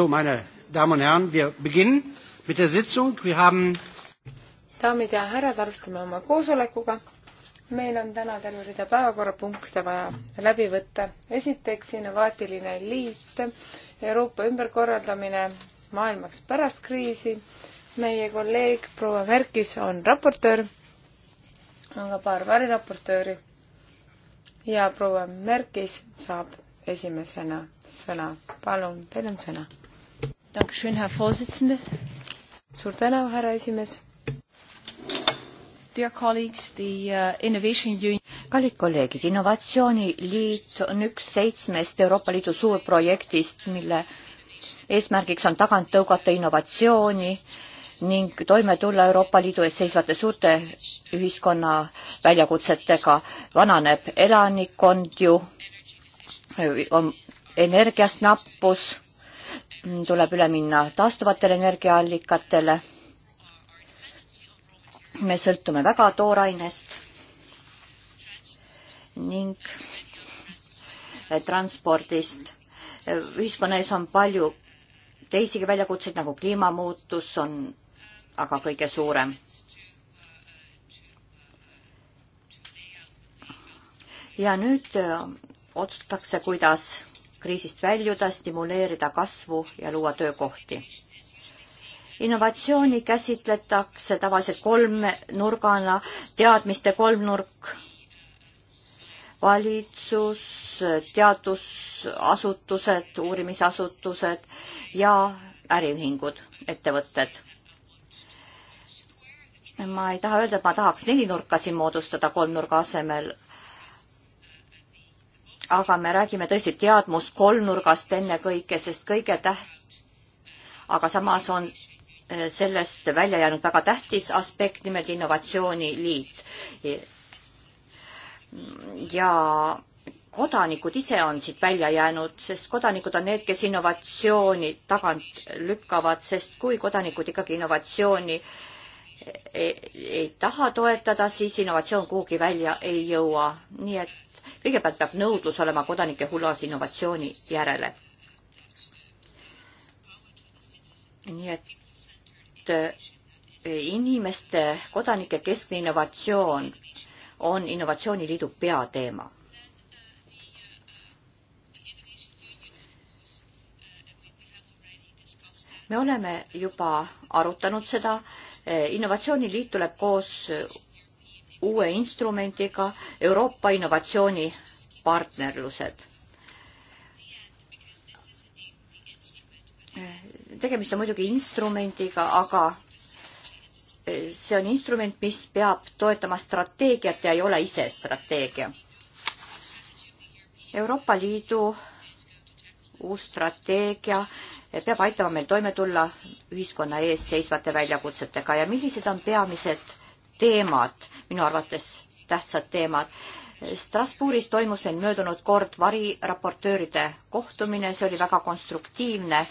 So, meine Damen und Herren, wir beginnen mit der Sitzung. Wir haben daamid ja härrad, alustame oma koosolekuga. meil on täna terve rida päevakorrapunkte vaja läbi võtta. esiteks innovaatiline liit, Euroopa ümberkorraldamine maailmaks pärast kriisi. meie kolleeg proua Merkis on raportöör, on ka paar variraportööri. ja proua Merkis saab esimesena sõna. palun, teil on sõna suur tänu, härra esimees. Dear colleagues, the uh, Innovation Union kallid kolleegid, Innovatsiooniliit on üks seitsmest Euroopa Liidu suurprojektist, mille eesmärgiks on tagant tõugata innovatsiooni ning toime tulla Euroopa Liidu ees seisvate suurte ühiskonna väljakutsetega. vananeb elanikkond ju, on energiast nappus tuleb üle minna taastuvatele energiaallikatele. me sõltume väga toorainest ning transpordist. ühiskonna ees on palju teisigi väljakutseid nagu kliimamuutus on aga kõige suurem. ja nüüd otsustatakse, kuidas kriisist väljuda, stimuleerida kasvu ja luua töökohti. innovatsiooni käsitletakse tavaliselt kolmnurgana, teadmiste kolmnurk, valitsus, teadusasutused, uurimisasutused ja äriühingud, ettevõtted ma ei taha öelda, et ma tahaks nelinurka siin moodustada kolmnurga asemel, aga me räägime tõesti teadmuskolmnurgast ennekõike, sest kõige täht-, aga samas on eh, sellest välja jäänud väga tähtis aspekt, nimelt innovatsiooniliit. ja kodanikud ise on siit välja jäänud, sest kodanikud on need, kes innovatsiooni tagant lükkavad, sest kui kodanikud ikkagi innovatsiooni äh, ei, ei taha toetada, siis innovatsioon kuhugi välja ei jõua. nii et kõigepealt peab nõudlus olema kodanike hulgas innovatsiooni järele. nii et eh, inimeste, kodanike keskne innovatsioon on Innovatsiooniliidu peateema. me oleme juba arutanud seda Eh, innovatsiooniliit tuleb koos eh, uue instrumendiga Euroopa innovatsioonipartnerlused. Eh, tegemist on muidugi instrumendiga, aga see on instrument, mis peab toetama strateegiat ja ei ole ise strateegia. Euroopa Liidu uus strateegia peab aitama meil toime tulla ühiskonna ees seisvate väljakutsetega ja millised on peamised teemad, minu arvates tähtsad teemad. Strasbourgis toimus meil möödunud kord variraportööride kohtumine, see oli väga konstruktiivne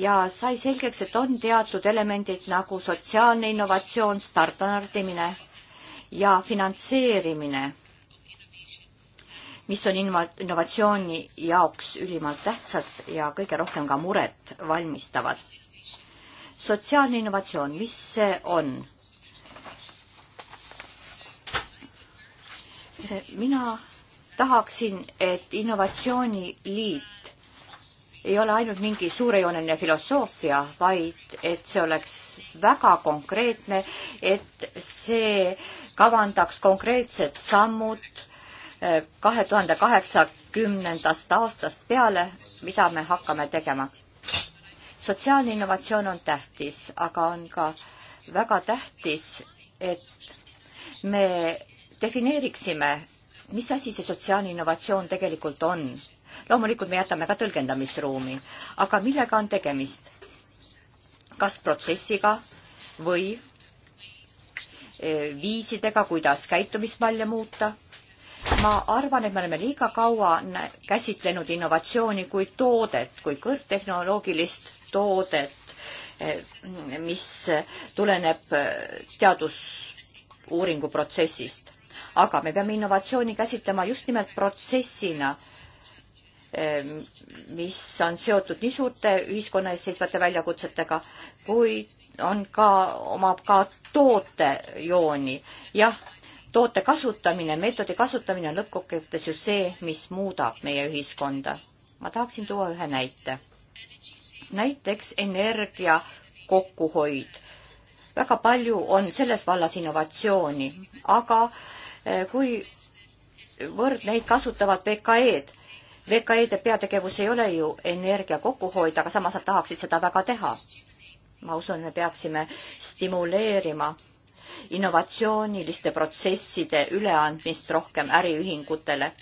ja sai selgeks, et on teatud elemendid nagu sotsiaalne innovatsioon, stardardimine ja finantseerimine mis on innovatsiooni jaoks ülimalt tähtsad ja kõige rohkem ka muret valmistavad. sotsiaalne innovatsioon, mis see on? mina tahaksin, et innovatsiooniliit ei ole ainult mingi suurejooneline filosoofia, vaid et see oleks väga konkreetne, et see kavandaks konkreetsed sammud kahe tuhande kaheksakümnendast aastast peale, mida me hakkame tegema. sotsiaalne innovatsioon on tähtis, aga on ka väga tähtis, et me defineeriksime, mis asi see sotsiaalne innovatsioon tegelikult on. loomulikult me jätame ka tõlgendamisruumi, aga millega on tegemist? kas protsessiga või eh, viisidega, kuidas käitumismalle muuta ma arvan, et me oleme liiga kaua käsitlenud innovatsiooni kui toodet, kui kõrgtehnoloogilist toodet, eh, mis tuleneb eh, teadusuuringu protsessist. aga me peame innovatsiooni käsitlema just nimelt protsessina, eh, mis on seotud nii suurte ühiskonna ees seisvate väljakutsetega, kui on ka, omab ka tootejooni. jah toote kasutamine, meetodi kasutamine on lõppkokkuvõttes ju see, mis muudab meie ühiskonda. ma tahaksin tuua ühe näite. näiteks energia kokkuhoid. väga palju on selles vallas innovatsiooni, aga eh, kui võrd neid kasutavad VKE-d, VKE-de peategevus ei ole ju energia kokkuhoid, aga samas nad tahaksid seda väga teha. ma usun, me peaksime stimuleerima innovatsiooniliste protsesside üleandmist rohkem äriühingutele.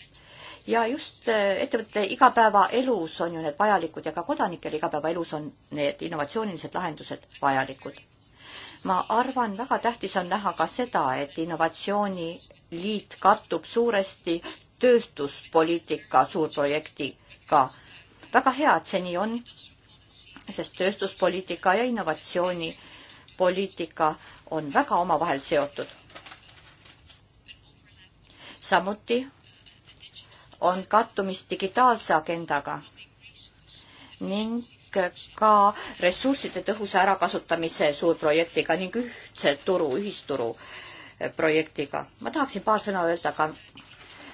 ja just äh, ettevõtete igapäevaelus on ju need vajalikud ja ka kodanikel igapäevaelus on need innovatsioonilised lahendused vajalikud. ma arvan, väga tähtis on näha ka seda, et innovatsiooniliit kattub suuresti tööstuspoliitika suurprojektiga. väga hea, et see nii on, sest tööstuspoliitika ja innovatsioonipoliitika on väga omavahel seotud. samuti on kattumist digitaalse agendaga ning ka ressursside tõhusa ärakasutamise suurprojektiga ning ühtse turu, ühisturu eh, projektiga. ma tahaksin paar sõna öelda ka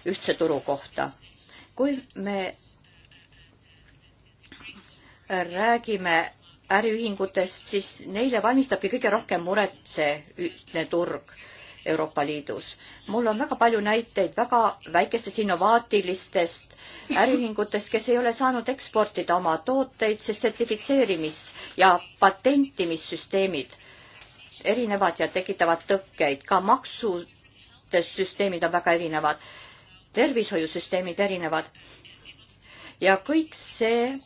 ühtse turu kohta. kui me räägime äriühingutest, siis neile valmistabki kõige rohkem muret see ühtne turg Euroopa Liidus. mul on väga palju näiteid väga väikestest innovaatilistest äriühingutest, kes ei ole saanud eksportida oma tooteid, sest sertifitseerimis- ja patentimissüsteemid erinevad ja tekitavad tõkkeid, ka maksude süsteemid on väga erinevad, tervishoiusüsteemid erinevad ja kõik see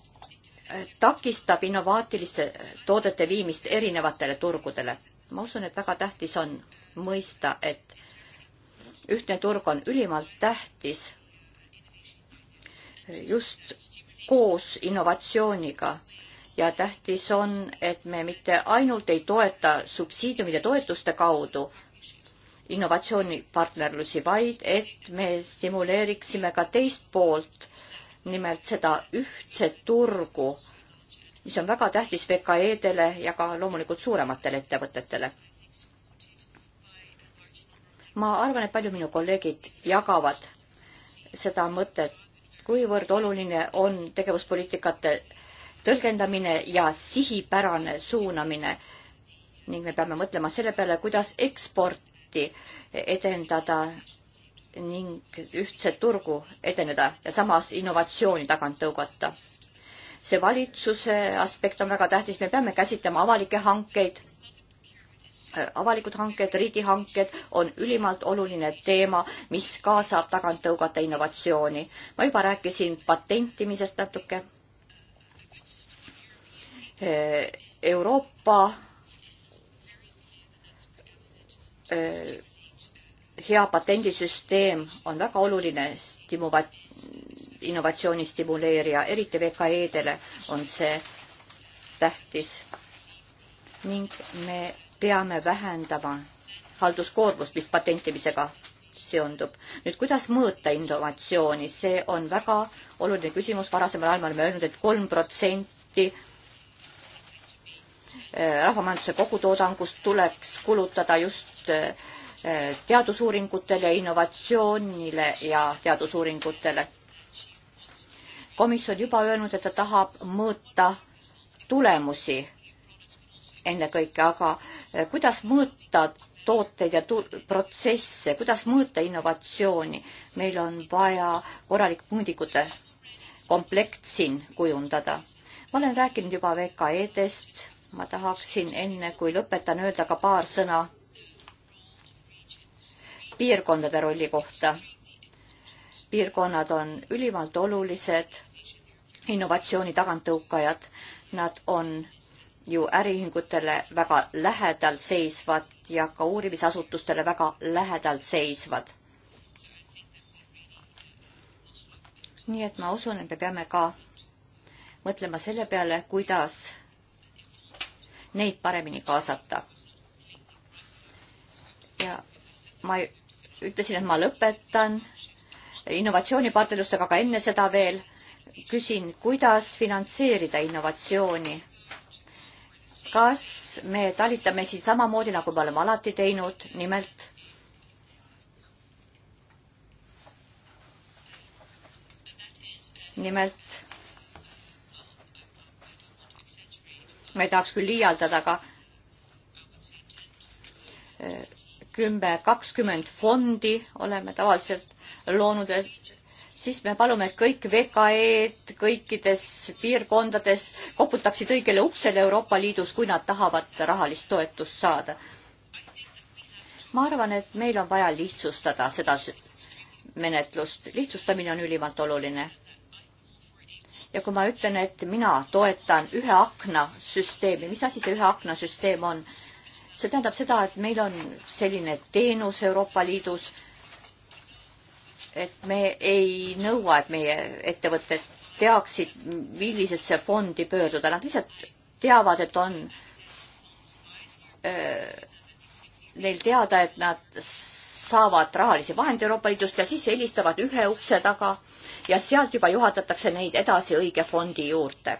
takistab innovaatiliste toodete viimist erinevatele turgudele. ma usun, et väga tähtis on mõista, et ühtne turg on ülimalt tähtis just koos innovatsiooniga ja tähtis on, et me mitte ainult ei toeta subsiidiumide toetuste kaudu innovatsioonipartnerlusi, vaid et me stimuleeriksime ka teist poolt nimelt seda ühtset turgu, mis on väga tähtis VKE-dele ja ka loomulikult suurematele ettevõtetele. ma arvan, et paljud minu kolleegid jagavad seda mõtet, kuivõrd oluline on tegevuspoliitikate tõlgendamine ja sihipärane suunamine ning me peame mõtlema selle peale, kuidas eksporti edendada ning ühtset turgu edeneda ja samas innovatsiooni tagant tõugata. see valitsuse aspekt on väga tähtis, me peame käsitlema avalikke hankeid. avalikud hanked, riigihanked on ülimalt oluline teema, mis ka saab tagant tõugata innovatsiooni. ma juba rääkisin patentimisest natuke. Euroopa hea patendisüsteem on väga oluline stimuva-, innovatsiooni stimuleerija, eriti VKE-dele on see tähtis. ning me peame vähendama halduskoormust, mis patentimisega seondub. nüüd, kuidas mõõta innovatsiooni, see on väga oluline küsimus, varasemal ajal me oleme öelnud et, et kolm protsenti eh, rahvamajanduse kogutoodangust tuleks kulutada just äh, Eh, teadusuuringutele ja innovatsioonile ja teadusuuringutele. komisjon juba öelnud, et ta tahab mõõta tulemusi ennekõike, aga eh, kuidas mõõta tooteid ja tu-, protsesse, kuidas mõõta innovatsiooni, meil on vaja korralik mõõdikute komplekt siin kujundada. ma olen rääkinud juba VKE-dest, ma tahaksin enne, kui lõpetan, öelda ka paar sõna piirkondade rolli kohta. piirkonnad on ülimalt olulised innovatsiooni taganttõukajad, nad on ju äriühingutele väga lähedal seisvad ja ka uurimisasutustele väga lähedal seisvad. nii et ma usun, et me peame ka mõtlema selle peale, kuidas neid paremini kaasata. ja ma ei ütlesin, et ma lõpetan innovatsioonipartnerlustega, aga enne seda veel küsin, kuidas finantseerida innovatsiooni? kas me talitame siin samamoodi, nagu me oleme alati teinud, nimelt nimelt ma ei tahaks küll liialdada, aga kümme, kakskümmend fondi oleme tavaliselt loonud ja siis me palume, et kõik VKE-d kõikides piirkondades koputaksid õigele uksele Euroopa Liidus, kui nad tahavad rahalist toetust saada. ma arvan, et meil on vaja lihtsustada seda menetlust, lihtsustamine on ülimalt oluline. ja kui ma ütlen, et mina toetan ühe akna süsteemi, mis asi see ühe akna süsteem on? see tähendab seda, et meil on selline teenus Euroopa Liidus, et me ei nõua, et meie ettevõtted teaksid, millisesse fondi pöörduda, nad lihtsalt teavad, et on öö, äh, neil teada, et nad saavad rahalisi vahendeid Euroopa Liidust ja siis helistavad ühe ukse taga ja sealt juba juhatatakse neid edasi õige fondi juurde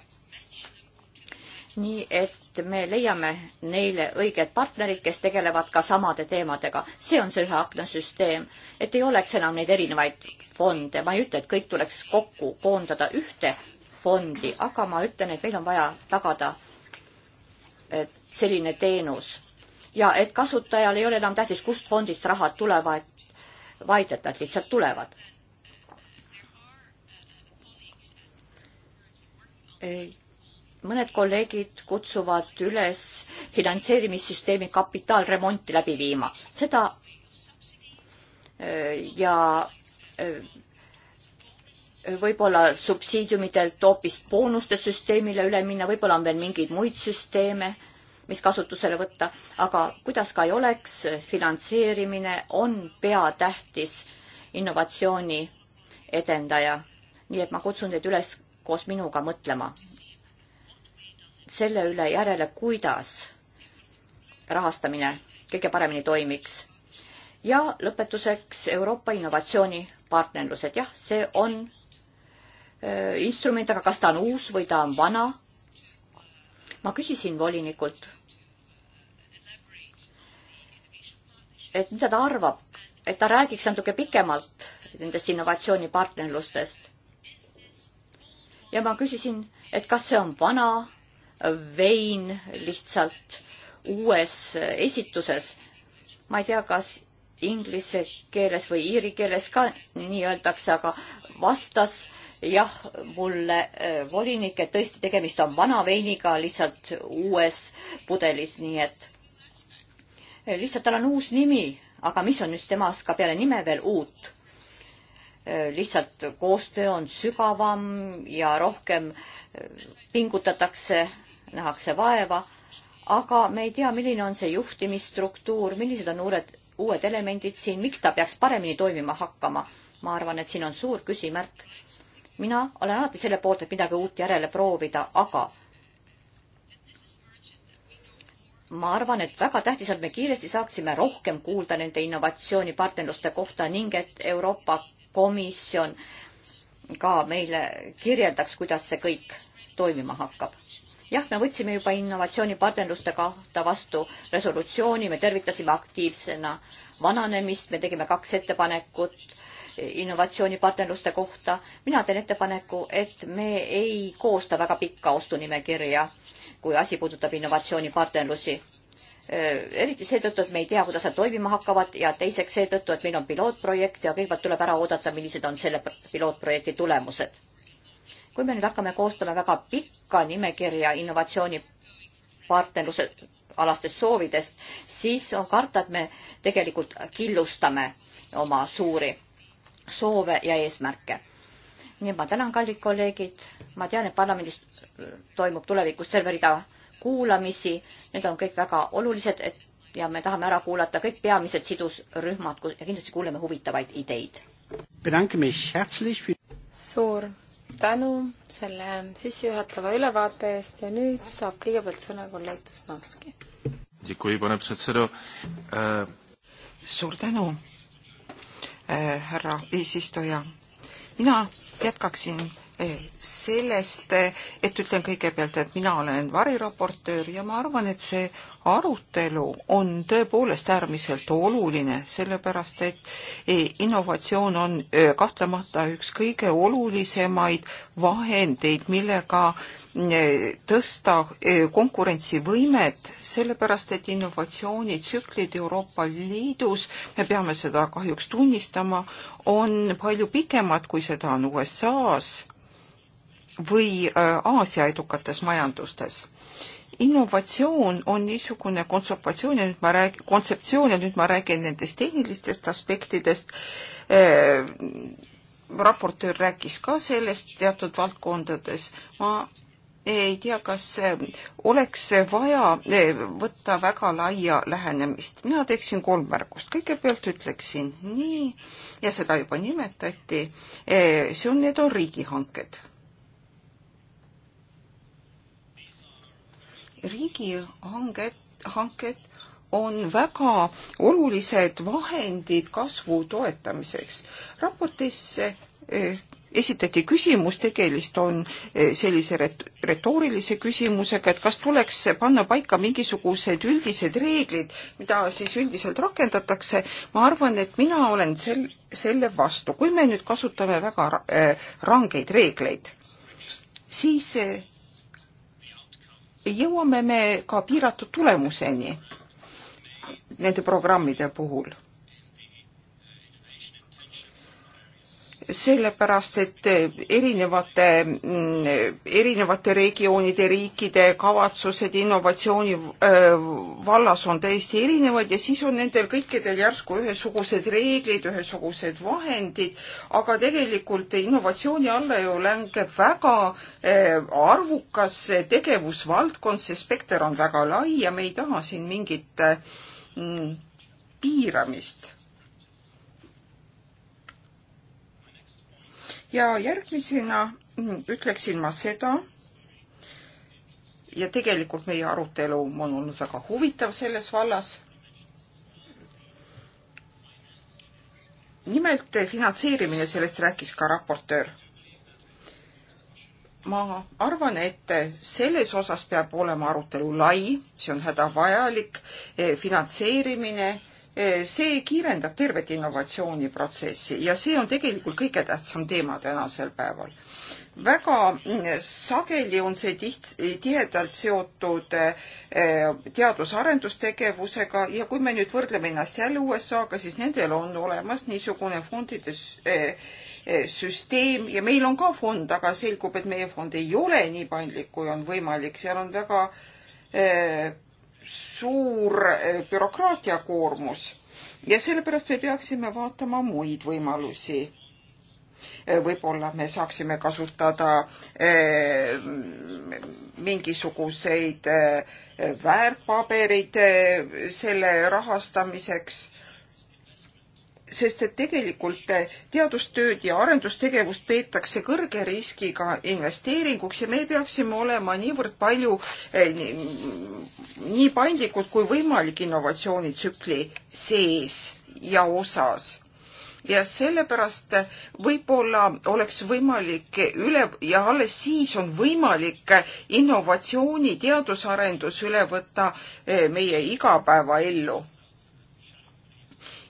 nii et me leiame neile õiged partnerid, kes tegelevad ka samade teemadega. see on see ühe akna süsteem, et ei oleks enam neid erinevaid fonde, ma ei ütle, et kõik tuleks kokku koondada ühte fondi, aga ma ütlen, et meil on vaja tagada selline teenus ja et kasutajal ei ole enam tähtis, kust fondist rahad tulevad, vaid et nad lihtsalt tulevad mõned kolleegid kutsuvad üles finantseerimissüsteemi kapitaalremonti läbi viima. seda äh, ja äh, võib-olla subsiidiumidelt hoopis boonuste süsteemile üle minna, võib-olla on veel mingeid muid süsteeme, mis kasutusele võtta, aga kuidas ka ei oleks, finantseerimine on peatähtis innovatsiooni edendaja. nii et ma kutsun teid üles koos minuga mõtlema selle üle järele, kuidas rahastamine kõige paremini toimiks. ja lõpetuseks Euroopa innovatsioonipartnerlused, jah, see on öö, äh, instrument, aga kas ta on uus või ta on vana? ma küsisin volinikult, et mida ta arvab, et ta räägiks natuke pikemalt nendest innovatsioonipartnerlustest. ja ma küsisin, et kas see on vana vein lihtsalt uues esituses. ma ei tea, kas inglise keeles või iiri keeles ka nii öeldakse, aga vastas jah mulle äh, volinik, et tõesti tegemist on vana veiniga lihtsalt uues pudelis, nii et äh, lihtsalt tal on uus nimi, aga mis on just temas ka peale nime veel uut? Äh, lihtsalt koostöö on sügavam ja rohkem pingutatakse nähakse vaeva, aga me ei tea, milline on see juhtimisstruktuur, millised on uued, uued elemendid siin, miks ta peaks paremini toimima hakkama. ma arvan, et siin on suur küsimärk. mina olen alati selle poolt, et midagi uut järele proovida, aga ma arvan, et väga tähtis on, et me kiiresti saaksime rohkem kuulda nende innovatsioonipartnerluste kohta ning et Euroopa Komisjon ka meile kirjeldaks, kuidas see kõik toimima hakkab jah, me võtsime juba innovatsioonipartnerluste kohta vastu resolutsiooni, me tervitasime aktiivsena vananemist, me tegime kaks ettepanekut innovatsioonipartnerluste kohta. mina teen ettepaneku, et me ei koosta väga pikka ostunimekirja, kui asi puudutab innovatsioonipartnerlusi. eriti seetõttu, et me ei tea, kuidas nad toimima hakkavad ja teiseks seetõttu, et meil on pilootprojekt ja kõigepealt tuleb ära oodata, millised on selle pilootprojekti tulemused kui me nüüd hakkame koostama väga pikka nimekirja innovatsioonipartnerluse alastest soovidest, siis on karta, et me tegelikult killustame oma suuri soove ja eesmärke. nii et ma tänan, kallid kolleegid, ma tean, et parlamendis toimub tulevikus terve rida kuulamisi, need on kõik väga olulised, et ja me tahame ära kuulata kõik peamised sidusrühmad kus, ja kindlasti kuuleme huvitavaid ideid. suur tänu selle sissejuhatava ülevaate eest ja nüüd saab kõigepealt sõna kolleeg Tusnovski. E, suur tänu äh,, härra eesistuja. mina jätkaksin sellest, et ütlen kõigepealt, et mina olen variraportöör ja ma arvan, et see arutelu on tõepoolest äärmiselt oluline, sellepärast et e, innovatsioon on e, kahtlemata üks kõige olulisemaid vahendeid, millega e, tõsta konkurentsivõimet, sellepärast et innovatsioonitsüklid Euroopa Liidus, me peame seda kahjuks tunnistama, on palju pikemad, kui seda on USA-s või äh, Aasia edukates majandustes. innovatsioon on niisugune kontseptsioon ja nüüd ma räägin, kontseptsioon ja nüüd ma räägin nendest tehnilistest aspektidest äh,. raportöör rääkis ka sellest teatud valdkondades. ma ei tea, kas äh, oleks vaja äh, võtta väga laia lähenemist. mina teeksin kolm märkust. kõigepealt ütleksin nii ja seda juba nimetati. see on, need on riigihanked riigihanked, hanked on väga olulised vahendid kasvu toetamiseks. raportisse eh, esitati küsimus, tegelist on eh, sellise retoorilise küsimusega, et kas tuleks panna paika mingisugused üldised reeglid, mida siis üldiselt rakendatakse. ma arvan, et mina olen sel-, selle vastu, kui me nüüd kasutame väga eh, rangeid reegleid, siis jõuame me ka piiratud tulemuseni nende programmide puhul. sellepärast, et erinevate, mm, erinevate regioonide, riikide kavatsused innovatsiooni äh, vallas on täiesti erinevad ja siis on nendel kõikidel järsku ühesugused reeglid, ühesugused vahendid, aga tegelikult innovatsiooni alla ju langeb väga äh, arvukas tegevusvaldkond, see spekter on väga lai ja me ei taha siin mingit mm, piiramist ja järgmisena ütleksin ma seda, ja tegelikult meie arutelu on olnud väga huvitav selles vallas. nimelt finantseerimine, sellest rääkis ka raportöör. ma arvan, et selles osas peab olema arutelu lai, see on hädavajalik. finantseerimine see kiirendab tervet innovatsiooniprotsessi ja see on tegelikult kõige tähtsam teema tänasel päeval. väga mm, sageli on see tiht-, tihedalt seotud teadus-arendustegevusega ja kui me nüüd võrdleme ennast jälle USA-ga, siis nendel on olemas niisugune fondide süsteem ja meil on ka fond, aga selgub, et meie fond ei ole nii paindlik, kui on võimalik, seal on väga suur eh, bürokraatiakoormus ja sellepärast me peaksime vaatama muid võimalusi. Eh, võib-olla me saaksime kasutada eh, mingisuguseid väärtpabereid selle rahastamiseks sest et tegelikult teadustööd ja arendustegevust peetakse kõrge riskiga investeeringuks ja me peaksime olema niivõrd palju eh, nii, nii paindlikud kui võimalik innovatsioonitsükli sees ja osas ja sellepärast võib-olla oleks võimalik üle ja alles siis on võimalik innovatsiooni teadusarendus üle võtta eh, meie igapäevaellu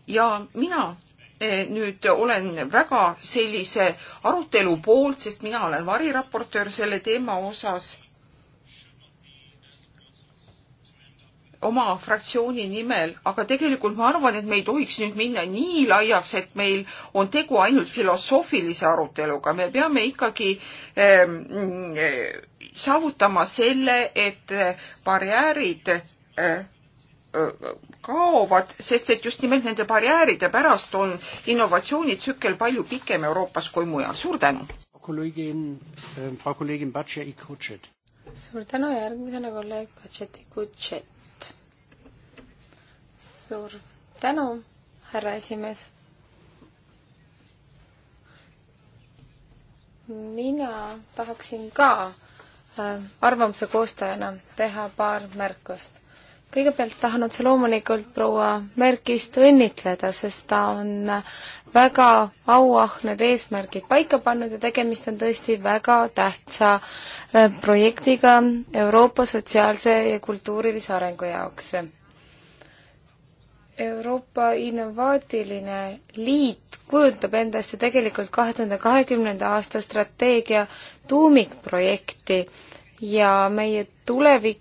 ja mina eh, nüüd olen väga sellise arutelu poolt, sest mina olen variraportöör selle teema osas. oma fraktsiooni nimel, aga tegelikult ma arvan, et me ei tohiks nüüd minna nii laiaks, et meil on tegu ainult filosoofilise aruteluga, me peame ikkagi ähm, saavutama selle, et barjäärid äh, kaovad, sest et just nimelt nende barjääride pärast on innovatsioonitsükkel palju pikem Euroopas kui mujal. suur tänu! Ähm, suur tänu, järgmisena kolleeg Batšeti Kutšet. suur tänu, härra esimees. mina tahaksin ka äh, arvamuse koostajana teha paar märkust kõigepealt tahan otse loomulikult proua Merkist õnnitleda, sest ta on väga auahned eesmärgid paika pannud ja tegemist on tõesti väga tähtsa äh, projektiga Euroopa sotsiaalse ja kultuurilise arengu jaoks. Euroopa Innovaatiline Liit kujutab endast ju tegelikult kahe tuhande kahekümnenda aasta strateegia tuumikprojekti ja meie tulevik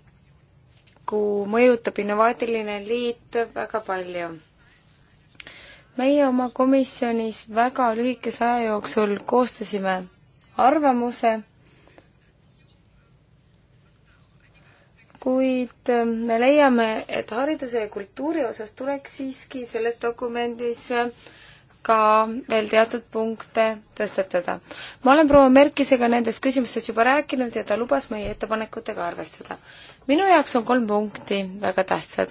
tulevikku mõjutab innovaatiline liit väga palju. meie oma komisjonis väga lühikese aja jooksul koostasime arvamuse, kuid me leiame, et hariduse ja kultuuri osas tuleks siiski selles dokumendis ka veel teatud punkte tõstatada. ma olen proua Merkisega nendest küsimustest juba rääkinud ja ta lubas meie ettepanekutega arvestada minu jaoks on kolm punkti väga tähtsad.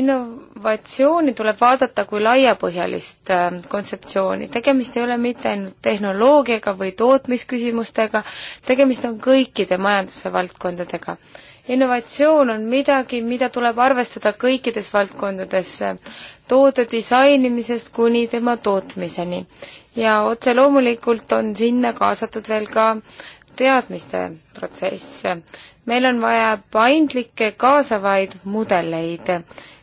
innovatsiooni tuleb vaadata kui laiapõhjalist ähm, kontseptsiooni, tegemist ei ole mitte ainult tehnoloogiaga või tootmisküsimustega, tegemist on kõikide majanduse valdkondadega innovatsioon on midagi, mida tuleb arvestada kõikides valdkondades, ähm, toode disainimisest kuni tema tootmiseni. ja otse loomulikult on sinna kaasatud veel ka teadmiste protsess meil on vaja paindlikke kaasavaid mudeleid,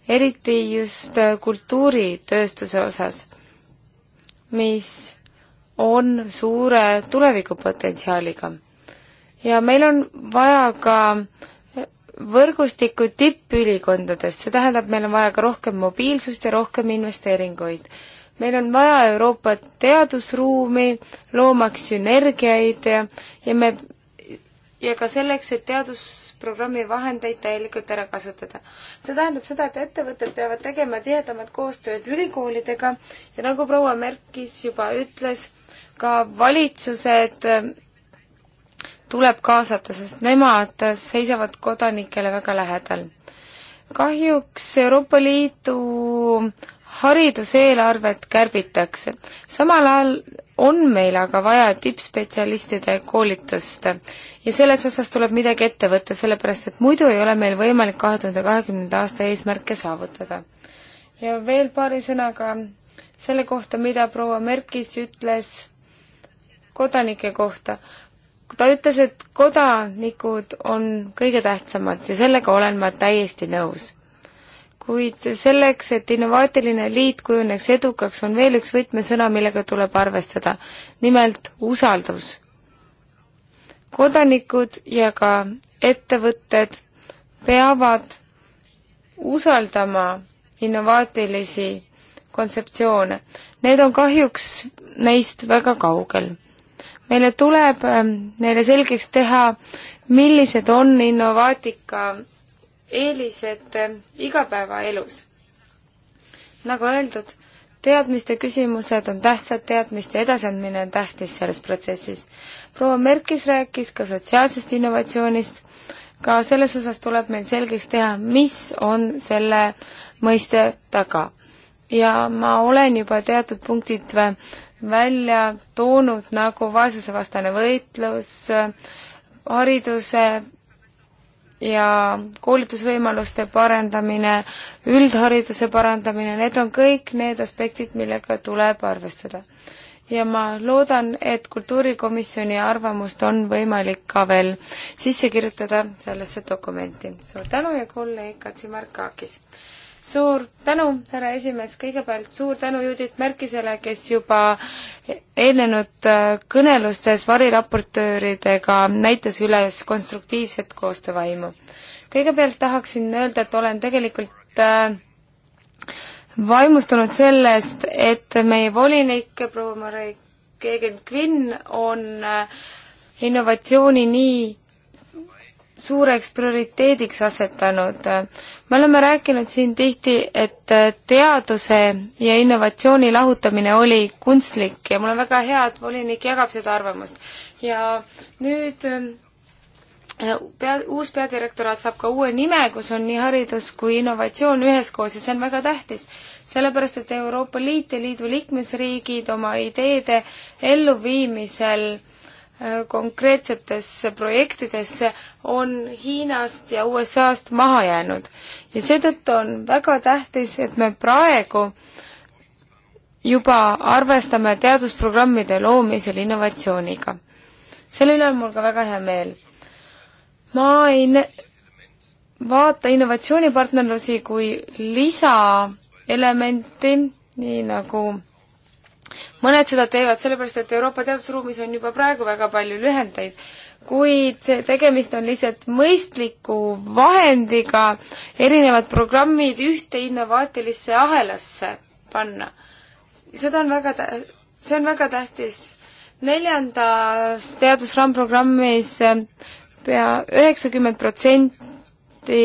eriti just äh, kultuuritööstuse osas, mis on suure tulevikupotentsiaaliga. ja meil on vaja ka äh, võrgustikku tippülikondadest, see tähendab, meil on vaja ka rohkem mobiilsust ja rohkem investeeringuid. meil on vaja Euroopa teadusruumi, loomaks sünergiaid ja, ja me ja ka selleks, et teadusprogrammi vahendeid täielikult ära kasutada. see tähendab seda, et ettevõtted peavad tegema tihedamat koostööd ülikoolidega ja nagu proua Merkis juba ütles, ka valitsused äh, tuleb kaasata, sest nemad seisavad kodanikele väga lähedal. kahjuks Euroopa Liidu hariduseelarvet kärbitakse. samal ajal on meil aga vaja tippspetsialistide koolitust ja selles osas tuleb midagi ette võtta, sellepärast et muidu ei ole meil võimalik kahe tuhande kahekümnenda aasta eesmärke saavutada. ja veel paari sõnaga selle kohta, mida proua Merkis ütles kodanike kohta. ta ütles, et kodanikud on kõige tähtsamad ja sellega olen ma täiesti nõus kuid selleks, et innovaatiline liit kujuneks edukaks, on veel üks võtmesõna, millega tuleb arvestada, nimelt usaldus. kodanikud ja ka ettevõtted peavad usaldama innovaatilisi kontseptsioone. Need on kahjuks neist väga kaugel. meile tuleb ähm, neile selgeks teha, millised on innovaatika eelised äh, igapäevaelus. nagu öeldud, teadmiste küsimused on tähtsad, teadmiste edasiandmine on tähtis selles protsessis. proua Merkis rääkis ka sotsiaalsest innovatsioonist, ka selles osas tuleb meil selgeks teha, mis on selle mõiste taga. ja ma olen juba teatud punktid välja toonud, nagu vaesusevastane võitlus, hariduse ja koolitusvõimaluste parendamine, üldhariduse parandamine, need on kõik need aspektid, millega tuleb arvestada. ja ma loodan, et Kultuurikomisjoni arvamust on võimalik ka veel sisse kirjutada sellesse dokumenti. suur tänu ja kolleeg Katsi Markakis! suur tänu, härra esimees, kõigepealt suur tänu Judith Märkisele, kes juba eelnenud äh, kõnelustes variraportööridega näitas üles konstruktiivset koostöövaimu. kõigepealt tahaksin öelda, et olen tegelikult äh, vaimustunud sellest, et meie volinik proua Mare Keegen-Kvinn on äh, innovatsiooni nii suureks prioriteediks asetanud. me oleme rääkinud siin tihti, et teaduse ja innovatsiooni lahutamine oli kunstlik ja mul on väga hea, et volinik jagab seda arvamust. ja nüüd eh, pea, uus peadirektoraat saab ka uue nime, kus on nii haridus kui innovatsioon üheskoos ja see on väga tähtis. sellepärast, et Euroopa Liit ja liidu liikmesriigid oma ideede elluviimisel äh, Äh, konkreetsetesse projektidesse on Hiinast ja USA-st maha jäänud. ja seetõttu on väga tähtis, et me praegu juba arvestame teadusprogrammide loomisel innovatsiooniga. selle üle on mul ka väga hea meel. ma ei vaata innovatsioonipartnerlusi kui lisaelementi, nii nagu mõned seda teevad sellepärast, et Euroopa teadusruumis on juba praegu väga palju lühendeid, kuid see tegemist on lihtsalt mõistliku vahendiga erinevad programmid ühte innovaatilisse ahelasse panna. seda on väga tä-, see on väga tähtis. neljandas teadusraamprogrammis pea üheksakümmend protsenti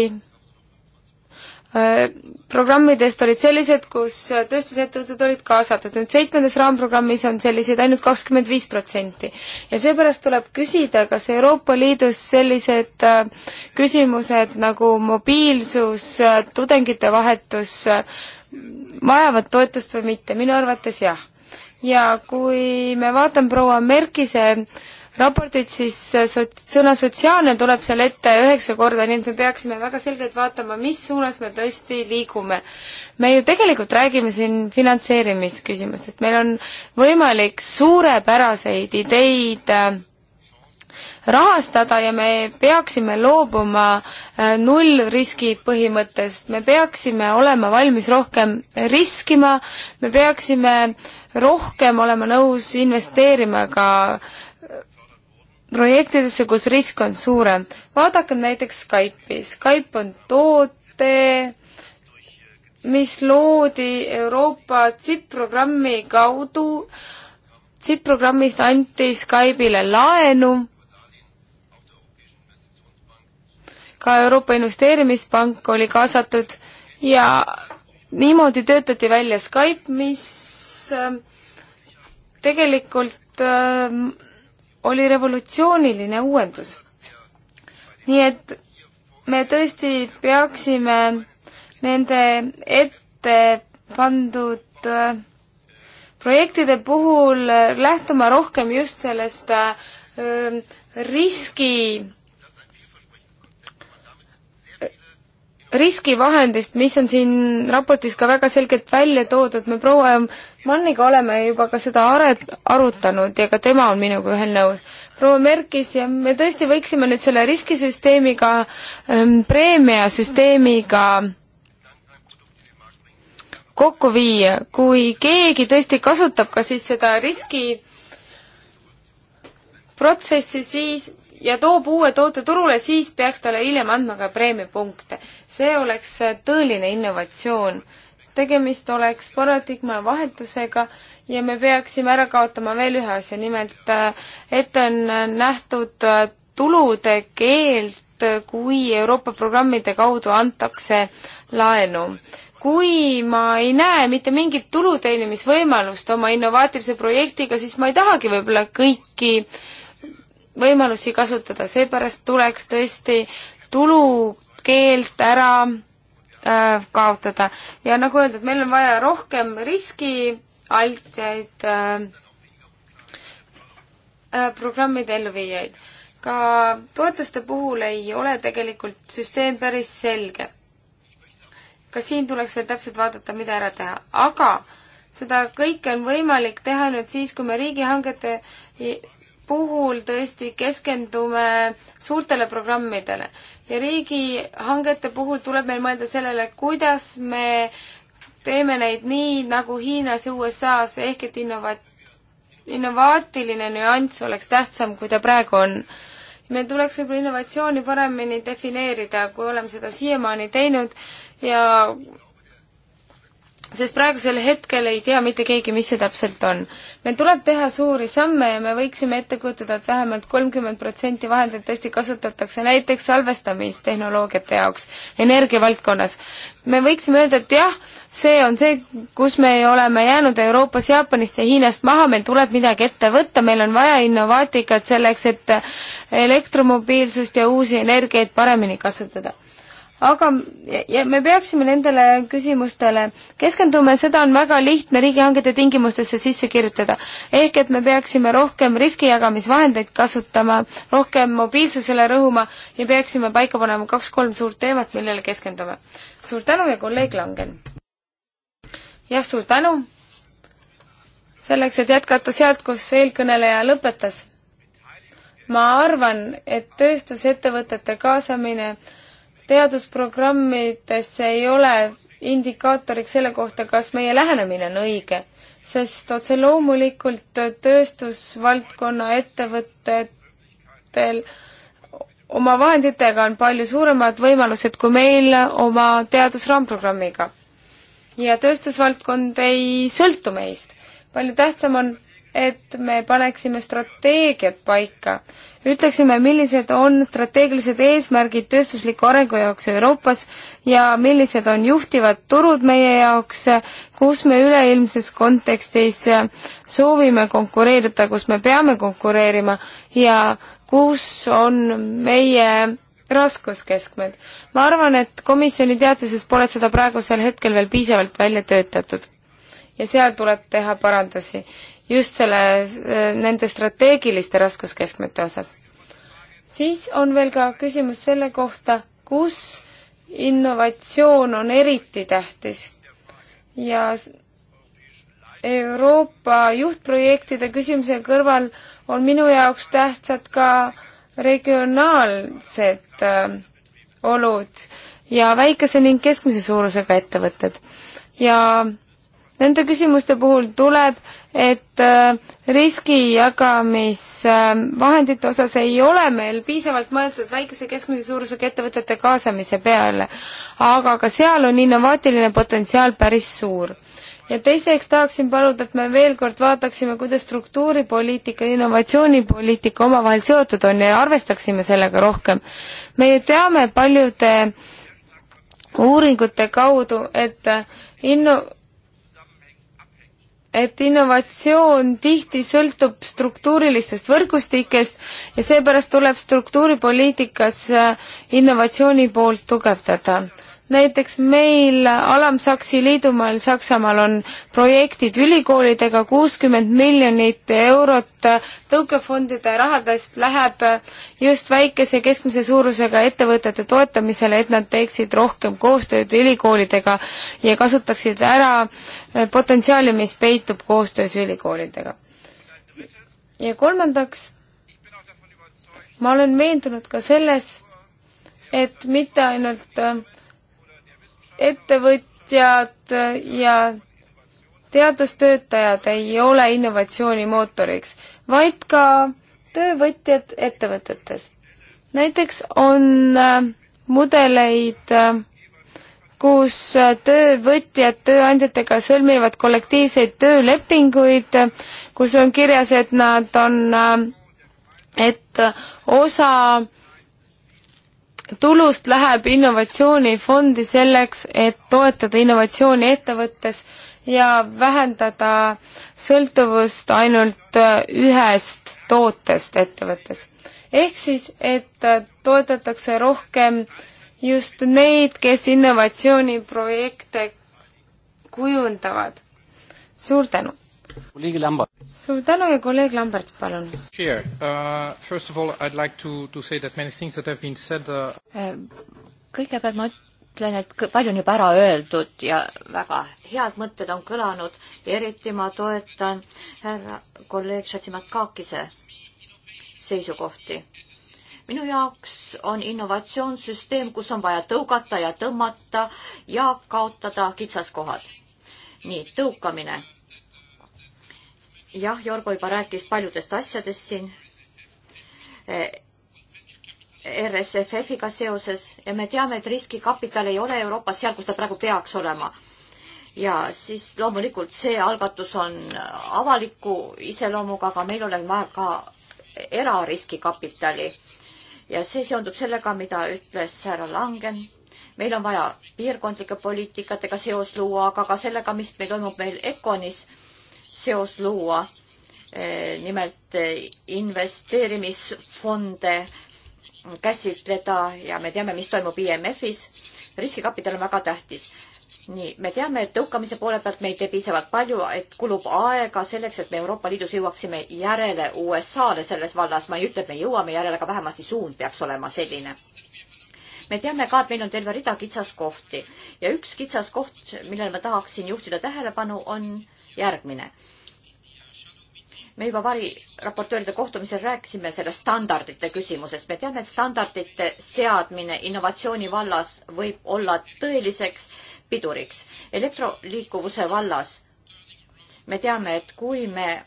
programmidest olid sellised, kus tööstusettevõtted olid kaasatud, nüüd seitsmendas raamprogrammis on selliseid ainult kakskümmend viis protsenti. ja seepärast tuleb küsida, kas Euroopa Liidus sellised äh, küsimused nagu mobiilsus, äh, tudengite vahetus äh, vajavad toetust või mitte, minu arvates jah. ja kui me vaatame proua Merkise äh, raportit, siis sots-, sõna sotsiaalne tuleb seal ette üheksa korda, nii et me peaksime väga selgelt vaatama, mis suunas me tõesti liigume. me ju tegelikult räägime siin finantseerimisküsimustest, meil on võimalik suurepäraseid ideid äh, rahastada ja me peaksime loobuma äh, nullriski põhimõttest, me peaksime olema valmis rohkem riskima, me peaksime rohkem olema nõus investeerima ka äh, projektidesse, kus risk on suurem. vaadakem näiteks Skype'i. Skype on toote, mis loodi Euroopa CIP-programmi kaudu. CIP-programmist anti Skype'ile laenu. ka Euroopa Investeerimispank oli kaasatud ja niimoodi töötati välja Skype, mis äh, tegelikult äh, oli revolutsiooniline uuendus. nii et me tõesti peaksime nende ette pandud äh, projektide puhul äh, lähtuma rohkem just sellest äh, riski riskivahendist, mis on siin raportis ka väga selgelt välja toodud, me proua Manniga oleme juba ka seda are-, arutanud ja ka tema on minuga ühel nõul. proua Merkis ja me tõesti võiksime nüüd selle riskisüsteemiga ähm,, preemiasüsteemiga kokku viia, kui keegi tõesti kasutab ka siis seda riski protsessi, siis ja toob uue toote turule, siis peaks talle hiljem andma ka preemiapunkte. see oleks äh, tõeline innovatsioon. tegemist oleks paradigma vahetusega ja me peaksime ära kaotama veel ühe asja, nimelt äh, ette on äh, nähtud tulude keeld, kui Euroopa programmide kaudu antakse laenu kui ma ei näe mitte mingit tulu teenimisvõimalust oma innovaatilise projektiga, siis ma ei tahagi võib-olla kõiki äh, võimalusi kasutada, seepärast tuleks tõesti tulukeelt ära äh, kaotada. ja nagu öeldud, meil on vaja rohkem riskialtjaid äh, äh, programmide elluviijaid. ka toetuste puhul ei ole tegelikult süsteem päris selge. ka siin tuleks veel täpselt vaadata, mida ära teha, aga seda kõike on võimalik teha nüüd siis, kui me riigihangete puhul tõesti keskendume suurtele programmidele ja riigihangete puhul tuleb meil mõelda sellele, kuidas me teeme neid nii nagu Hiinas ja USA-s, ehk et innova-, innovaatiline nüanss oleks tähtsam, kui ta praegu on. meil tuleks võib-olla innovatsiooni paremini defineerida, kui oleme seda siiamaani teinud ja sest praegusel hetkel ei tea mitte keegi, mis see täpselt on. meil tuleb teha suuri samme ja me võiksime ette kujutada, et vähemalt kolmkümmend protsenti vahendeid tõesti kasutatakse näiteks salvestamistehnoloogiate jaoks energia valdkonnas. me võiksime öelda, et jah, see on see, kus me oleme jäänud Euroopas, Jaapanist ja Hiinast maha, meil tuleb midagi ette võtta, meil on vaja innovaatikat selleks, et elektromobiilsust ja uusi energiaid paremini kasutada aga ja me peaksime nendele küsimustele keskenduma ja seda on väga lihtne riigihangete tingimustesse sisse kirjutada. ehk et me peaksime rohkem riskijagamisvahendeid kasutama, rohkem mobiilsusele rõhuma ja peaksime paika panema kaks-kolm suurt teemat, millele keskendume. suur tänu ja kolleeg Langen! jah, suur tänu! selleks, et jätkata sealt, kus eelkõneleja lõpetas. ma arvan, et tööstusettevõtete kaasamine teadusprogrammides ei ole indikaatoriks selle kohta, kas meie lähenemine on õige, sest otse loomulikult tööstusvaldkonna ettevõtetel oma vahenditega on palju suuremad võimalused kui meil oma teadusraamprogrammiga. ja tööstusvaldkond ei sõltu meist. palju tähtsam on et me paneksime strateegiad paika, ütleksime, millised on strateegilised eesmärgid tööstusliku arengu jaoks Euroopas ja millised on juhtivad turud meie jaoks, kus me üleilmses kontekstis soovime konkureerida, kus me peame konkureerima ja kus on meie raskuskeskmed. ma arvan, et komisjoni teatises pole seda praegusel hetkel veel piisavalt välja töötatud ja seal tuleb teha parandusi just selle, nende strateegiliste raskuskeskmete osas. siis on veel ka küsimus selle kohta, kus innovatsioon on eriti tähtis ja Euroopa juhtprojektide küsimuse kõrval on minu jaoks tähtsad ka regionaalsed äh, olud ja väikese ning keskmise suurusega ettevõtted. ja Nende küsimuste puhul tuleb, et äh, riski jagamisvahendite äh, osas ei ole meil piisavalt mõeldud väikese keskmise suurusega ettevõtete kaasamise peale, aga ka seal on innovaatiline potentsiaal päris suur ja teiseks tahaksin paluda, et me veel kord vaataksime, kuidas struktuuripoliitika ja innovatsioonipoliitika omavahel seotud on ja arvestaksime sellega rohkem. me ju teame paljude uuringute kaudu, et inno-, et innovatsioon tihti sõltub struktuurilistest võrgustikest ja seepärast tuleb struktuuripoliitikas äh, innovatsiooni poolt tugevdada näiteks meil Alam-Saksi liidumaal Saksamaal on projektid ülikoolidega, kuuskümmend miljonit eurot tõukefondide rahadest läheb just väikese ja keskmise suurusega ettevõtete toetamisele, et nad teeksid rohkem koostööd ülikoolidega ja kasutaksid ära potentsiaali, mis peitub koostöös ülikoolidega. ja kolmandaks, ma olen veendunud ka selles, et mitte ainult ettevõtjad ja teadustöötajad ei ole innovatsiooni mootoriks, vaid ka töövõtjad ettevõtetes. näiteks on äh, mudeleid, äh, kus äh, töövõtjad tööandjatega sõlmivad kollektiivseid töölepinguid, kus on kirjas, et nad on, et osa tulust läheb innovatsioonifondi selleks, et toetada innovatsiooni ettevõttes ja vähendada sõltuvust ainult äh, ühest tootest ettevõttes. ehk siis, et äh, toetatakse rohkem just neid, kes innovatsiooniprojekte kujundavad. suur tänu! kolleeg Lambert. suur tänu ja kolleeg Lambert, palun. Uh, uh, äh, kõigepealt ma ütlen, et palju on juba ära öeldud ja väga head mõtted on kõlanud ja eriti ma toetan härra kolleeg Šatimatkakise seisukohti. minu jaoks on innovatsioon süsteem, kus on vaja tõugata ja tõmmata ja kaotada kitsaskohad. nii, tõukamine jah, Jorgo juba rääkis paljudest asjadest siin eh, RSFF-iga seoses ja me teame, et riskikapital ei ole Euroopas seal, kus ta praegu peaks olema. ja siis loomulikult see algatus on avaliku iseloomuga, aga meil oleks vaja ka erariskikapitali. ja see seondub sellega, mida ütles härra Langen. meil on vaja piirkondlike poliitikatega seos luua, aga ka sellega, mis meil toimub meil Econis seos luua. Eh, nimelt eh, investeerimisfonde käsitleda ja me teame, mis toimub IMF-is. riskikapital on väga tähtis. nii, me teame, et tõukamise poole pealt me ei tee piisavalt palju, et kulub aega selleks, et me Euroopa Liidus jõuaksime järele USA-le selles vallas. ma ei ütle, et me jõuame järele, aga vähemasti suund peaks olema selline me teame ka, et meil on terve rida kitsaskohti ja üks kitsaskoht, millele ma tahaksin juhtida tähelepanu, on järgmine. me juba variraportööride kohtumisel rääkisime sellest standardite küsimusest. me teame, et standardite seadmine innovatsiooni vallas võib olla tõeliseks piduriks. elektroliikuvuse vallas me teame, et kui me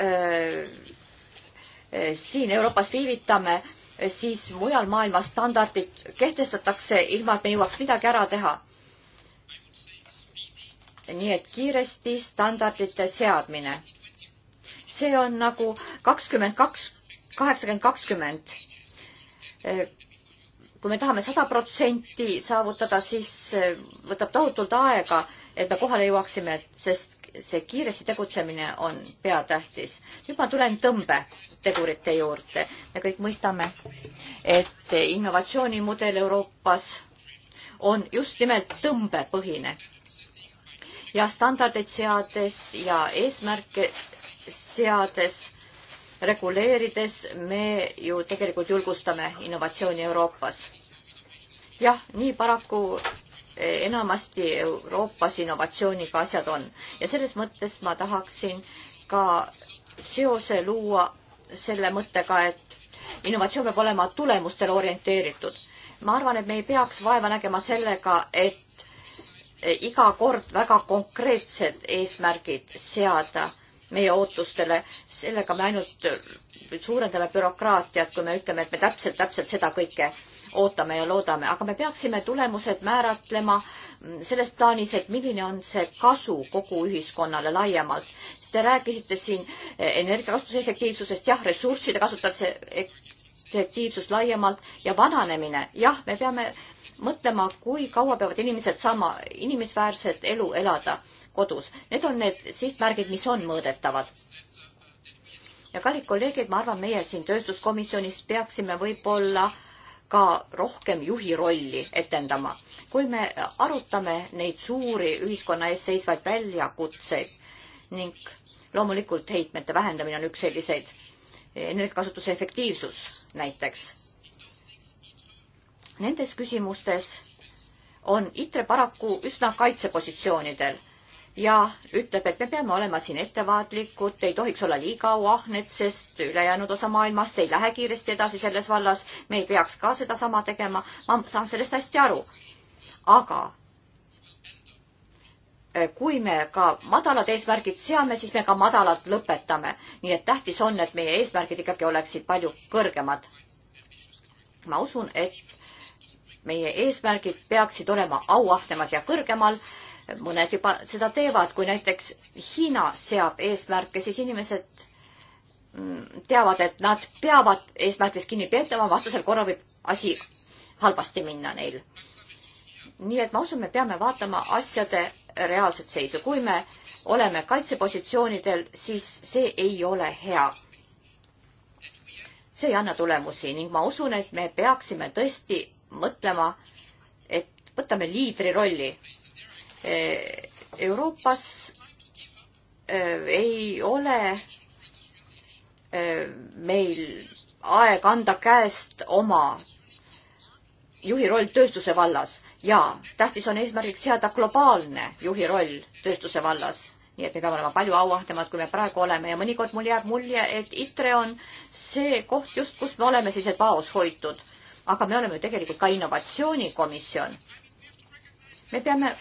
öö, siin Euroopas viivitame, siis mujal maailmas standardid kehtestatakse, ilma et me jõuaks midagi ära teha nii et kiiresti standardite seadmine. see on nagu kakskümmend kaks, kaheksakümmend kakskümmend. kui me tahame sada protsenti saavutada, siis eh, võtab tohutult aega, et me kohale jõuaksime, sest see kiiresti tegutsemine on peatähtis. nüüd ma tulen tõmbetegurite juurde. me kõik mõistame, et innovatsioonimudel Euroopas on just nimelt tõmbepõhine ja standardeid seades ja eesmärke seades, reguleerides me ju tegelikult julgustame innovatsiooni Euroopas. jah, nii paraku e, enamasti Euroopas innovatsiooniga asjad on ja selles mõttes ma tahaksin ka seose luua selle mõttega, et innovatsioon peab olema tulemustele orienteeritud. ma arvan, et me ei peaks vaeva nägema sellega, et iga kord väga konkreetsed eesmärgid seada meie ootustele, sellega me ainult äh, suurendame bürokraatiat, kui me ütleme, et me täpselt, täpselt seda kõike ootame ja loodame, aga me peaksime tulemused määratlema mm, selles plaanis, et milline on see kasu kogu ühiskonnale laiemalt. Te rääkisite siin äh, energiakasutuse efektiivsusest, jah, ressursside kasutamise efektiivsus laiemalt ja vananemine, jah, me peame mõtlema, kui kaua peavad inimesed saama inimisväärset elu elada kodus. Need on need sihtmärgid, mis on mõõdetavad. ja kallid kolleegid, ma arvan, meie siin tööstuskomisjonis peaksime võib-olla ka rohkem juhi rolli etendama. kui me arutame neid suuri ühiskonna ees seisvaid väljakutseid ning loomulikult heitmete vähendamine on üks selliseid, energiakasutuse efektiivsus näiteks nendes küsimustes on ITRE paraku üsna kaitsepositsioonidel ja ütleb, et me peame olema siin ettevaatlikud, ei tohiks olla liiga auahned, sest ülejäänud osa maailmast ei lähe kiiresti edasi selles vallas, me ei peaks ka sedasama tegema, ma saan sellest hästi aru. aga eh, kui me ka madalad eesmärgid seame, siis me ka madalad lõpetame. nii et tähtis on, et meie eesmärgid ikkagi oleksid palju kõrgemad. ma usun, et meie eesmärgid peaksid olema auahnemad ja kõrgemal. mõned juba seda teevad, kui näiteks Hiina seab eesmärke, siis inimesed mm, teavad, et nad peavad eesmärkidest kinni peetama, vastasel korral võib asi halvasti minna neil. nii et ma usun, me peame vaatama asjade reaalset seisu. kui me oleme kaitsepositsioonidel, siis see ei ole hea. see ei anna tulemusi ning ma usun, et me peaksime tõesti mõtlema, et võtame liidri rolli. Eh, Euroopas eh, ei ole eh, meil aeg anda käest oma juhi roll tööstuse vallas ja tähtis on eesmärgiks seada globaalne juhi roll tööstuse vallas nii et me peame olema palju auahtemad, kui me praegu oleme ja mõnikord mul jääb mulje, et ITRE on see koht just, kus me oleme siis, et vaos hoitud aga me oleme ju tegelikult ka innovatsioonikomisjon. me peame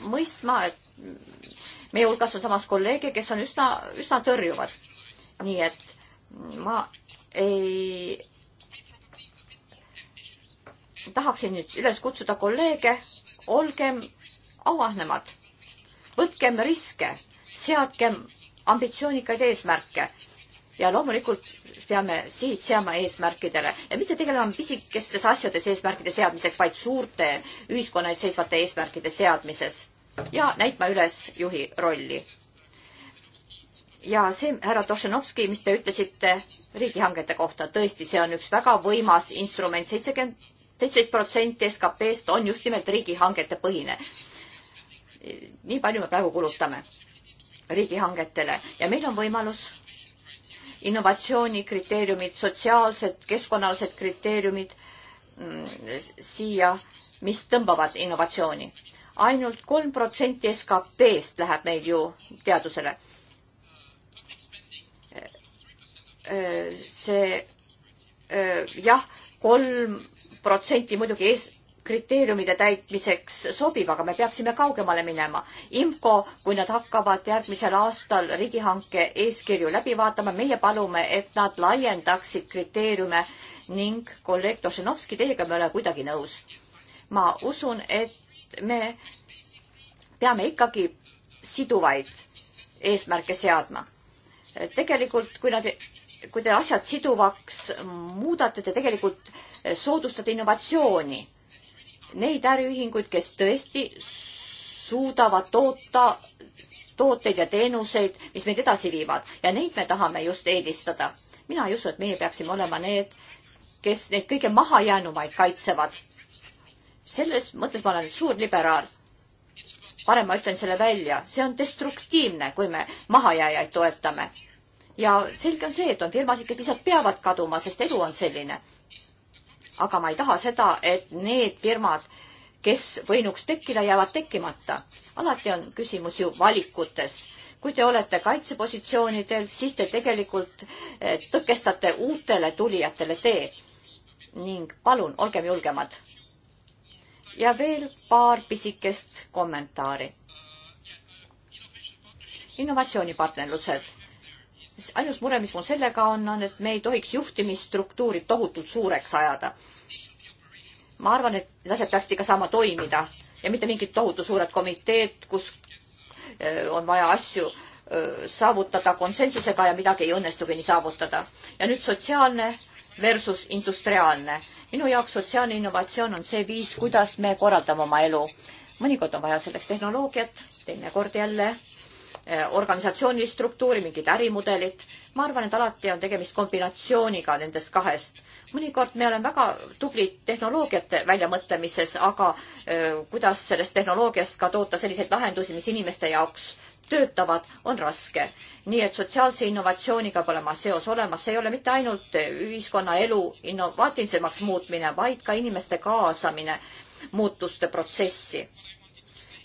mõistma, et meie hulgas on samas kolleege, kes on üsna, üsna tõrjuvad. nii et ma ei tahaksin nüüd üles kutsuda kolleege, olgem auahnemad, võtkem riske, seadkem ambitsioonikaid eesmärke ja loomulikult peame sihid seama eesmärkidele ja mitte tegelema pisikestes asjades eesmärkide seadmiseks, vaid suurte ühiskonna ees seisvate eesmärkide seadmises ja näitma üles juhi rolli. ja see, härra Tošenovski, mis te ütlesite riigihangete kohta, tõesti, see on üks väga võimas instrument, seitsekümmend, seitseteist protsenti SKP-st on just nimelt riigihangete põhine. nii palju me praegu kulutame riigihangetele ja meil on võimalus innovatsioonikriteeriumid, sotsiaalsed, keskkonnalised kriteeriumid mm, siia, mis tõmbavad innovatsiooni ainult. ainult kolm protsenti SKP-st läheb meil ju teadusele. Äh, äh, see äh, jah, kolm protsenti muidugi ees, kriteeriumide täitmiseks sobib, aga me peaksime kaugemale minema. IMCO, kui nad hakkavad järgmisel aastal riigihanke eeskirju läbi vaatama, meie palume, et nad laiendaksid kriteeriume ning kolleeg Tošenovski, teiega me ei ole kuidagi nõus. ma usun, et me peame ikkagi siduvaid eesmärke seadma. tegelikult, kui nad, kui te asjad siduvaks muudate, te tegelikult soodustate innovatsiooni neid äriühinguid, kes tõesti suudavad toota tooteid ja teenuseid, mis meid edasi viivad ja neid me tahame just eelistada. mina ei usu, et meie peaksime olema need, kes neid kõige mahajäänumaid kaitsevad. selles mõttes ma olen suur liberaal. parem ma ütlen selle välja, see on destruktiivne, kui me mahajääjaid toetame. ja selge on see, et on firmasid, kes lihtsalt peavad kaduma, sest elu on selline aga ma ei taha seda, et need firmad, kes võinuks tekkida, jäävad tekkimata. alati on küsimus ju valikutes. kui te olete kaitsepositsioonidel, siis te tegelikult eh, tõkestate uutele tulijatele tee. ning palun, olgem julgemad. ja veel paar pisikest kommentaari. innovatsioonipartnerlused ainus mure, mis mul sellega on, on, et me ei tohiks juhtimisstruktuuri tohutult suureks ajada. ma arvan, et need asjad peaksid ikka saama toimida ja mitte mingid tohutu suured komiteed, kus äh, on vaja asju äh, saavutada konsensusega ja midagi ei õnnestugi nii saavutada. ja nüüd sotsiaalne versus industriaalne. minu jaoks sotsiaalne innovatsioon on see viis, kuidas me korraldame oma elu. mõnikord on vaja selleks tehnoloogiat, teinekord jälle Eh, organisatsioonilist struktuuri, mingit ärimudelit. ma arvan, et alati on tegemist kombinatsiooniga nendest kahest. mõnikord me oleme väga tublid tehnoloogiate väljamõtlemises, aga öö, eh, kuidas sellest tehnoloogiast ka toota selliseid lahendusi, mis inimeste jaoks töötavad, on raske. nii et sotsiaalse innovatsiooniga peab olema seos olemas, see ei ole mitte ainult ühiskonnaelu innovaatilisemaks muutmine, vaid ka inimeste kaasamine muutuste protsessi.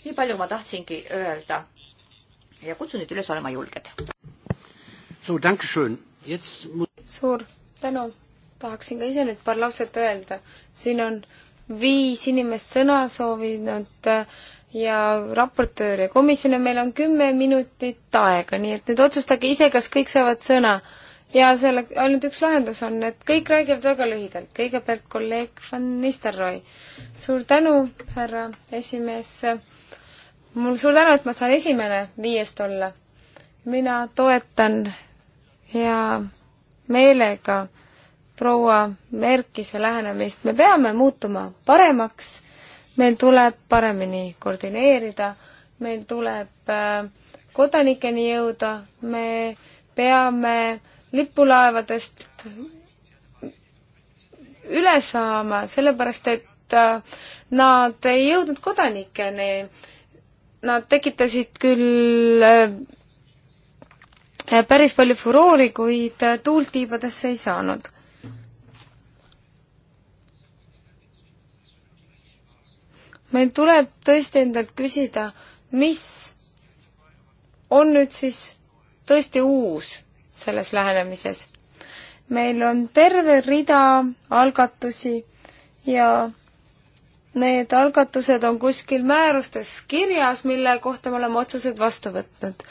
nii palju ma tahtsingi öelda ja kutsun nüüd üles olema julged. suur tänu, tahaksin ka ise nüüd paar lauset öelda. siin on viis inimest sõna soovinud äh, ja raportöör ja komisjon ja meil on kümme minutit aega, nii et nüüd otsustage ise, kas kõik saavad sõna. ja selle, ainult üks lahendus on, et kõik räägivad väga lühidalt. kõigepealt kolleeg Van Nistelrooy. suur tänu, härra esimees mul suur tänu, et ma saan esimene viiest olla. mina toetan hea meelega proua Merkise lähenemist, me peame muutuma paremaks, meil tuleb paremini koordineerida, meil tuleb äh, kodanikeni jõuda, me peame lipulaevadest üle saama, sellepärast et äh, nad ei jõudnud kodanikeni Nad tekitasid küll äh, äh, päris palju furoori, kuid äh, tuult tiibadesse ei saanud. meil tuleb tõesti endalt küsida, mis on nüüd siis tõesti uus selles lähenemises. meil on terve rida algatusi ja Need algatused on kuskil määrustes kirjas, mille kohta me oleme otsused vastu võtnud.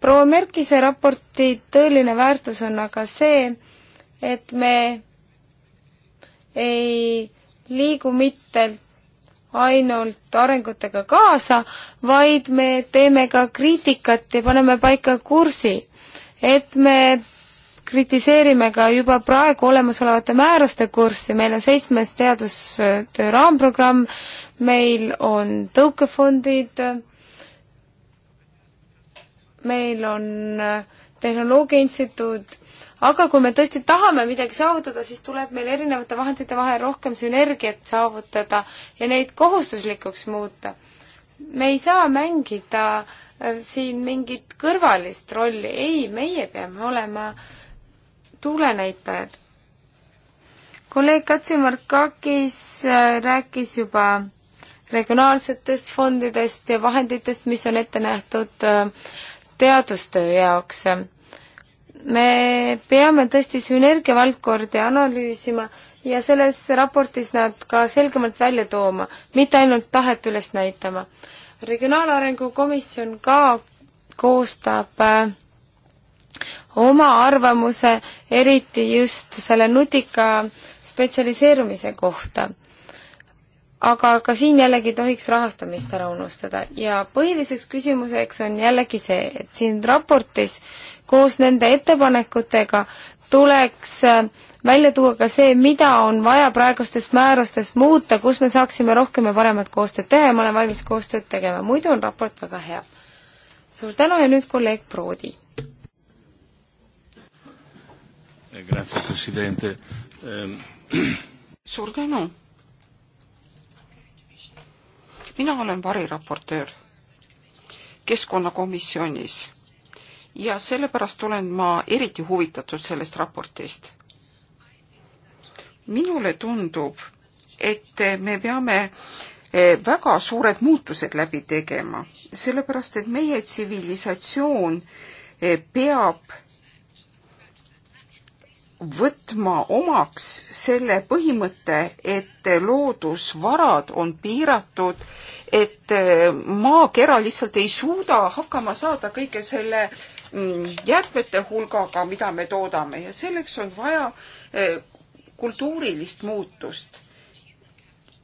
proua Merkise raporti tõeline väärtus on aga see, et me ei liigu mitte ainult arengutega kaasa, vaid me teeme ka kriitikat ja paneme paika kursi, et me kritiseerime ka juba praegu olemasolevate määruste kurssi, meil on seitsmes teadustöö raamprogramm, meil on tõukefondid, meil on tehnoloogia instituut, aga kui me tõesti tahame midagi saavutada, siis tuleb meil erinevate vahendite vahel rohkem sünergiat saavutada ja neid kohustuslikuks muuta. me ei saa mängida äh, siin mingit kõrvalist rolli, ei, meie peame olema äh, tuulenäitajad. kolleeg Katsimarkakis äh, rääkis juba regionaalsetest fondidest ja vahenditest, mis on ette nähtud äh, teadustöö jaoks. me peame tõesti sünergia valdkordi analüüsima ja selles raportis nad ka selgemalt välja tooma, mitte ainult tahet üles näitama. regionaalarengu komisjon ka koostab äh, oma arvamuse, eriti just selle nutika spetsialiseerumise kohta. aga ka siin jällegi ei tohiks rahastamist ära unustada ja põhiliseks küsimuseks on jällegi see, et siin raportis koos nende ettepanekutega tuleks äh, välja tuua ka see, mida on vaja praegustes määrustes muuta, kus me saaksime rohkem ja paremat koostööd teha ja ma olen valmis koostööd tegema, muidu on raport väga hea. suur tänu ja nüüd kolleeg Proodi Eh, grazie, president. Ehm, suur tänu. mina olen variraportöör keskkonnakomisjonis ja sellepärast olen ma eriti huvitatud sellest raportist. minule tundub, et me peame eh, väga suured muutused läbi tegema, sellepärast et meie tsivilisatsioon eh, peab võtma omaks selle põhimõtte, et loodusvarad on piiratud, et eh, maakera lihtsalt ei suuda hakkama saada kõige selle mm, jäätmete hulgaga, mida me toodame ja selleks on vaja eh, kultuurilist muutust.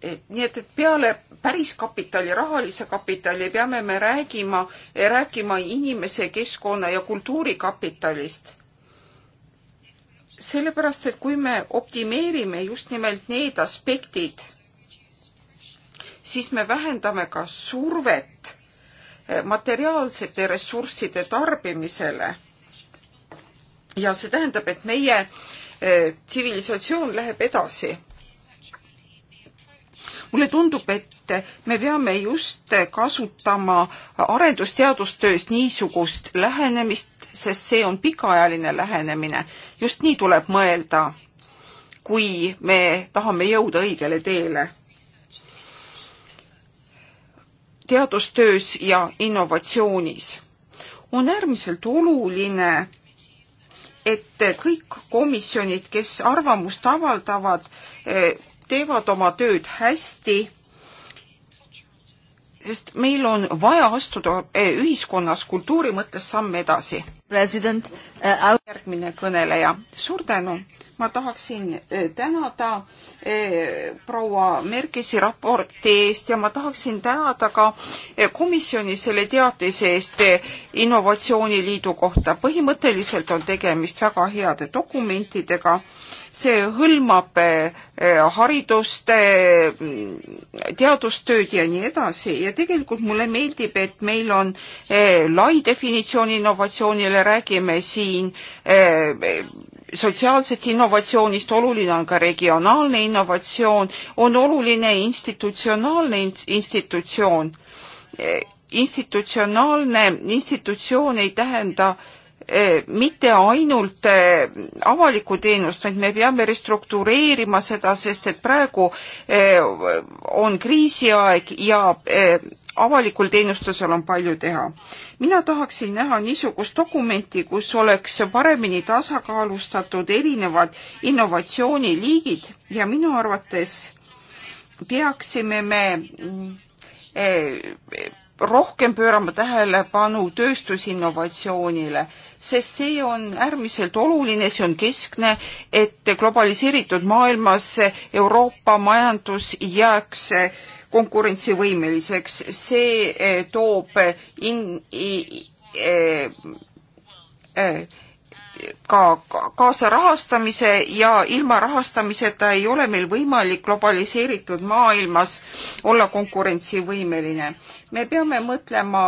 Eh, nii et, et peale päris kapitali, rahalise kapitali peame me räägima, rääkima inimese, keskkonna ja kultuurikapitalist sellepärast, et kui me optimeerime just nimelt need aspektid, siis me vähendame ka survet eh, materiaalsete ressursside tarbimisele. ja see tähendab, et meie eh, tsivilisatsioon läheb edasi. mulle tundub, et me peame just kasutama arendusteadustöös niisugust lähenemist, sest see on pikaajaline lähenemine. just nii tuleb mõelda, kui me tahame jõuda õigele teele. teadustöös ja innovatsioonis on äärmiselt oluline, et kõik komisjonid, kes arvamust avaldavad, teevad oma tööd hästi sest meil on vaja astuda ühiskonnas kultuuri mõttes samm edasi president äh,. järgmine kõneleja, suur tänu. ma tahaksin äh, tänada äh, proua Merkisi raporti eest ja ma tahaksin tänada ka äh, komisjoni selle teatise eest äh, Innovatsiooniliidu kohta. põhimõtteliselt on tegemist väga heade dokumentidega äh, see hõlmab eh, haridust, eh, teadustööd ja nii edasi ja tegelikult mulle meeldib, et meil on eh, lai definitsioon innovatsioonile, räägime siin sotsiaalsest innovatsioonist, oluline on ka regionaalne innovatsioon, on oluline institutsionaalne institutsioon institutsionaalne institutsioon ei tähenda Eh, mitte ainult eh, avalikku teenust, vaid me peame restruktureerima seda, sest et praegu eh, on kriisiaeg ja avalikul teenustusel on palju teha. mina tahaksin näha niisugust dokumenti, kus oleks paremini tasakaalustatud erinevad innovatsiooniliigid ja minu arvates peaksime me mm, rohkem pöörama tähelepanu tööstusinnovatsioonile, sest see on äärmiselt oluline, see on keskne, et globaliseeritud maailmas Euroopa majandus jääks konkurentsivõimeliseks, see eh, toob in, in, in, eh, eh, ka kaasarahastamise ja ilma rahastamiseta ei ole meil võimalik globaliseeritud maailmas olla konkurentsivõimeline. me peame mõtlema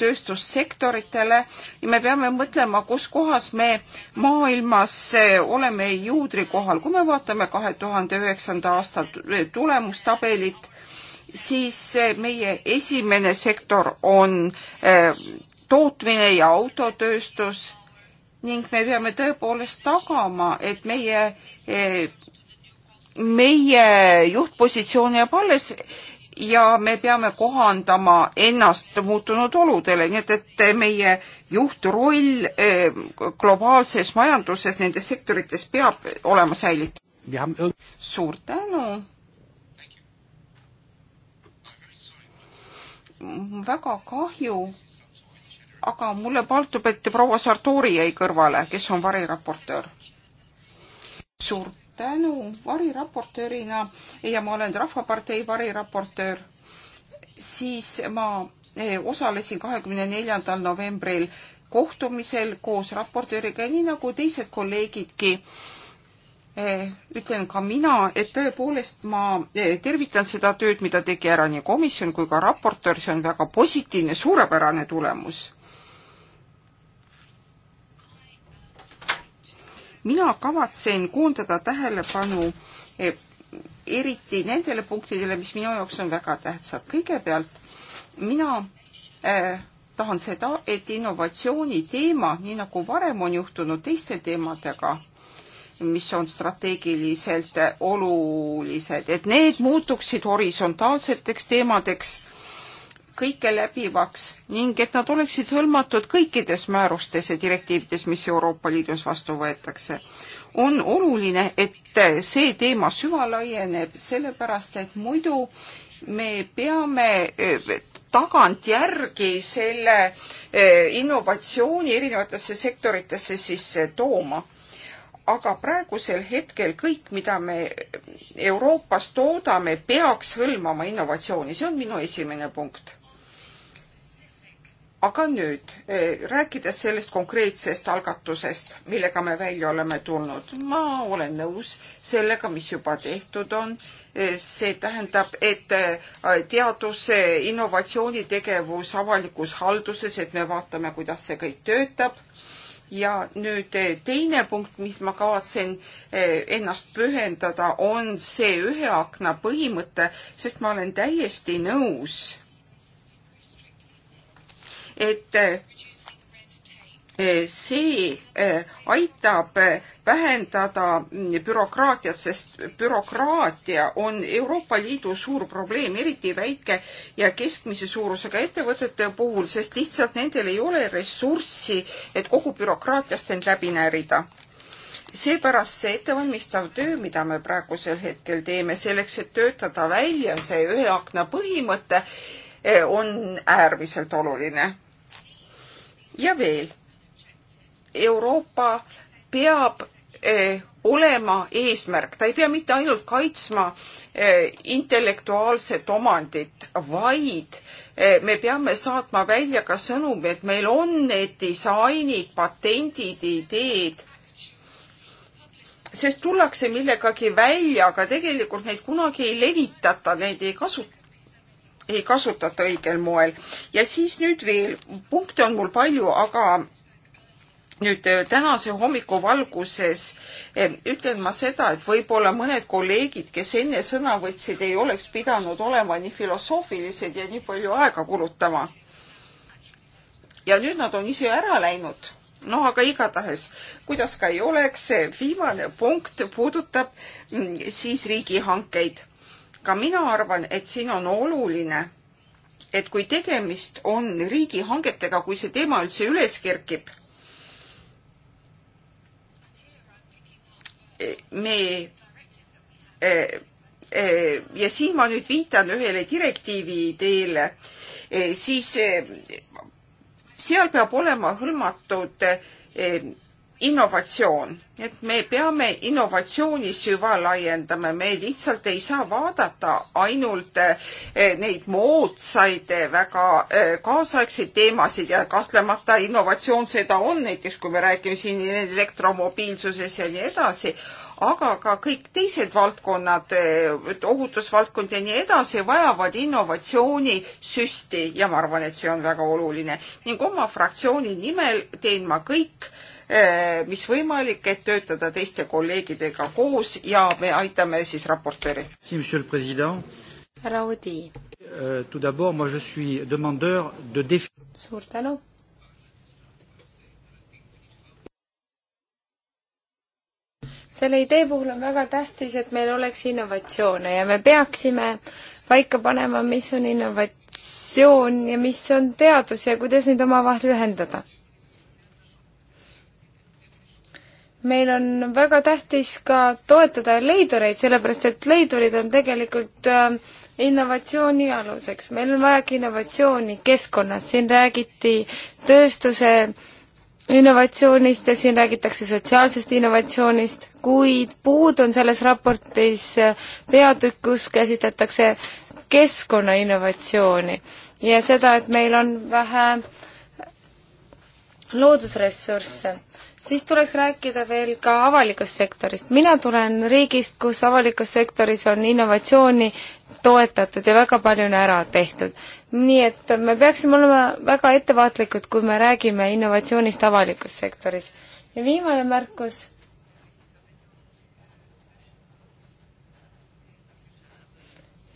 tööstussektoritele ja me peame mõtlema, kus kohas me maailmas oleme juudrikohal. kui me vaatame kahe tuhande üheksanda aasta tulemustabelit, siis meie esimene sektor on eh, tootmine ja autotööstus ning me peame tõepoolest tagama, et meie, eh, meie juhtpositsioon jääb alles ja me peame kohandama ennast muutunud oludele, nii et, et meie juhtroll eh, globaalses majanduses nendes sektorites peab olema säilitatud. suur tänu. väga kahju aga mulle paltub, et proua Sartori jäi kõrvale, kes on variraportöör. suur tänu variraportöörina ja ma olen Rahvapartei variraportöör, siis ma eh, osalesin kahekümne neljandal novembril kohtumisel koos raportööriga, nii nagu teised kolleegidki eh, ütlen ka mina, et tõepoolest ma eh, tervitan seda tööd, mida tegi ära nii komisjon kui ka raportöör, see on väga positiivne, suurepärane tulemus. mina kavatsen koondada tähelepanu eh, eriti nendele punktidele, mis minu jaoks on väga tähtsad. kõigepealt mina äh, tahan seda, et innovatsiooni teema, nii nagu varem on juhtunud teiste teemadega, mis on strateegiliselt eh, olulised, et need muutuksid horisontaalseteks teemadeks kõike läbivaks ning et nad oleksid hõlmatud kõikides määrustes ja direktiivides, mis Euroopa Liidus vastu võetakse. on oluline, et see teema süvalaieneb, sellepärast et muidu me peame eh, tagantjärgi selle eh, innovatsiooni erinevatesse sektoritesse sisse tooma aga praegusel hetkel kõik, mida me Euroopas toodame, peaks hõlmama innovatsiooni, see on minu esimene punkt aga nüüd, eh, rääkides sellest konkreetsest algatusest, millega me välja oleme tulnud, ma olen nõus sellega, mis juba tehtud on. Eh, see tähendab, et eh, teadus, innovatsioonitegevus avalikus halduses, et me vaatame, kuidas see kõik töötab. ja nüüd teine punkt, mis ma kavatsen ennast pühendada, on see ühe akna põhimõte, sest ma olen täiesti nõus et eh, see eh, aitab eh, vähendada mm, bürokraatiat, sest bürokraatia on Euroopa Liidu suur probleem, eriti väike ja keskmise suurusega ettevõtete puhul, sest lihtsalt nendel ei ole ressurssi, et kogu bürokraatiast end läbi närida seepärast see ettevalmistav töö, mida me praegusel hetkel teeme selleks, et töötada välja see ühe akna põhimõte, on äärmiselt oluline ja veel. Euroopa peab eh, olema eesmärk, ta ei pea mitte ainult kaitsma eh, intellektuaalset omandit, vaid eh, me peame saatma välja ka sõnumi, et meil on need disainid, patendid, ideed, sest tullakse millegagi välja, aga tegelikult neid kunagi ei levitata, neid ei kasutata ei kasutata õigel moel. ja siis nüüd veel, punkte on mul palju, aga nüüd eh, tänase hommiku valguses eh, ütlen ma seda, et võib-olla mõned kolleegid, kes enne sõna võtsid, ei oleks pidanud olema nii filosoofilised ja nii palju aega kulutama. ja nüüd nad on ise ära läinud. no aga igatahes, kuidas ka ei oleks, see viimane punkt puudutab mm, siis riigihankeid ka mina arvan, et siin on oluline, et kui tegemist on riigihangetega, kui see teema üldse üles kerkib, me eh, eh, ja siin ma nüüd viitan ühele direktiivi teele, eh, siis seal peab olema hõlmatud innovatsioon, et me peame innovatsiooni süva laiendama, me lihtsalt ei saa vaadata ainult eh, neid moodsaid, eh, väga eh, kaasaegseid teemasid ja kahtlemata innovatsioon seda on, näiteks kui me räägime siin elektromobiilsuses ja nii edasi, aga ka kõik teised valdkonnad, ohutusvaldkond ja nii edasi, vajavad innovatsioonisüsti ja ma arvan, et see on väga oluline. ning oma fraktsiooni nimel teen ma kõik Eh, mis võimalik, et töötada teiste kolleegidega koos ja me aitame siis raportööri. härra Udi. Eh, suur tänu. selle idee puhul on väga tähtis, et meil oleks innovatsioone ja me peaksime paika panema, mis on innovatsioon ja mis on teadus ja kuidas neid omavahel ühendada meil on väga tähtis ka toetada leidureid, sellepärast et leidurid on tegelikult äh, innovatsiooni aluseks. meil on vaja innovatsiooni keskkonnas, siin räägiti tööstuse innovatsioonist ja siin räägitakse sotsiaalsest innovatsioonist, kuid puudu on selles raportis äh, peatükk, kus käsitletakse keskkonnainnovatsiooni ja seda, et meil on vähe loodusressursse siis tuleks rääkida veel ka avalikust sektorist. mina tulen riigist, kus avalikus sektoris on innovatsiooni toetatud ja väga palju on ära tehtud. nii et me peaksime olema väga ettevaatlikud, kui me räägime innovatsioonist avalikus sektoris. ja viimane märkus.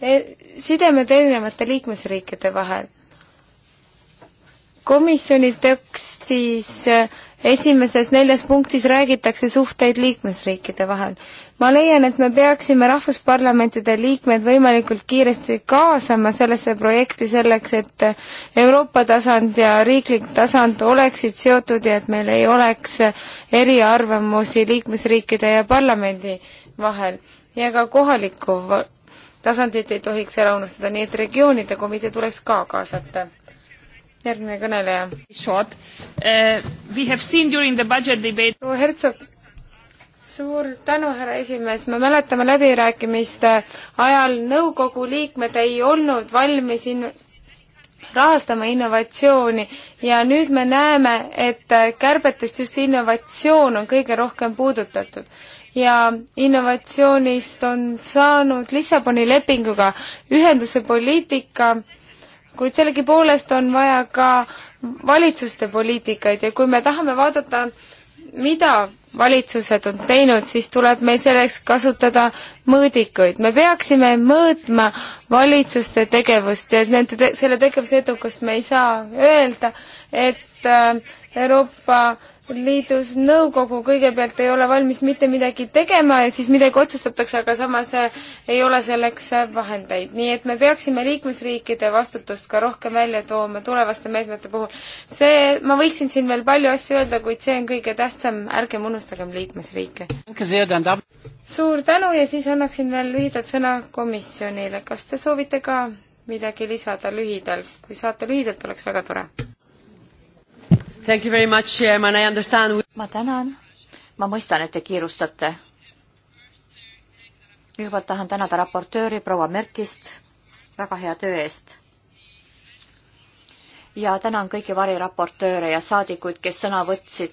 E, sidemed erinevate liikmesriikide vahel. komisjoni tekstis äh, esimeses neljas punktis räägitakse suhteid liikmesriikide vahel. ma leian, et me peaksime rahvusparlamentide liikmed võimalikult kiiresti kaasama sellesse projekti selleks, et Euroopa tasand ja riiklik tasand oleksid seotud ja et meil ei oleks eriarvamusi liikmesriikide ja parlamendi vahel ja ka kohalikku tasandit ei tohiks ära unustada, nii et regioonide komitee tuleks ka kaasata järgmine kõneleja. Short uh,. We have seen during the budget debate. proua Hertsog, suur tänu, härra esimees, me mäletame läbirääkimiste ajal nõukogu liikmed ei olnud valmis in-, rahastama innovatsiooni ja nüüd me näeme, et kärbetest just innovatsioon on kõige rohkem puudutatud. ja innovatsioonist on saanud Lissaboni lepinguga ühenduse poliitika, kuid sellegipoolest on vaja ka valitsuste poliitikaid ja kui me tahame vaadata, mida valitsused on teinud, siis tuleb meil selleks kasutada mõõdikuid. me peaksime mõõtma valitsuste tegevust ja nende te, selle tegevuse edukust me ei saa öelda, et äh, Euroopa äh, Liidus nõukogu kõigepealt ei ole valmis mitte midagi tegema ja siis midagi otsustatakse, aga samas eh, ei ole selleks eh, vahendeid. nii et me peaksime liikmesriikide vastutust ka rohkem välja tooma tulevaste meetmete puhul. see, ma võiksin siin veel palju asju öelda, kuid see on kõige tähtsam, ärgem unustagem liikmesriike. suur tänu ja siis annaksin veel lühidalt sõna komisjonile. kas te soovite ka midagi lisada lühidalt? kui saate lühidalt, oleks väga tore ma tänan, ma mõistan, et te kiirustate. kõigepealt tahan tänada raportööri proua Merkist väga hea töö eest. ja tänan kõiki variraportööre ja saadikuid, kes sõna võtsid.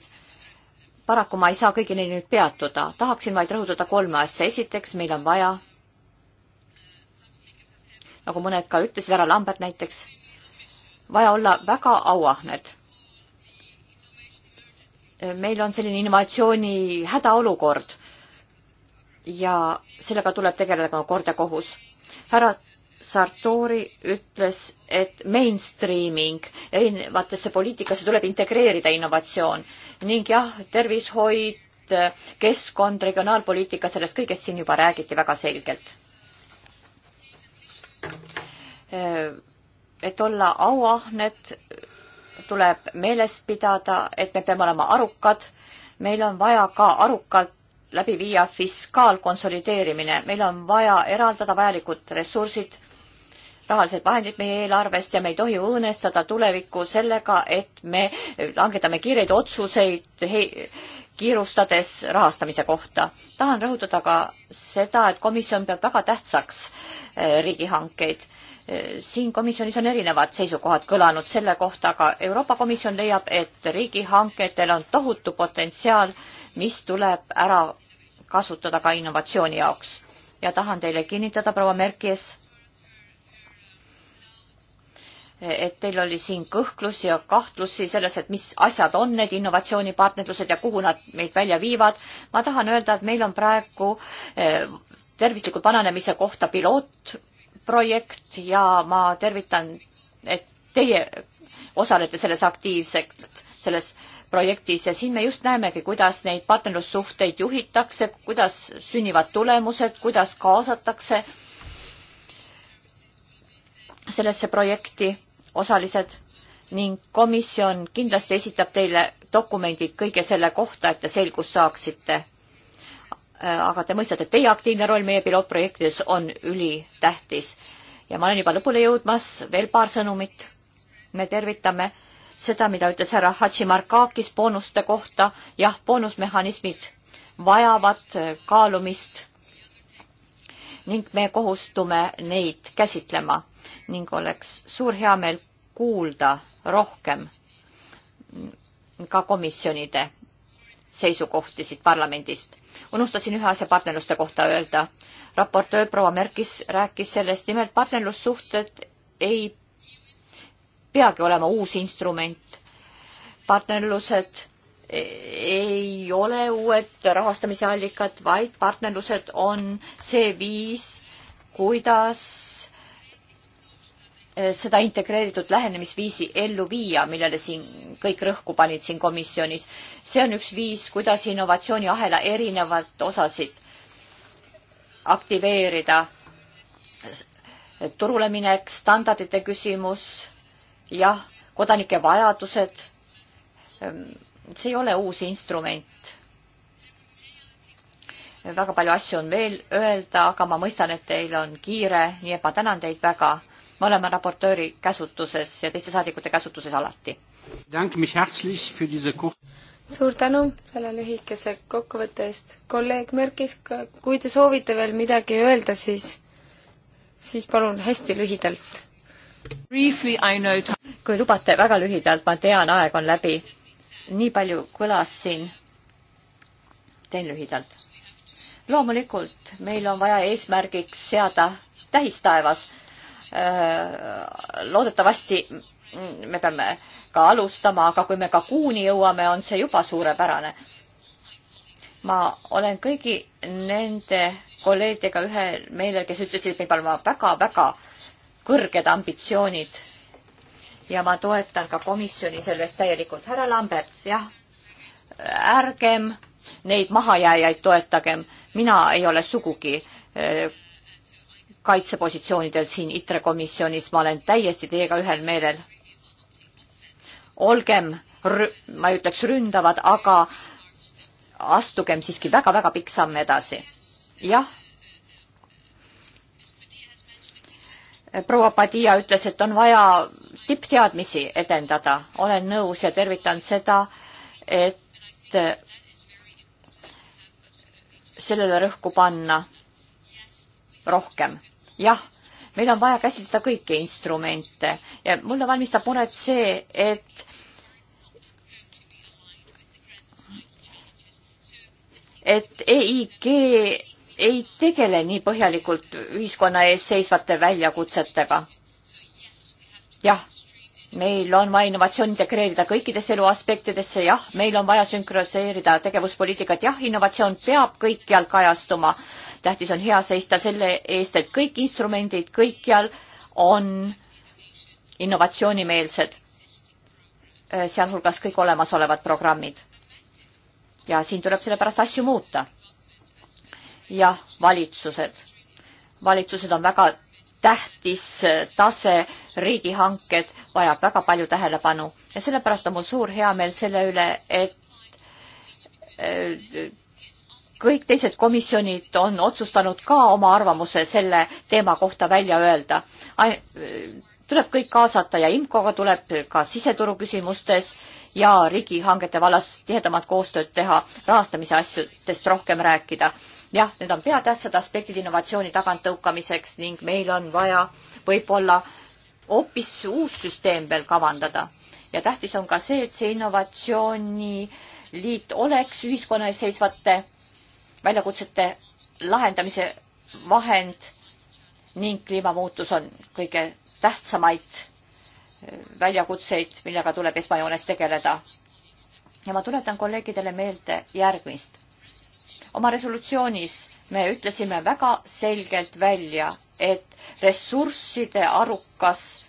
paraku ma ei saa kõigini nüüd peatuda, tahaksin vaid rõhutada kolme asja. esiteks, meil on vaja, nagu mõned ka ütlesid, härra Lambert näiteks, vaja olla väga auahned meil on selline innovatsiooni hädaolukord ja sellega tuleb tegeleda ka kord ja kohus. härra Sartori ütles, et mainstreaming erinevatesse poliitikasse tuleb integreerida innovatsioon ning jah, tervishoid, keskkond, regionaalpoliitika, sellest kõigest siin juba räägiti väga selgelt. Äh, et olla auahned tuleb meeles pidada, et me peame olema arukad. meil on vaja ka arukalt läbi viia fiskaalkonsolideerimine, meil on vaja eraldada vajalikud ressursid, rahalised vahendid meie eelarvest ja me ei tohi õõnestada tulevikku sellega, et me langetame kiireid otsuseid hei, kiirustades rahastamise kohta. tahan rõhutada ka seda, et komisjon peab väga tähtsaks eh, riigihankeid siin komisjonis on erinevad seisukohad kõlanud selle kohta, aga Euroopa Komisjon leiab, et riigihangetel on tohutu potentsiaal, mis tuleb ära kasutada ka innovatsiooni jaoks. ja tahan teile kinnitada, proua Merkis, et teil oli siin kõhklusi ja kahtlusi selles, et mis asjad on need innovatsioonipartnerlused ja kuhu nad meid välja viivad. ma tahan öelda, et meil on praegu eh, tervisliku vananemise kohta piloot projekt ja ma tervitan, et teie osalete selles aktiivselt, selles projektis ja siin me just näemegi, kuidas neid partnerlussuhteid juhitakse, kuidas sünnivad tulemused, kuidas kaasatakse sellesse projekti osalised ning komisjon kindlasti esitab teile dokumendid kõige selle kohta, et te selgust saaksite. Äh, aga te mõistate, et teie aktiivne roll meie pilootprojektides on ülitähtis. ja ma olen juba lõpule jõudmas, veel paar sõnumit. me tervitame seda, mida ütles härra Hatsimarkakis boonuste kohta. jah, boonusmehhanismid vajavad äh, kaalumist ning me kohustume neid käsitlema ning oleks suur heameel kuulda rohkem ka komisjonide seisukohti siit parlamendist. unustasin ühe asja partnerluste kohta öelda. raportöör proua Merkis rääkis sellest, nimelt partnerlussuhted ei peagi olema uus instrument. partnerlused ei ole uued rahastamise allikad, vaid partnerlused on see viis, kuidas Eh, seda integreeritud lähenemisviisi ellu viia, millele siin kõik rõhku panid siin komisjonis. see on üks viis, kuidas innovatsiooniahela erinevat osasid aktiveerida. turule minek, standardite küsimus, jah, kodanike vajadused. Ehm, see ei ole uus instrument. väga palju asju on veel öelda, aga ma mõistan, et teil on kiire, nii et ma tänan teid väga me oleme raportööri käsutuses ja teiste saadikute käsutuses alati. suur tänu selle lühikese kokkuvõtte eest. kolleeg Merkis, kui te soovite veel midagi öelda, siis, siis palun hästi lühidalt. kui lubate, väga lühidalt, ma tean, aeg on läbi. nii palju kõlas siin. teen lühidalt loomulikult meil on vaja eesmärgiks seada tähistaevas Äh, loodetavasti me peame ka alustama, aga kui me ka kuuni jõuame, on see juba suurepärane. ma olen kõigi nende kolleegidega ühel meelel, kes ütlesid, et meil peab olema väga-väga kõrged ambitsioonid. ja ma toetan ka komisjoni selles täielikult. härra Lambert, jah, ärgem neid mahajääjaid toetagem. mina ei ole sugugi äh, kaitsepositsioonidel siin ITRE komisjonis, ma olen täiesti teiega ühel meelel. olgem, ma ei ütleks ründavad, aga astugem siiski väga-väga pikk samm edasi. jah. proua Padia ütles, et on vaja tippteadmisi edendada, olen nõus ja tervitan seda, et sellele rõhku panna rohkem. jah, meil on vaja käsitleda kõiki instrumente ja mulle valmistab muret see, et et EIG ei tegele nii põhjalikult ühiskonna ees seisvate väljakutsetega. jah, meil on vaja innovatsioon integreerida kõikidesse elu aspektidesse, jah, meil on vaja sünkroniseerida tegevuspoliitikat, jah, innovatsioon peab kõikjal kajastuma tähtis on hea seista selle eest, et kõik instrumendid kõikjal on innovatsioonimeelsed, äh, sealhulgas kõik olemasolevad programmid. ja siin tuleb sellepärast asju muuta. jah, valitsused. valitsused on väga tähtis äh, tase, riigihanked vajab väga palju tähelepanu ja sellepärast on mul suur heameel selle üle, et äh, kõik teised komisjonid on otsustanud ka oma arvamuse selle teema kohta välja öelda. tuleb kõik kaasata ja IMCO-ga tuleb ka siseturu küsimustes ja riigihangete vallas tihedamat koostööd teha, rahastamise asjadest rohkem rääkida. jah, need on peatähtsad aspektid innovatsiooni taganttõukamiseks ning meil on vaja võib-olla hoopis uus süsteem veel kavandada. ja tähtis on ka see, et see innovatsiooniliit oleks ühiskonna ees seisvate väljakutsete lahendamise vahend ning kliimamuutus on kõige tähtsamaid äh, väljakutseid, millega tuleb esmajoones tegeleda. ja ma tuletan kolleegidele meelde järgmist. oma resolutsioonis me ütlesime väga selgelt välja, et ressursside arukas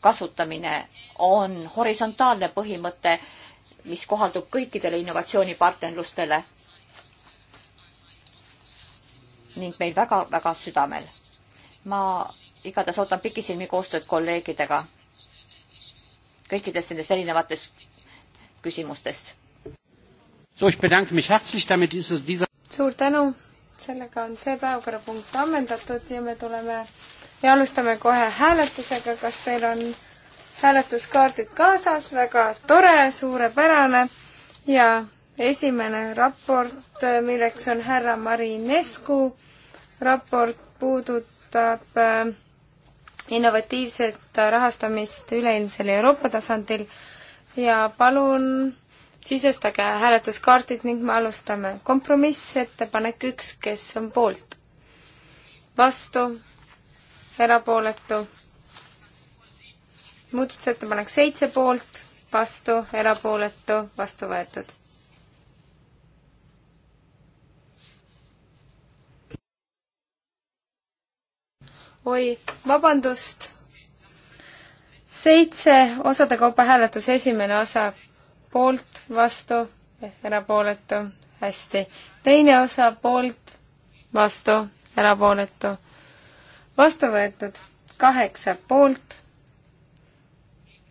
kasutamine on horisontaalne põhimõte, mis kohaldub kõikidele innovatsioonipartnerlustele ning meil väga-väga südamel. ma igatahes ootan pikisilmi koostööd kolleegidega kõikides nendes erinevates küsimustes. suur tänu, sellega on see päevakorrapunkt ammendatud ja me tuleme ja alustame kohe hääletusega, kas teil on hääletuskaardid kaasas, väga tore, suurepärane ja esimene raport, äh, milleks on härra Marinescu raport, puudutab äh, innovatiivset rahastamist üleilmsel Euroopa tasandil ja palun sisestage hääletuskaardid ning me alustame. kompromissettepanek üks, kes on poolt? vastu? erapooletu? muudatusettepanek seitse poolt, vastu, erapooletu, vastu võetud oi, vabandust. seitse osade kaupa hääletus, esimene osa poolt, vastu, erapooletu, hästi. teine osa poolt, vastu, erapooletu, vastu võetud, kaheksa poolt,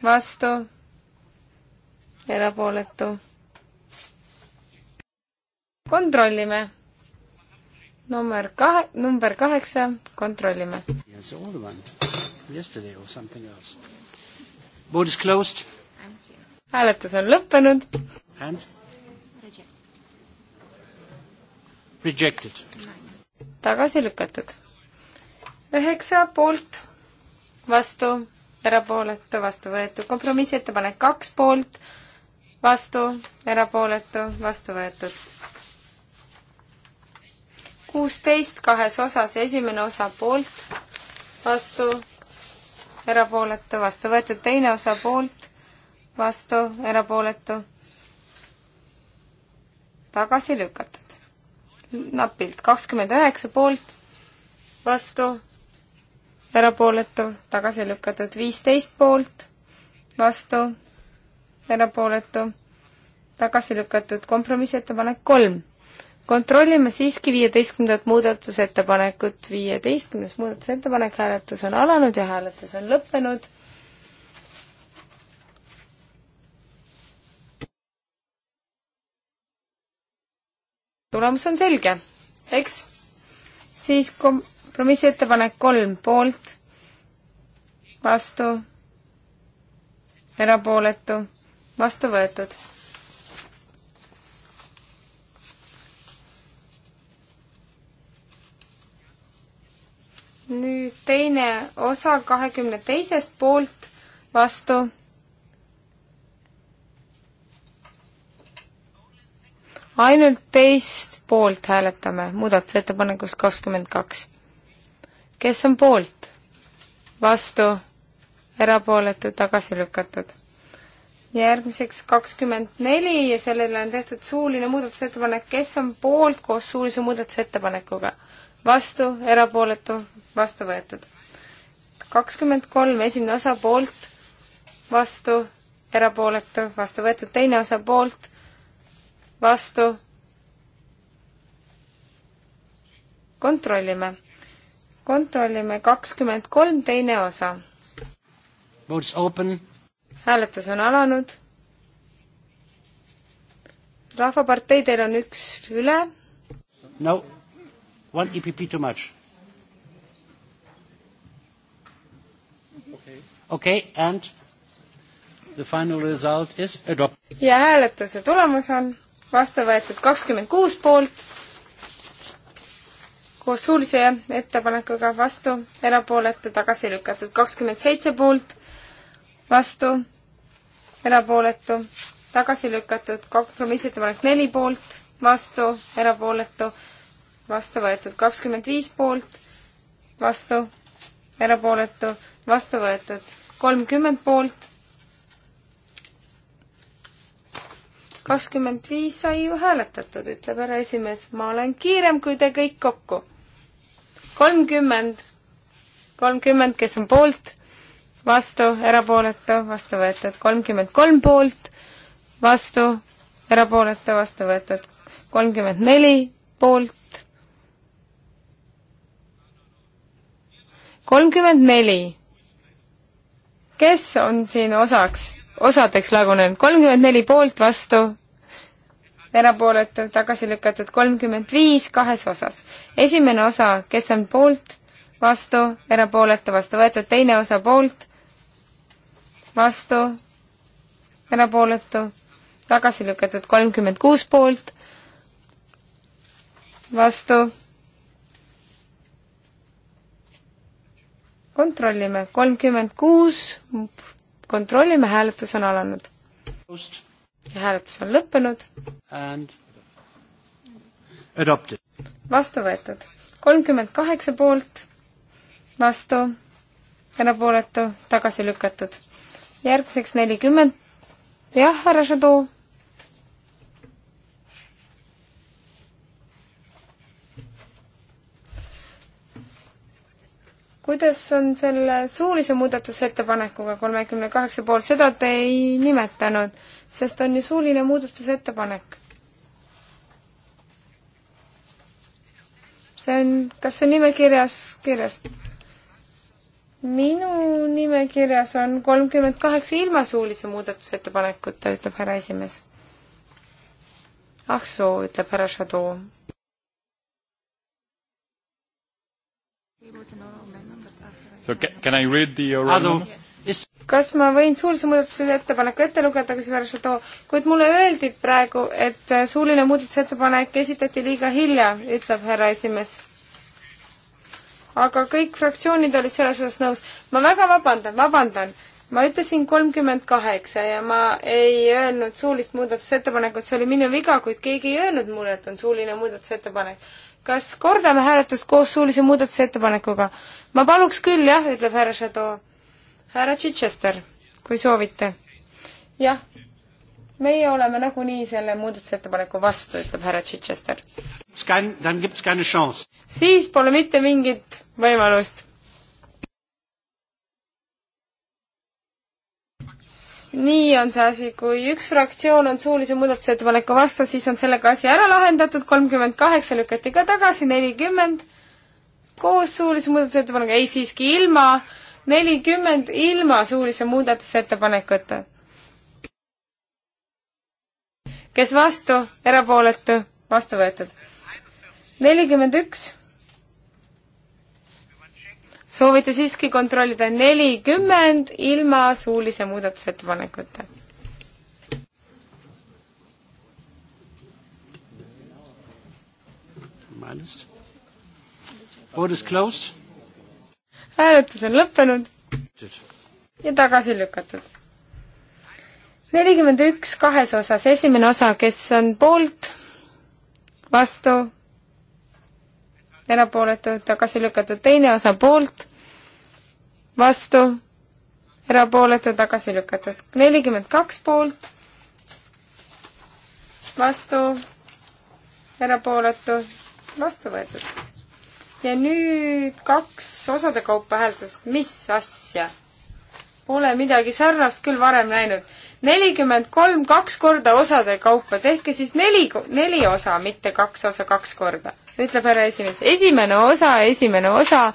vastu, erapooletu. kontrollime number kahe, number kaheksa, kontrollime. hääletus on lõppenud. tagasi lükatud. üheksa poolt, vastu, erapooletu, vastu võetud. kompromissettepanek kaks poolt, vastu, erapooletu, vastu võetud kuusteist kahes osas, esimene osa poolt, vastu, erapooletu, vastu võetud, teine osa poolt, vastu, erapooletu, tagasi lükatud. napilt kakskümmend üheksa poolt, vastu, erapooletu, tagasi lükatud, viisteist poolt, vastu, erapooletu, tagasi lükatud, kompromissettepanek kolm kontrollime siiski viieteistkümnendat muudatusettepanekut, viieteistkümnes muudatusettepanek, hääletus on alanud ja hääletus on lõppenud. tulemus on selge, eks? siis kompromissettepanek kolm poolt, vastu, erapooletu, vastu võetud nüüd teine osa kahekümne teisest poolt vastu. ainult teist poolt hääletame muudatusettepanekus kakskümmend kaks. kes on poolt? vastu, erapooletu, tagasi lükatud. järgmiseks kakskümmend neli ja sellele on tehtud suuline muudatusettepanek, kes on poolt koos suulise muudatusettepanekuga? vastu, erapooletu, vastu võetud. kakskümmend kolm, esimene osa poolt, vastu, erapooletu, vastu võetud, teine osa poolt, vastu. kontrollime, kontrollime kakskümmend kolm, teine osa. hääletus on alanud. rahvapartei, teil on üks üle. no One EPP too much. Okay, and the final result is adopt-. ja hääletuse tulemus on vastu võetud kakskümmend kuus poolt, koos suulise ettepanekuga vastu, erapooletu tagasi lükatud kakskümmend seitse poolt, vastu, erapooletu, tagasi lükatud kompromissettepanek neli poolt, vastu, erapooletu, vastu võetud kakskümmend viis poolt, vastu, erapooletu, vastu võetud kolmkümmend poolt. kakskümmend viis sai ju hääletatud, ütleb härra esimees, ma olen kiirem kui te kõik kokku. kolmkümmend, kolmkümmend, kes on poolt, vastu, erapooletu, vastu võetud kolmkümmend kolm poolt, vastu, erapooletu, vastu võetud kolmkümmend neli poolt, kolmkümmend neli. kes on siin osaks, osadeks lagunenud? kolmkümmend neli poolt, vastu, erapooletu, tagasi lükatud kolmkümmend viis kahes osas. esimene osa, kes on poolt, vastu, erapooletu, vastu võetud, teine osa poolt, vastu, erapooletu, tagasi lükatud kolmkümmend kuus poolt, vastu kontrollime, kolmkümmend kuus, kontrollime, hääletus on alanud. ja hääletus on lõppenud. vastu võetud. kolmkümmend kaheksa poolt, vastu, erapooletu, tagasi lükatud. järgmiseks nelikümmend, jah, härra Šadov kuidas on selle suulise muudatusettepanekuga kolmekümne kaheksa poolt, seda te ei nimetanud, sest on ju suuline muudatusettepanek. see on, kas see on nimekirjas, kirjas? minu nimekirjas on kolmkümmend kaheksa ilma suulise muudatusettepanekuta, ütleb härra esimees. ah soo, ütleb härra Šadoo So can, can I read the uh, oral yes. kas ma võin suurse muudatusettepaneku ette lugeda, kas pärast too, kuid mulle öeldi praegu, et äh, suuline muudatusettepanek esitati liiga hilja, ütleb härra esimees. aga kõik fraktsioonid olid selles osas nõus. ma väga vabandan, vabandan. ma ütlesin kolmkümmend kaheksa ja ma ei öelnud suulist muudatusettepanekut, see oli minu viga, kuid keegi ei öelnud mulle, et on suuline muudatusettepanek kas kordame hääletust koos suulise muudatusettepanekuga? ma paluks küll, jah, ütleb härra Šado. härra Chichester, kui soovite. jah, meie oleme nagunii selle muudatusettepaneku vastu, ütleb härra Chichester. siis pole mitte mingit võimalust nii on see asi, kui üks fraktsioon on suulise muudatusettepaneku vastu, siis on sellega asi ära lahendatud, kolmkümmend kaheksa lükati ka tagasi, nelikümmend koos suulise muudatusettepanekuga, ei siiski ilma, nelikümmend ilma suulise muudatusettepanekuta. kes vastu, erapooletu, vastu võetud. nelikümmend üks soovite siiski kontrollida nelikümmend ilma suulise muudatusettepanekuta? hääletus on lõppenud ja tagasi lükatud. nelikümmend üks kahes osas, esimene osa, kes on poolt, vastu, erapooletud, tagasi lükatud, teine osa poolt, vastu, erapooletu, tagasi lükatud. nelikümmend kaks poolt, vastu, erapooletu, vastu võetud. ja nüüd kaks osade kaupa hääletust, mis asja? Pole midagi sarnast küll varem näinud. nelikümmend kolm kaks korda osade kaupa, tehke siis neli, neli osa, mitte kaks osa kaks korda ütleb härra esimees. esimene osa, esimene osa,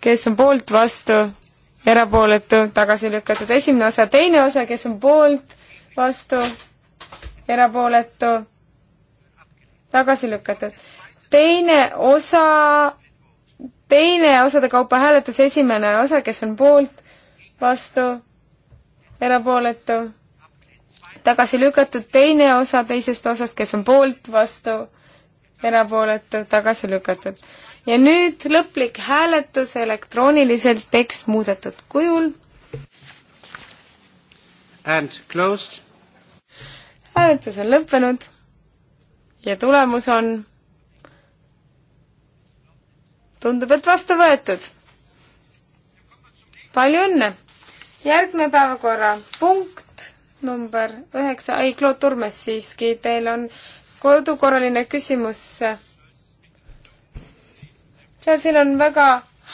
kes on poolt, vastu, erapooletu, tagasi lükatud. esimene osa, teine osa, kes on poolt, vastu, erapooletu, tagasi lükatud. teine osa, teine osade kaupa hääletus, esimene osa, kes on poolt, vastu, erapooletu, tagasi lükatud. teine osa teisest osast, kes on poolt, vastu, erapooletu, tagasi lükatud. ja nüüd lõplik hääletus elektrooniliselt, tekst muudetud kujul. And closed. hääletus on lõppenud ja tulemus on tundub, et vastu võetud. palju õnne! järgmine päevakorrapunkt number üheksa, ei, Claude Turmes siiski, teil on kodukorraline küsimus. Chelsea'l on väga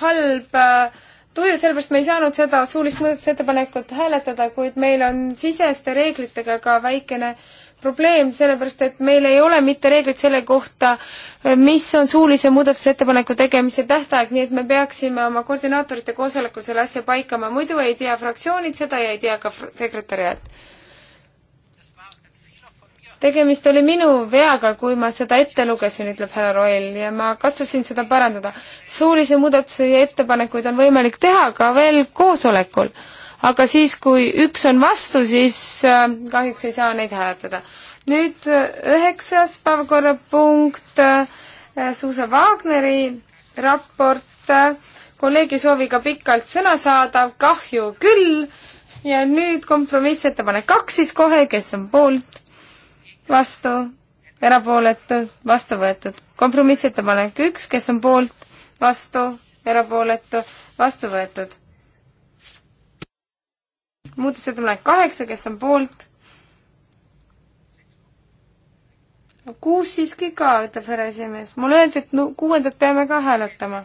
halb äh, tuju, sellepärast me ei saanud seda suulist muudatusettepanekut hääletada, kuid meil on siseste reeglitega ka väikene probleem, sellepärast et meil ei ole mitte reeglit selle kohta, äh, mis on suulise muudatusettepaneku tegemise tähtaeg, nii et me peaksime oma koordinaatorite koosolekul selle asja paikama, muidu ei tea fraktsioonid seda ja ei tea ka sekretäriaat tegemist oli minu veaga, kui ma seda ette lugesin, ütleb härra Roil ja ma katsusin seda parandada. suulisi muudatusi ja ettepanekuid on võimalik teha ka veel koosolekul, aga siis, kui üks on vastu, siis äh, kahjuks ei saa neid hääletada. nüüd äh, üheksas päevakorrapunkt, äh, Suusa Wagneri raport, kolleeg ei soovi ka pikalt sõna saada, kahju küll, ja nüüd kompromissettepanek kaks siis kohe, kes on poolt vastu, erapooletu, vastu võetud. kompromissettepanek üks, kes on poolt, vastu, erapooletu, vastu võetud. muudatusettepanek kaheksa, kes on poolt, kuus siiski ka, ütleb härra esimees. mulle öeldi, et no kuuendat peame ka hääletama.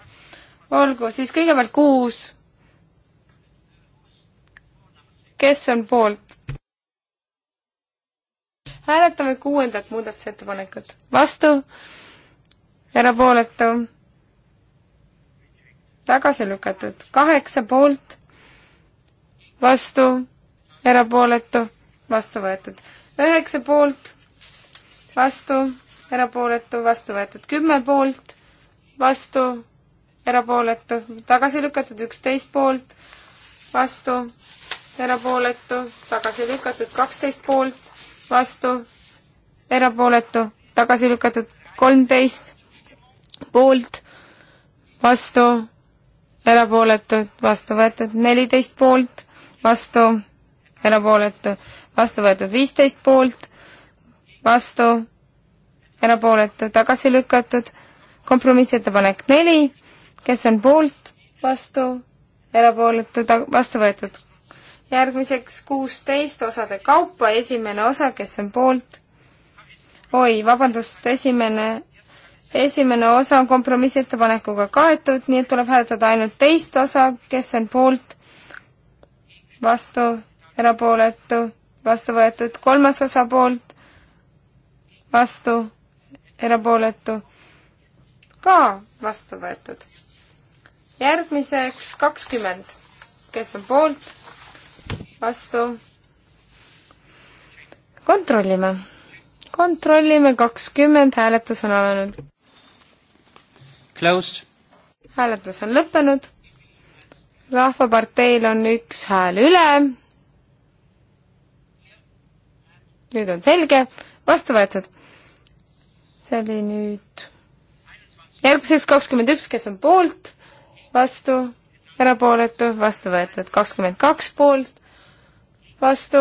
olgu, siis kõigepealt kuus. kes on poolt? hääletame kuuendat muudatusettepanekut. vastu, erapooletu, tagasi lükatud. kaheksa poolt, vastu, erapooletu, vastu võetud. üheksa poolt, vastu, erapooletu, vastu võetud. kümme poolt, vastu, erapooletu, tagasi lükatud. üksteist poolt, vastu, erapooletu, tagasi lükatud. kaksteist poolt, vastu, erapooletu, tagasi lükatud kolmteist, poolt, vastu, erapooletu, vastu võetud neliteist poolt, vastu, erapooletu, vastu võetud viisteist poolt, vastu, erapooletu, tagasi lükatud, kompromissettepanek neli, kes on poolt, vastu, erapooletu, vastu võetud järgmiseks kuusteist osade kaupa, esimene osa, kes on poolt, oi, vabandust, esimene, esimene osa on kompromissettepanekuga kaetud, nii et tuleb hääletada ainult teist osa, kes on poolt, vastu, erapooletu, vastu võetud, kolmas osa poolt, vastu, erapooletu, ka vastu võetud. järgmiseks kakskümmend, kes on poolt vastu. kontrollime. kontrollime, kakskümmend, hääletus on alanud. Closed. hääletus on lõppenud. rahvaparteil on üks hääl üle. nüüd on selge, vastu võetud. see oli nüüd järgmiseks kakskümmend üks, kes on poolt, vastu, erapooletu, vastu võetud kakskümmend kaks poolt, vastu.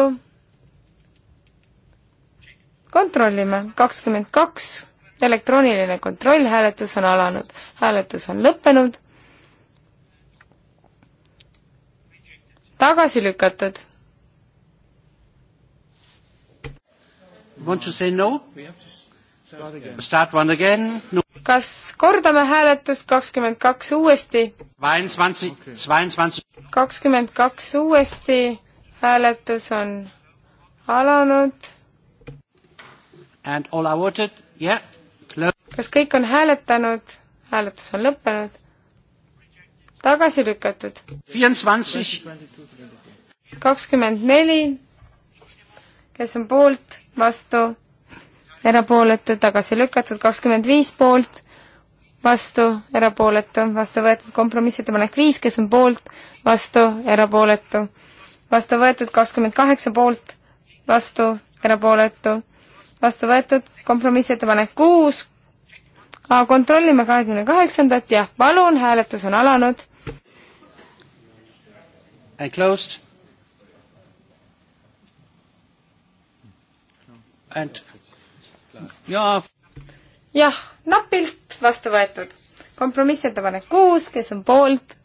kontrollime, kakskümmend kaks, elektrooniline kontroll, hääletus on alanud, hääletus on lõppenud. tagasi lükatud. Want to say no? Start one again no.? kas kordame hääletust kakskümmend kaks uuesti? kakskümmend kaks uuesti hääletus on alanud. Yeah. kas kõik on hääletanud? hääletus on lõppenud. tagasi lükatud. kakskümmend neli. kes on poolt, vastu, erapooletu, tagasi lükatud, kakskümmend viis poolt, vastu, erapooletu, vastu võetud kompromissettepanek viis, kes on poolt, vastu, erapooletu vastu võetud kakskümmend kaheksa poolt, vastu, erapooletu, vastu võetud, kompromissettepanek kuus, kontrollime kahekümne kaheksandat, jah, palun, hääletus on alanud. I closed. And ja. jah, napilt vastu võetud. kompromissettepanek kuus, kes on poolt,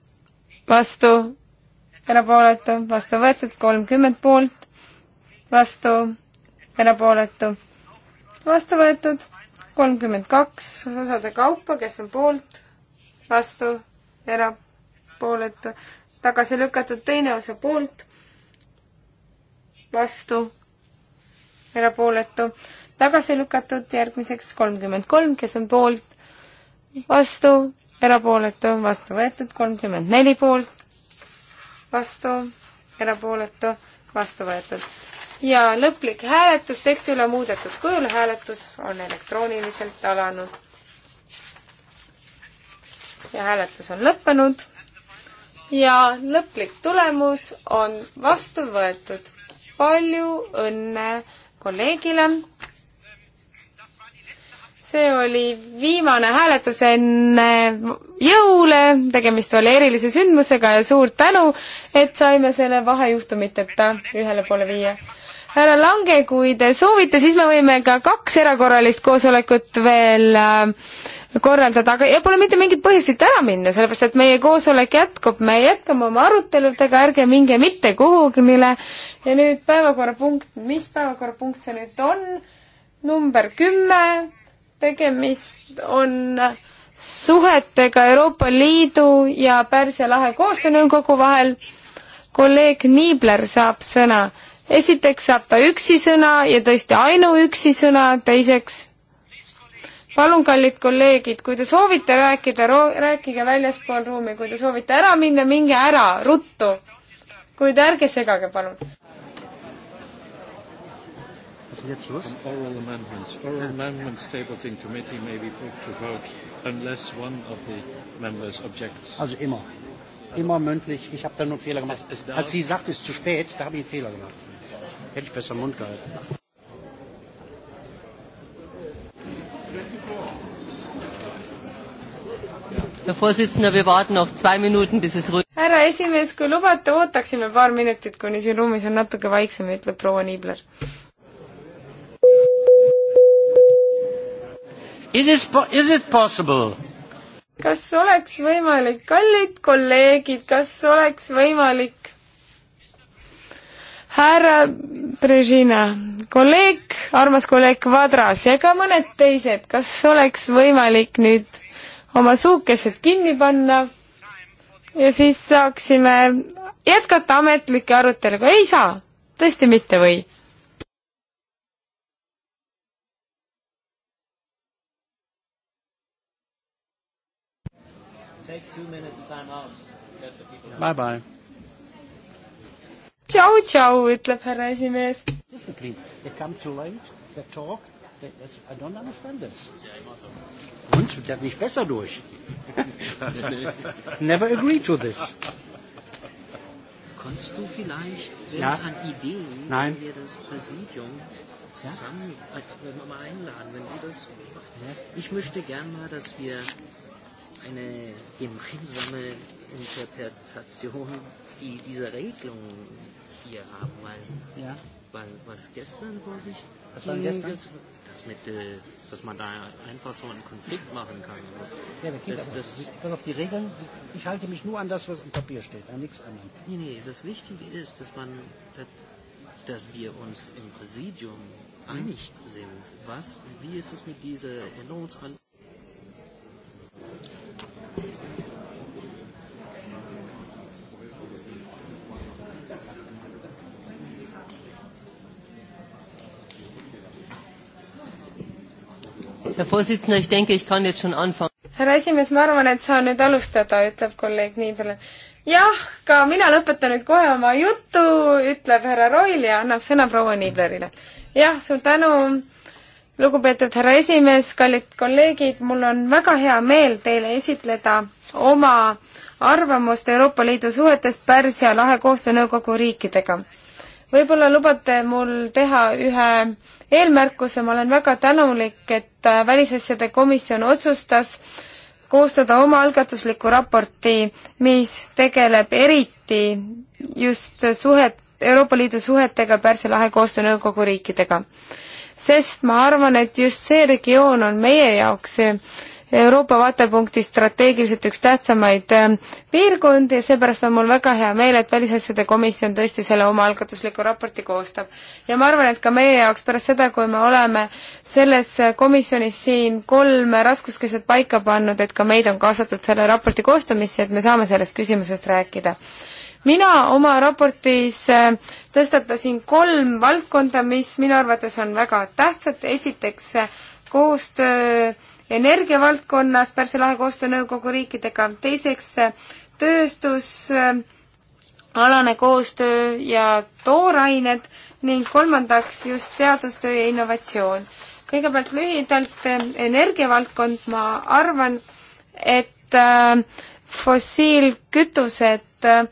vastu, erapooletu, vastu võetud, kolmkümmend poolt, vastu, erapooletu, vastu võetud, kolmkümmend kaks osade kaupa, kes on poolt, vastu, erapooletu, tagasi lükatud teine osa poolt, vastu, erapooletu, tagasi lükatud järgmiseks kolmkümmend kolm, kes on poolt, vastu, erapooletu, vastu võetud kolmkümmend neli poolt, vastu, erapooletu, vastu võetud. ja lõplik hääletus teksti üle muudetud kujul, hääletus on elektrooniliselt alanud. ja hääletus on lõppenud ja lõplik tulemus on vastu võetud. palju õnne kolleegile see oli viimane hääletus enne jõule, tegemist oli erilise sündmusega ja suur tänu, et saime selle vahejuhtumiteta ühele poole viia. härra Lange, kui te soovite, siis me võime ka kaks erakorralist koosolekut veel äh, korraldada, aga ja pole mitte mingit põhjust siit ära minna, sellepärast et meie koosolek jätkub, me jätkame oma aruteludega, ärge minge mitte kuhugile. ja nüüd päevakorrapunkt, mis päevakorrapunkt see nüüd on? number kümme tegemist on suhetega Euroopa Liidu ja Pärsia lahe koostöönõukogu vahel. kolleeg Niibler saab sõna. esiteks saab ta üksi sõna ja tõesti ainuüksi sõna, teiseks palun, kallid kolleegid, kui te soovite rääkida, rääkige väljaspool ruumi, kui te soovite ära minna, minge ära, ruttu. kuid ärge segage, palun. Ist jetzt los? On oral amendments. Oral amendments tabled in committee may be put to vote unless one of the members objects. Also immer. Immer mündlich. Ich habe da nur einen Fehler gemacht. Es, es Als sie sagt, es ist zu spät, da habe ich einen Fehler gemacht. Hätte ich besser im Mund gehalten. Herr Vorsitzender, wir warten noch zwei Minuten, bis es ruhig härra esimees, kui lubate, ootaksime paar minutit, kuni siin ruumis on natuke vaiksem, ütleb proua Niibler. It is, is it possible? kas oleks võimalik, kallid kolleegid, kas oleks võimalik? härra Brežina, kolleeg, armas kolleeg Kvadras ja ka mõned teised, kas oleks võimalik nüüd oma suukesed kinni panna ja siis saaksime jätkata ametlikke aruteluga, ei saa, tõesti mitte või? Bye-bye. Tšau, tšau, ütleb härra esimees. Discipline, they come too late, they talk, they, that's, I don't understand this. Und, der nicht besser durch. Never agree to this. Konntest du vielleicht, wenn ja? es an Ideen, Nein. wenn wir das Präsidium zusammen ja? äh, mal einladen, wenn du das machst. Ja? Ich möchte gern mal, dass wir eine gemeinsame Interpretation, die diese Regelung hier haben, weil, ja. weil was gestern vor sich was war gestern? Jetzt, das mit, äh, dass man da einfach so einen Konflikt machen kann. Ja, das geht das, aber. Das Pass auf die Regeln. Ich halte mich nur an das, was im Papier steht, an nichts anderem. Nee, nee, das Wichtige ist, dass man, dass, dass wir uns im Präsidium mhm. einig sind. Was, wie ist es mit dieser Änderungsanträgen? härra esimees, ma arvan, et saan nüüd alustada, ütleb kolleeg Niibel. jah, ka mina lõpetan nüüd kohe oma jutu, ütleb härra Roil ja annab sõna proua Niiblerile. jah, suur tänu, lugupeetud härra esimees, kallid kolleegid, mul on väga hea meel teile esitleda oma arvamust Euroopa Liidu suhetest Pärsia lahe koostöönõukogu riikidega. võib-olla lubate mul teha ühe eelmärkuse, ma olen väga tänulik, et äh, Välisasjade komisjon otsustas koostada omaalgatusliku raporti, mis tegeleb eriti just suhet, Euroopa Liidu suhetega Pärsia lahe koostöönõukogu riikidega. sest ma arvan, et just see regioon on meie jaoks Euroopa vaatepunktist strateegiliselt üks tähtsamaid ähm, piirkondi ja seepärast on mul väga hea meel, et Välisasjade Komisjon tõesti selle omaalgatusliku raporti koostab. ja ma arvan, et ka meie jaoks pärast seda, kui me oleme selles komisjonis siin kolm raskuskeset paika pannud, et ka meid on kaasatud selle raporti koostamisse, et me saame sellest küsimusest rääkida mina oma raportis äh, tõstatasin kolm valdkonda, mis minu arvates on väga tähtsad, esiteks äh, koostöö energiavaldkonnas Pärsia lahe koostöönõukogu riikidega, teiseks tööstusalane koostöö ja toorained ning kolmandaks just teadustöö ja innovatsioon. kõigepealt lühidalt eh, energiavaldkond, ma arvan, et eh, fossiilkütused eh,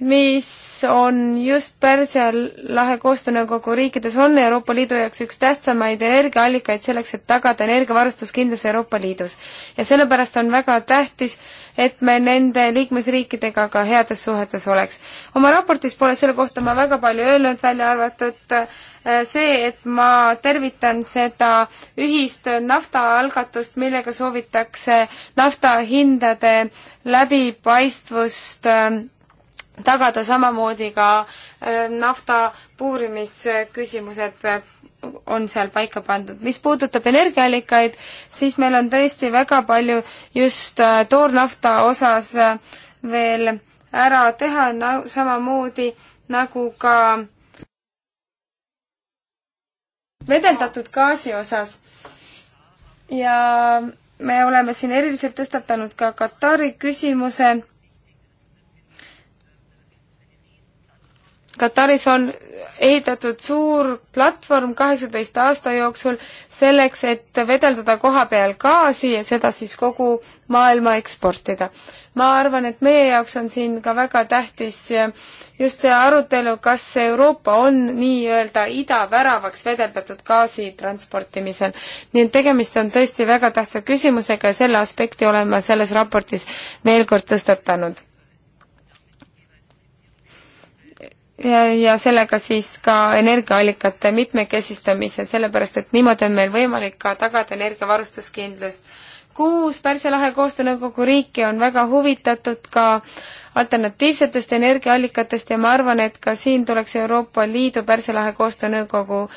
mis on just Pärsia lahe koostöönõukogu riikides, on Euroopa Liidu jaoks üks tähtsamaid energiaallikaid selleks, et tagada energiavarustuskindlus Euroopa Liidus. ja sellepärast on väga tähtis, et me nende liikmesriikidega ka heades suhetes oleks. oma raportis pole selle kohta ma väga palju öelnud, välja arvatud äh, see, et ma tervitan seda ühist naftaalgatust, millega soovitakse naftahindade läbipaistvust äh, tagada samamoodi ka äh, nafta puurimisküsimused äh, on seal paika pandud. mis puudutab energiaallikaid, siis meil on tõesti väga palju just äh, toornafta osas veel ära teha, samamoodi nagu ka vedeldatud gaasi osas. ja me oleme siin eriliselt tõstatanud ka Katari küsimuse Kataris on ehitatud suur platvorm kaheksateist aasta jooksul selleks, et vedeldada koha peal gaasi ja seda siis kogu maailma eksportida. ma arvan, et meie jaoks on siin ka väga tähtis just see arutelu, kas Euroopa on nii-öelda idaväravaks vedeldatud gaasi transportimisel. nii et tegemist on tõesti väga tähtsa küsimusega ja selle aspekti olen ma selles raportis veel kord tõstatanud ja sellega siis ka energiaallikate mitmekesistamise, sellepärast et niimoodi on meil võimalik ka tagada energiavarustuskindlust. kuus Pärsia lahe koostöönõukogu riiki on väga huvitatud ka alternatiivsetest energiaallikatest ja ma arvan, et ka siin tuleks Euroopa Liidu Pärsia lahe koostöönõukogu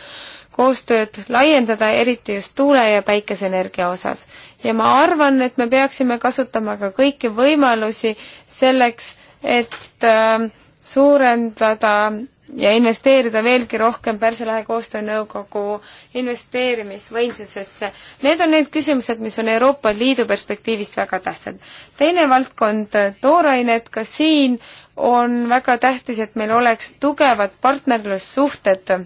koostööd laiendada, eriti just tuule- ja päikeseenergia osas. ja ma arvan, et me peaksime kasutama ka kõiki võimalusi selleks, et äh, suurendada ja investeerida veelgi rohkem Pärsia lahe koostöönõukogu investeerimisvõimsusesse. Need on need küsimused, mis on Euroopa Liidu perspektiivist väga tähtsad. teine valdkond, toorained, ka siin on väga tähtis, et meil oleks tugevad partnerlussuhted.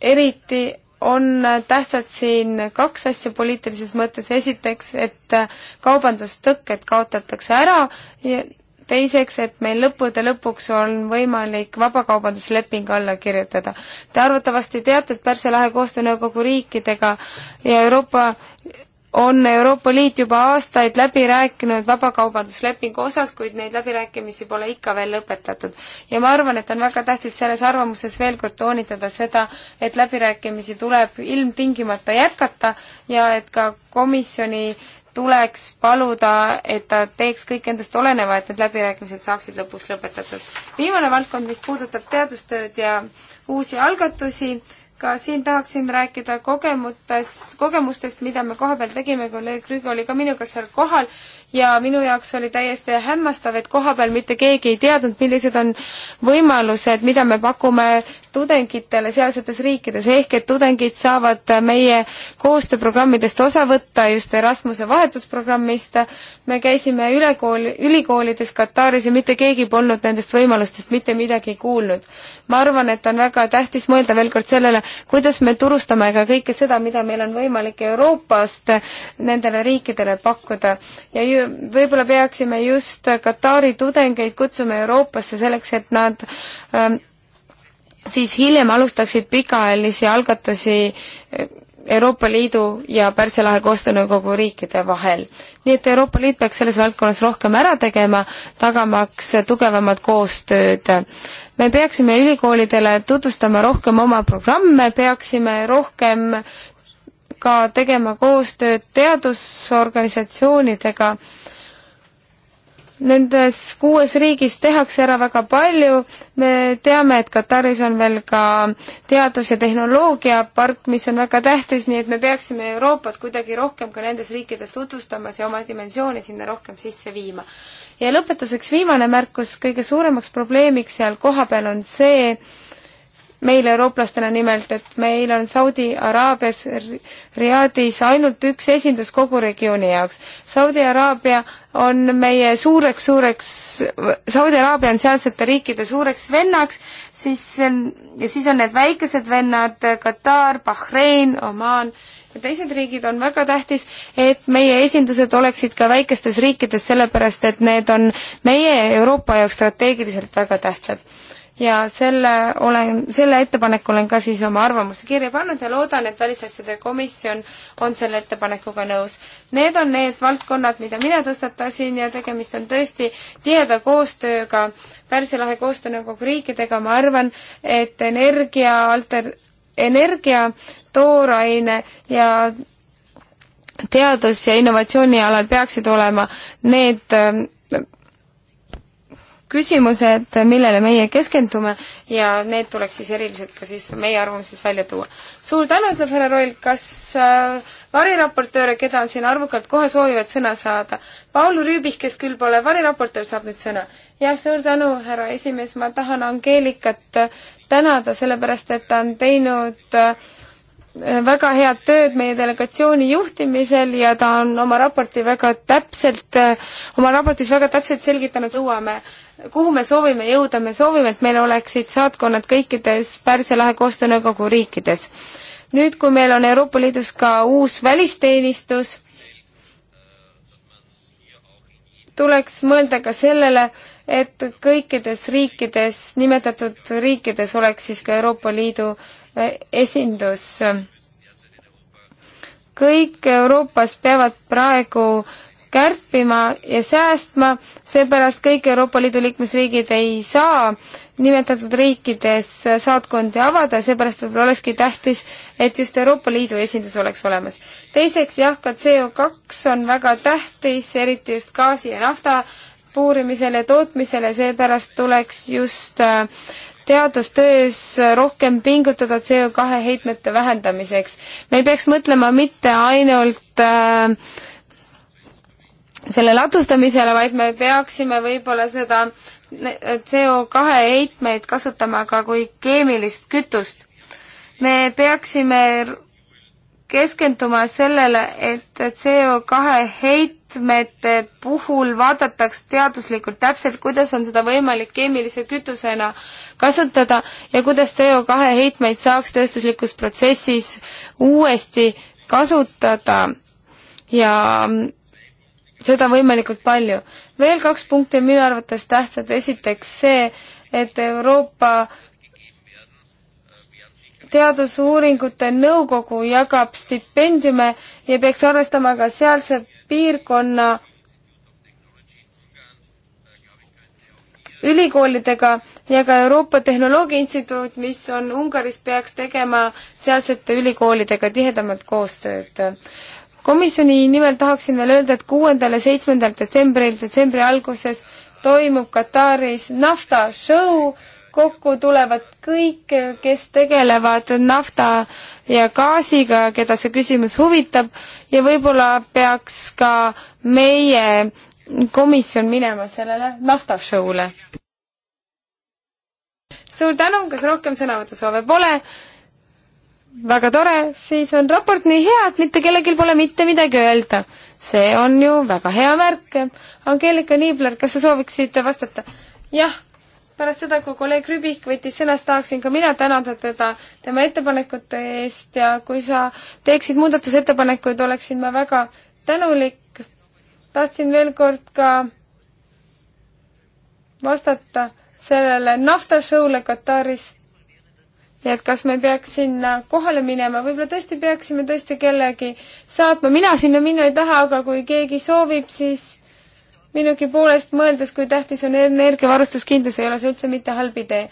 eriti on tähtsad siin kaks asja poliitilises mõttes, esiteks, et kaubandustõkked kaotatakse ära ja teiseks, et meil lõppude lõpuks on võimalik vabakaubandusleping alla kirjutada. Te arvatavasti teate, et Pärsia lahe koostöönõukogu riikidega ja Euroopa on Euroopa Liit juba aastaid läbi rääkinud vabakaubanduslepingu osas, kuid neid läbirääkimisi pole ikka veel lõpetatud. ja ma arvan, et on väga tähtis selles arvamuses veel kord toonitada seda, et läbirääkimisi tuleb ilmtingimata jätkata ja et ka komisjoni äh, tuleks paluda, et ta teeks kõik endast oleneva, et need läbirääkimised saaksid lõpuks lõpetatud. viimane valdkond, mis puudutab teadustööd ja uusi algatusi, ka siin tahaksin rääkida kogemutest, kogemustest, mida me kohapeal tegime, kolleeg Rüügo oli ka minuga seal kohal ja minu jaoks oli täiesti hämmastav, et kohapeal mitte keegi ei teadnud, millised on võimalused, mida me pakume tudengitele sealsetes riikides, ehk et tudengid saavad meie koostööprogrammidest osa võtta just Erasmuse vahetusprogrammist. me käisime ülekooli, ülikoolides Kataris ja mitte keegi polnud nendest võimalustest mitte midagi kuulnud. ma arvan, et on väga tähtis mõelda veel kord sellele, kuidas me turustame ka kõike seda, mida meil on võimalik Euroopast nendele riikidele pakkuda ja ju võib-olla peaksime just Katari tudengeid kutsuma Euroopasse selleks, et nad ähm, siis hiljem alustaksid pikaajalisi algatusi äh, Euroopa Liidu ja Pärsia lahe koostöönõukogu riikide vahel. nii et Euroopa Liit peaks selles valdkonnas rohkem ära tegema, tagamaks tugevamat koostööd. me peaksime ülikoolidele tutvustama rohkem oma programme, peaksime rohkem ka tegema koostööd teadusorganisatsioonidega. Nendes kuues riigis tehakse ära väga palju, me teame, et Kataris on veel ka teadus- ja tehnoloogiapark, mis on väga tähtis, nii et me peaksime Euroopat kuidagi rohkem ka nendes riikides tutvustamas ja oma dimensiooni sinna rohkem sisse viima. ja lõpetuseks viimane märkus, kõige suuremaks probleemiks seal kohapeal on see, meile, eurooplastele nimelt, et meil on Saudi Araabias Riadis ainult üks esindus kogu regiooni jaoks. Saudi Araabia on meie suureks, suureks, Saudi Araabia on sealsete riikide suureks vennaks, siis, ja siis on need väikesed vennad, Katar, Bahrein, Omaan ja teised riigid on väga tähtis, et meie esindused oleksid ka väikestes riikides, sellepärast et need on meie Euroopa jaoks strateegiliselt väga tähtsad ja selle olen, selle ettepaneku olen ka siis oma arvamuse kirja pannud ja loodan, et Välisasjade Komisjon on selle ettepanekuga nõus. Need on need valdkonnad, mida mina tõstatasin ja tegemist on tõesti tiheda koostööga Pärsia lahe koostöönõukogu riikidega, ma arvan, et energia alter-, energia, tooraine ja teadus- ja innovatsiooni alal peaksid olema need ähm, küsimused, millele meie keskendume ja need tuleks siis eriliselt ka siis meie arvamuses välja tuua. suur tänu, ütleb härra Roil, kas äh, variraportööre, keda on siin arvukalt, kohe soovivad sõna saada? Paul Rüübih, kes küll pole variraportöör, saab nüüd sõna. jah, suur tänu, härra esimees, ma tahan Angeelikat äh, tänada, sellepärast et ta on teinud äh, väga head tööd meie delegatsiooni juhtimisel ja ta on oma raporti väga täpselt, äh, oma raportis väga täpselt selgitanud Sõuamäe kuhu me soovime jõuda, me soovime, et meil oleksid saatkonnad kõikides Pärsia lahe koostöönõukogu riikides. nüüd, kui meil on Euroopa Liidus ka uus välisteenistus, tuleks mõelda ka sellele, et kõikides riikides, nimetatud riikides oleks siis ka Euroopa Liidu e, esindus. kõik Euroopas peavad praegu kärpima ja säästma, seepärast kõik Euroopa Liidu liikmesriigid ei saa nimetatud riikides saatkondi avada, seepärast võib-olla olekski tähtis, et just Euroopa Liidu esindus oleks olemas. teiseks jah, ka CO2 on väga tähtis, eriti just gaasi ja nafta puurimisele ja tootmisele, seepärast tuleks just äh, teadustöös rohkem pingutada CO2 heitmete vähendamiseks. me ei peaks mõtlema mitte ainult äh, selle ladustamisele, vaid me peaksime võib-olla seda CO kahe heitmeid kasutama ka kui keemilist kütust. me peaksime keskenduma sellele, et CO kahe heitmete puhul vaadataks teaduslikult täpselt, kuidas on seda võimalik keemilise kütusena kasutada ja kuidas CO kahe heitmeid saaks tööstuslikus protsessis uuesti kasutada ja seda võimalikult palju. veel kaks punkti on minu arvates tähtsad, esiteks see, et Euroopa teadusuuringute nõukogu jagab stipendiume ja peaks arvestama ka sealse piirkonna ülikoolidega ja ka Euroopa Tehnoloogia Instituut, mis on Ungaris, peaks tegema sealsete ülikoolidega tihedamat koostööd komisjoni nimel tahaksin veel öelda, et kuuendal ja seitsmendal detsembril, detsembri alguses toimub Kataris nafta show, kokku tulevad kõik, kes tegelevad nafta ja gaasiga, keda see küsimus huvitab ja võib-olla peaks ka meie komisjon minema sellele nafta show'le. suur tänu, kas rohkem sõnavõtusoove pole? väga tore, siis on raport nii hea, et mitte kellelgi pole mitte midagi öelda. see on ju väga hea märk. Angeelika Niibler, kas sa sooviksid vastata? jah, pärast seda, kui kolleeg Rübik võttis sõnast, tahaksin ka mina tänada teda tema ettepanekute eest ja kui sa teeksid muudatusettepanekuid, oleksin ma väga tänulik. tahtsin veel kord ka vastata sellele nafta show'le Kataris ja et kas me peaks sinna kohale minema, võib-olla tõesti peaksime tõesti kellegi saatma, mina sinna minna ei taha, aga kui keegi soovib, siis minugi poolest mõeldes, kui tähtis on energiavarustuskindlus, ei ole see üldse mitte halb idee.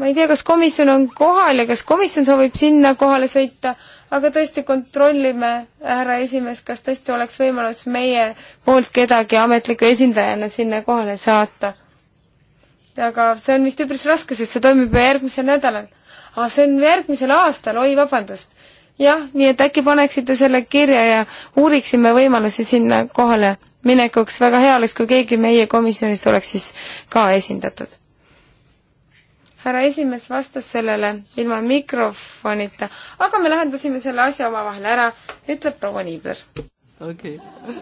ma ei tea, kas komisjon on kohal ja kas komisjon soovib sinna kohale sõita, aga tõesti kontrollime, härra esimees, kas tõesti oleks võimalus meie poolt kedagi ametliku esindajana sinna kohale saata aga see on vist üpris raske, sest see toimub juba järgmisel nädalal. aa, see on järgmisel aastal, oi vabandust. jah, nii et äkki paneksite selle kirja ja uuriksime võimalusi sinna kohale minekuks, väga hea oleks, kui keegi meie komisjonist oleks siis ka esindatud. härra esimees vastas sellele ilma mikrofonita, aga me lahendasime selle asja omavahel ära, ütleb proua Niibler. Okay.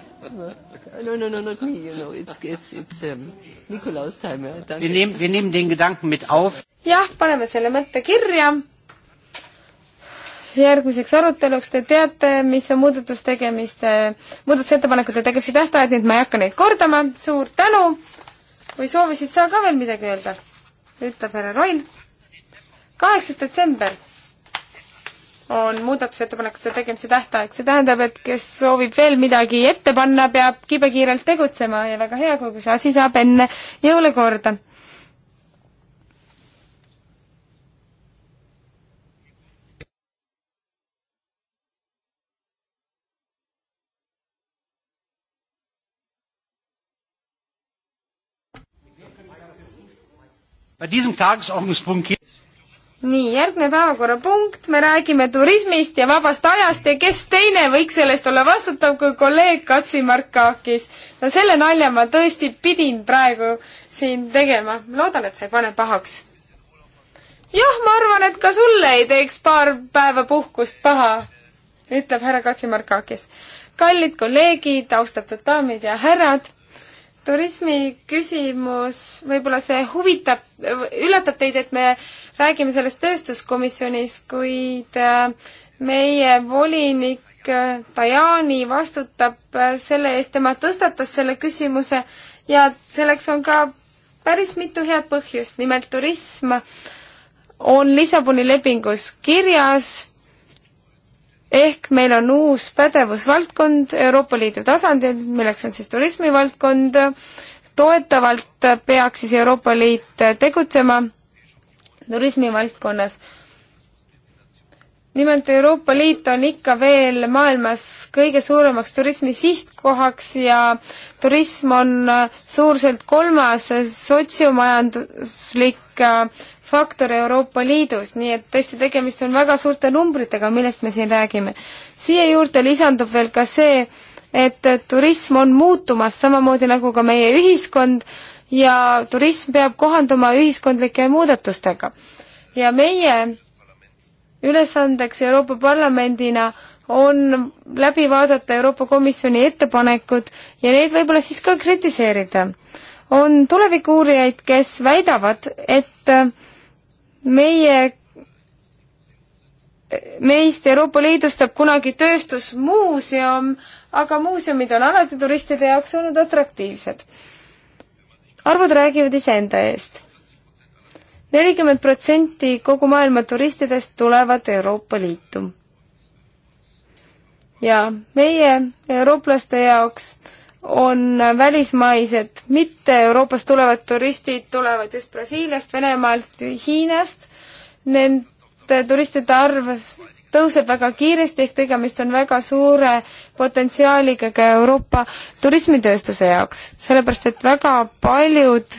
No, no, no, not me, you know. It's, it's, it's um, Nikolaus time, jah. Danke. Wir nehmen, wir nehmen den Gedanken mit auf. jah, paneme selle mõtte kirja. järgmiseks aruteluks te teate, mis on muudatustegemiste, muudatusettepanekute tegemise tähtajad, nii et ma ei hakka neid kordama. suur tänu. või soovisid sa ka veel midagi öelda? ütleb härra Roil. kaheksas detsember on muudatusettepanekute tegemise tähtaeg. see tähendab, et kes soovib veel midagi ette panna, peab kibekiirelt tegutsema ja väga hea, kui see asi saab enne jõule korda. Bei diesem Tagesordnungspunkt nii, järgmine päevakorrapunkt, me räägime turismist ja vabast ajast ja kes teine võiks sellest olla vastutav kui kolleeg Katsi Markakis. no selle nalja ma tõesti pidin praegu siin tegema, loodan, et sa ei pane pahaks. jah, ma arvan, et ka sulle ei teeks paar päeva puhkust paha, ütleb härra Katsi Markakis. kallid kolleegid, austatud daamid ja härrad turismi küsimus, võib-olla see huvitab, üllatab teid, et me räägime sellest tööstuskomisjonis, kuid äh, meie volinik äh, Tajani vastutab äh, selle eest, tema tõstatas selle küsimuse ja selleks on ka päris mitu head põhjust, nimelt turism on Lissaboni lepingus kirjas ehk meil on uus pädevusvaldkond Euroopa Liidu tasandil, milleks on siis turismivaldkond, toetavalt peaks siis Euroopa Liit tegutsema turismivaldkonnas. nimelt Euroopa Liit on ikka veel maailmas kõige suuremaks turismi sihtkohaks ja turism on suuruselt kolmas sotsiomajanduslik faktor Euroopa Liidus, nii et tõesti tegemist on väga suurte numbritega, millest me siin räägime. siia juurde lisandub veel ka see, et turism on muutumas, samamoodi nagu ka meie ühiskond ja turism peab kohanduma ühiskondlike muudatustega. ja meie ülesandeks Euroopa Parlamendina on läbi vaadata Euroopa Komisjoni ettepanekud ja neid võib-olla siis ka kritiseerida. on tulevikuuurijaid, kes väidavad, et meie, meist Euroopa Liidust saab kunagi tööstusmuuseum, aga muuseumid on alati turistide jaoks olnud atraktiivsed. arvud räägivad iseenda eest. nelikümmend protsenti kogu maailma turistidest tulevad Euroopa Liitu. ja meie, eurooplaste jaoks on välismaised, mitte Euroopast tulevad turistid tulevad just Brasiiliast, Venemaalt, Hiinast. Nende turistide arv tõuseb väga kiiresti ehk tegemist on väga suure potentsiaaliga ka Euroopa turismitööstuse jaoks, sellepärast et väga paljud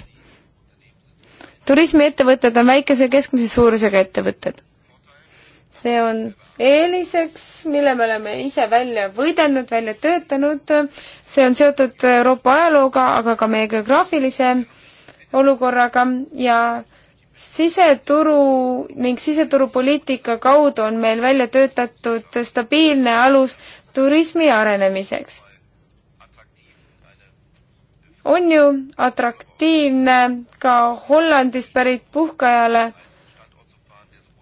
turismiettevõtted on väikese keskmise suurusega ettevõtted see on eeliseks, mille me oleme ise välja võidelnud, välja töötanud, see on seotud Euroopa ajalooga, aga ka meie geograafilise olukorraga ja siseturu ning siseturupoliitika kaudu on meil välja töötatud stabiilne alus turismi arenemiseks. on ju atraktiivne ka Hollandist pärit puhkajale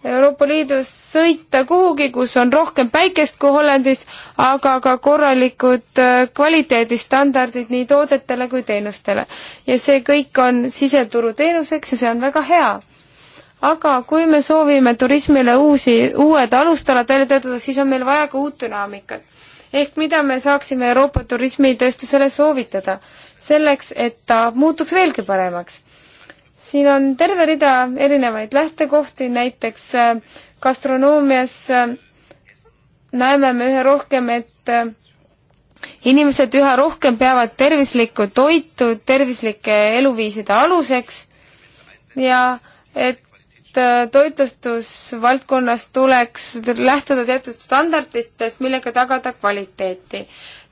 Euroopa Liidus sõita kuhugi, kus on rohkem päikest kui Hollandis, aga ka korralikud äh, kvaliteedistandardid nii toodetele kui teenustele. ja see kõik on siseturu teenuseks ja see on väga hea. aga kui me soovime turismile uusi, uued alustalad välja töötada, siis on meil vaja ka uut dünaamikat. ehk mida me saaksime Euroopa turismitööstusele soovitada, selleks et ta muutuks veelgi paremaks siin on terve rida erinevaid lähtekohti, näiteks äh, gastronoomias äh, näeme me üha rohkem, et äh, inimesed üha rohkem peavad tervislikku toitu tervislike eluviiside aluseks ja et toitlustusvaldkonnas tuleks lähtuda teatud standarditest, millega tagada kvaliteeti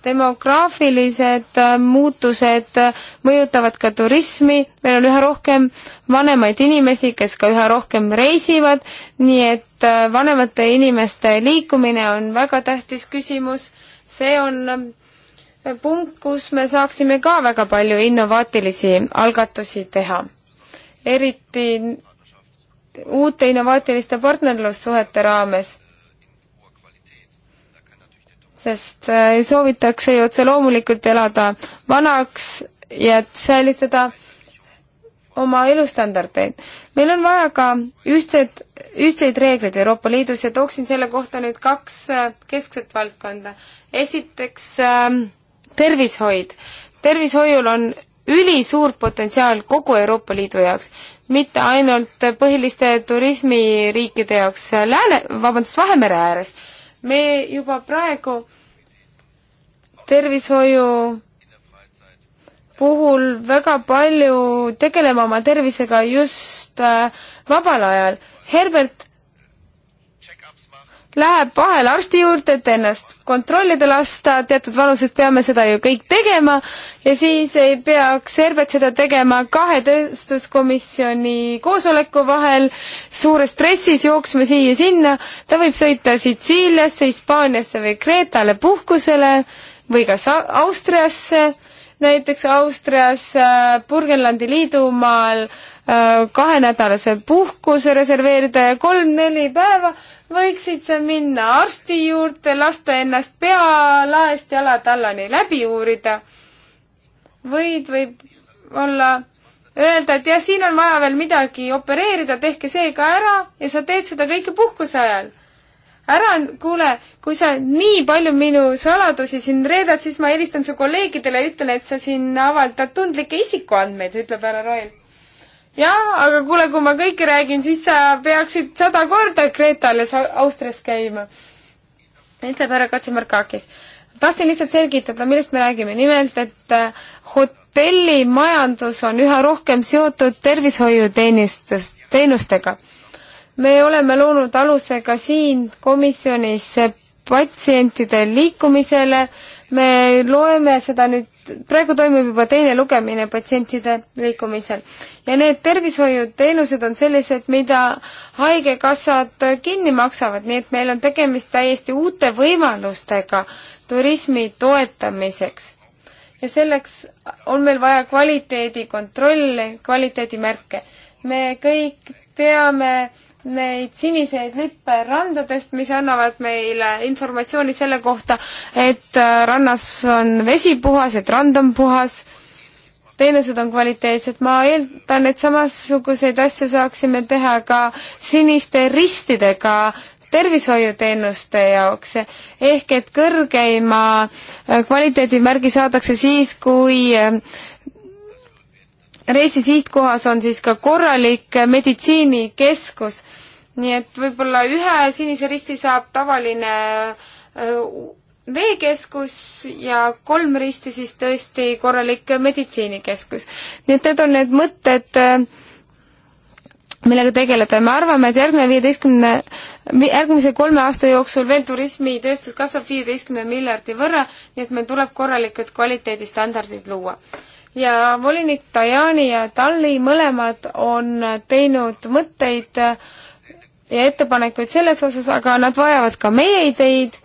demograafilised äh, muutused äh, mõjutavad ka turismi, meil on üha rohkem vanemaid inimesi, kes ka üha rohkem reisivad, nii et äh, vanemate inimeste liikumine on väga tähtis küsimus, see on punkt, kus me saaksime ka väga palju innovaatilisi algatusi teha. eriti uute innovaatiliste partnerlussuhete raames sest äh, soovitakse ju otse loomulikult elada vanaks ja et säilitada oma elustandardeid. meil on vaja ka ühtsed, ühtseid reegleid Euroopa Liidus ja tooksin selle kohta nüüd kaks äh, keskset valdkonda. esiteks äh, tervishoid. tervishoiul on ülisuur potentsiaal kogu Euroopa Liidu jaoks, mitte ainult põhiliste turismiriikide jaoks äh, lääne, vabandust, Vahemere ääres me juba praegu tervishoiu puhul väga palju tegelema oma tervisega just äh, vabal ajal. Herbert läheb vahel arsti juurde, et ennast kontrollida lasta, teatud vanuses peame seda ju kõik tegema ja siis ei peaks Herbert seda tegema kahe tööstuskomisjoni koosoleku vahel, suures stressis jooksma siia-sinna, ta võib sõita Sitsiiliasse, Hispaaniasse või Kreetale puhkusele või ka Austriasse, näiteks Austrias äh, Burgenlandi liidumaal äh, kahenädalase puhkuse reserveerida ja kolm-neli päeva võiksid sa minna arsti juurde, lasta ennast pealaest jalatallani läbi uurida. võid võib-olla öelda, et jah, siin on vaja veel midagi opereerida, tehke see ka ära ja sa teed seda kõike puhkuse ajal. ära, kuule, kui sa nii palju minu saladusi siin reedad, siis ma helistan su kolleegidele ja ütlen, et sa siin avaldad tundlikke isikuandmeid, ütleb härra Roel jaa, aga kuule, kui ma kõike räägin, siis sa peaksid sada korda Kreetal ja Austrias käima. ütleb härra Katsimarkakis. tahtsin lihtsalt selgitada, millest me räägime. nimelt, et äh, hotellimajandus on üha rohkem seotud tervishoiuteenistust, teenustega. me oleme loonud aluse ka siin komisjonis patsientide liikumisele, me loeme seda nüüd praegu toimub juba teine lugemine patsientide liikumisel ja need tervishoiuteenused on sellised, mida haigekassad kinni maksavad, nii et meil on tegemist täiesti uute võimalustega turismi toetamiseks. ja selleks on meil vaja kvaliteedikontrolli, kvaliteedimärke. me kõik teame, neid siniseid lippe randadest, mis annavad meile informatsiooni selle kohta, et äh, rannas on vesi puhas, et rand on puhas, teenused on kvaliteetsed, ma eeldan, et samasuguseid asju saaksime teha ka siniste ristidega tervishoiuteenuste jaoks, ehk et kõrgeima äh, kvaliteedimärgi saadakse siis, kui äh, reisi sihtkohas on siis ka korralik meditsiinikeskus, nii et võib-olla ühe sinise risti saab tavaline veekeskus ja kolm risti siis tõesti korralik meditsiinikeskus. nii et need on need mõtted, millega tegeleda ja me arvame, et järgmine viieteistkümne, järgmise kolme aasta jooksul veel turismitööstus kasvab viieteistkümne miljardi võrra, nii et meil tuleb korralikud kvaliteedistandardid luua ja volinik Tajani ja Talli mõlemad on teinud mõtteid ja ettepanekuid selles osas, aga nad vajavad ka meie ideid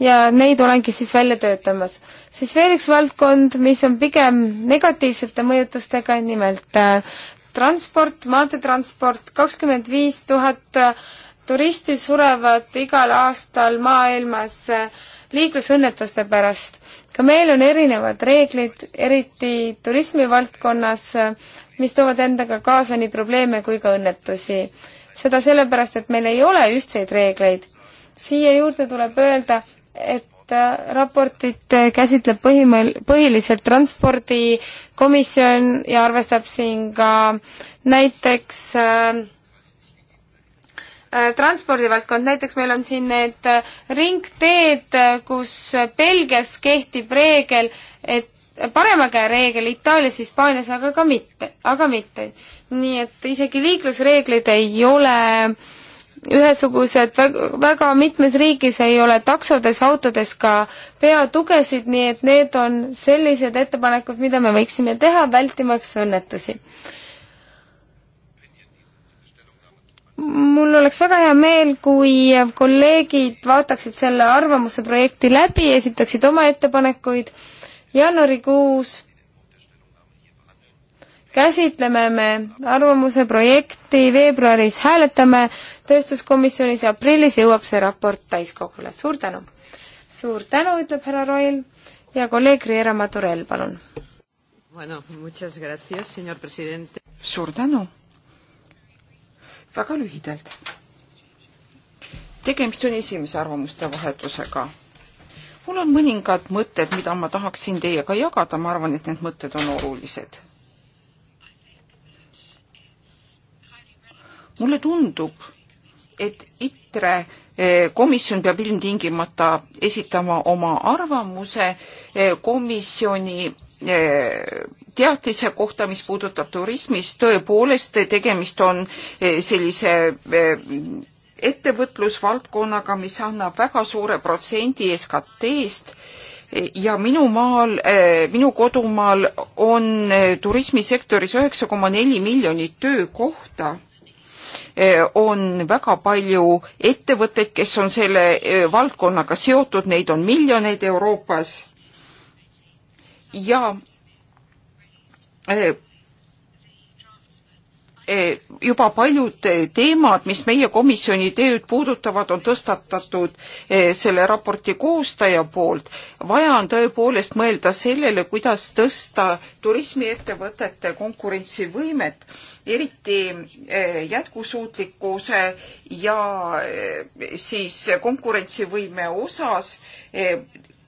ja neid olengi siis välja töötamas. siis veel üks valdkond, mis on pigem negatiivsete mõjutustega, nimelt äh, transport, maanteetransport, kakskümmend viis tuhat äh, turisti surevad igal aastal maailmas äh, liiklusõnnetuste pärast ka meil on erinevad reeglid, eriti turismivaldkonnas, mis toovad endaga kaasa nii probleeme kui ka õnnetusi. seda sellepärast, et meil ei ole ühtseid reegleid. siia juurde tuleb öelda, et äh, raportit äh, käsitleb põhimõl-, põhiliselt transpordikomisjon ja arvestab siin ka näiteks äh, Äh, transpordivaldkond, näiteks meil on siin need äh, ringteed, äh, kus Belgias kehtib reegel, et parema käe reegel Itaalias, Hispaanias aga ka mitte, aga mitte. nii et isegi liiklusreeglid ei ole ühesugused, väga mitmes riigis ei ole taksodes, autodes ka peatugesid, nii et need on sellised ettepanekud, mida me võiksime teha, vältimaks õnnetusi mul oleks väga hea meel, kui kolleegid vaataksid selle arvamuse projekti läbi, esitaksid oma ettepanekuid. jaanuarikuus käsitleme me arvamuse projekti, veebruaris hääletame tööstuskomisjonis ja aprillis jõuab see raport täiskogule. suur tänu! suur tänu, ütleb härra Roil ja kolleeg Riera Madurell, palun! Bueno, muchas gracias, señor presidente. Suur tänu! väga lühidalt. tegemist on esimese arvamuste vahetusega. mul on mõningad mõtted, mida ma tahaksin teiega jagada, ma arvan, et need mõtted on olulised. mulle tundub, et ITRE eh, komisjon peab ilmtingimata esitama oma arvamuse eh, komisjoni eh, teatise kohta, mis puudutab turismist, tõepoolest tegemist on eh, sellise eh, ettevõtlusvaldkonnaga, mis annab väga suure protsendi SKT-st ja minu maal, eh, minu kodumaal on turismisektoris üheksa koma neli miljonit töökohta. on väga palju ettevõtteid, kes on selle valdkonnaga seotud, neid on miljoneid Euroopas. ja Eh, eh, juba paljud teemad, mis meie komisjoni tööd puudutavad, on tõstatatud eh, selle raporti koostaja poolt. vaja on tõepoolest mõelda sellele, kuidas tõsta turismiettevõtete konkurentsivõimet, eriti jätkusuutlikkuse ja siis konkurentsivõime osas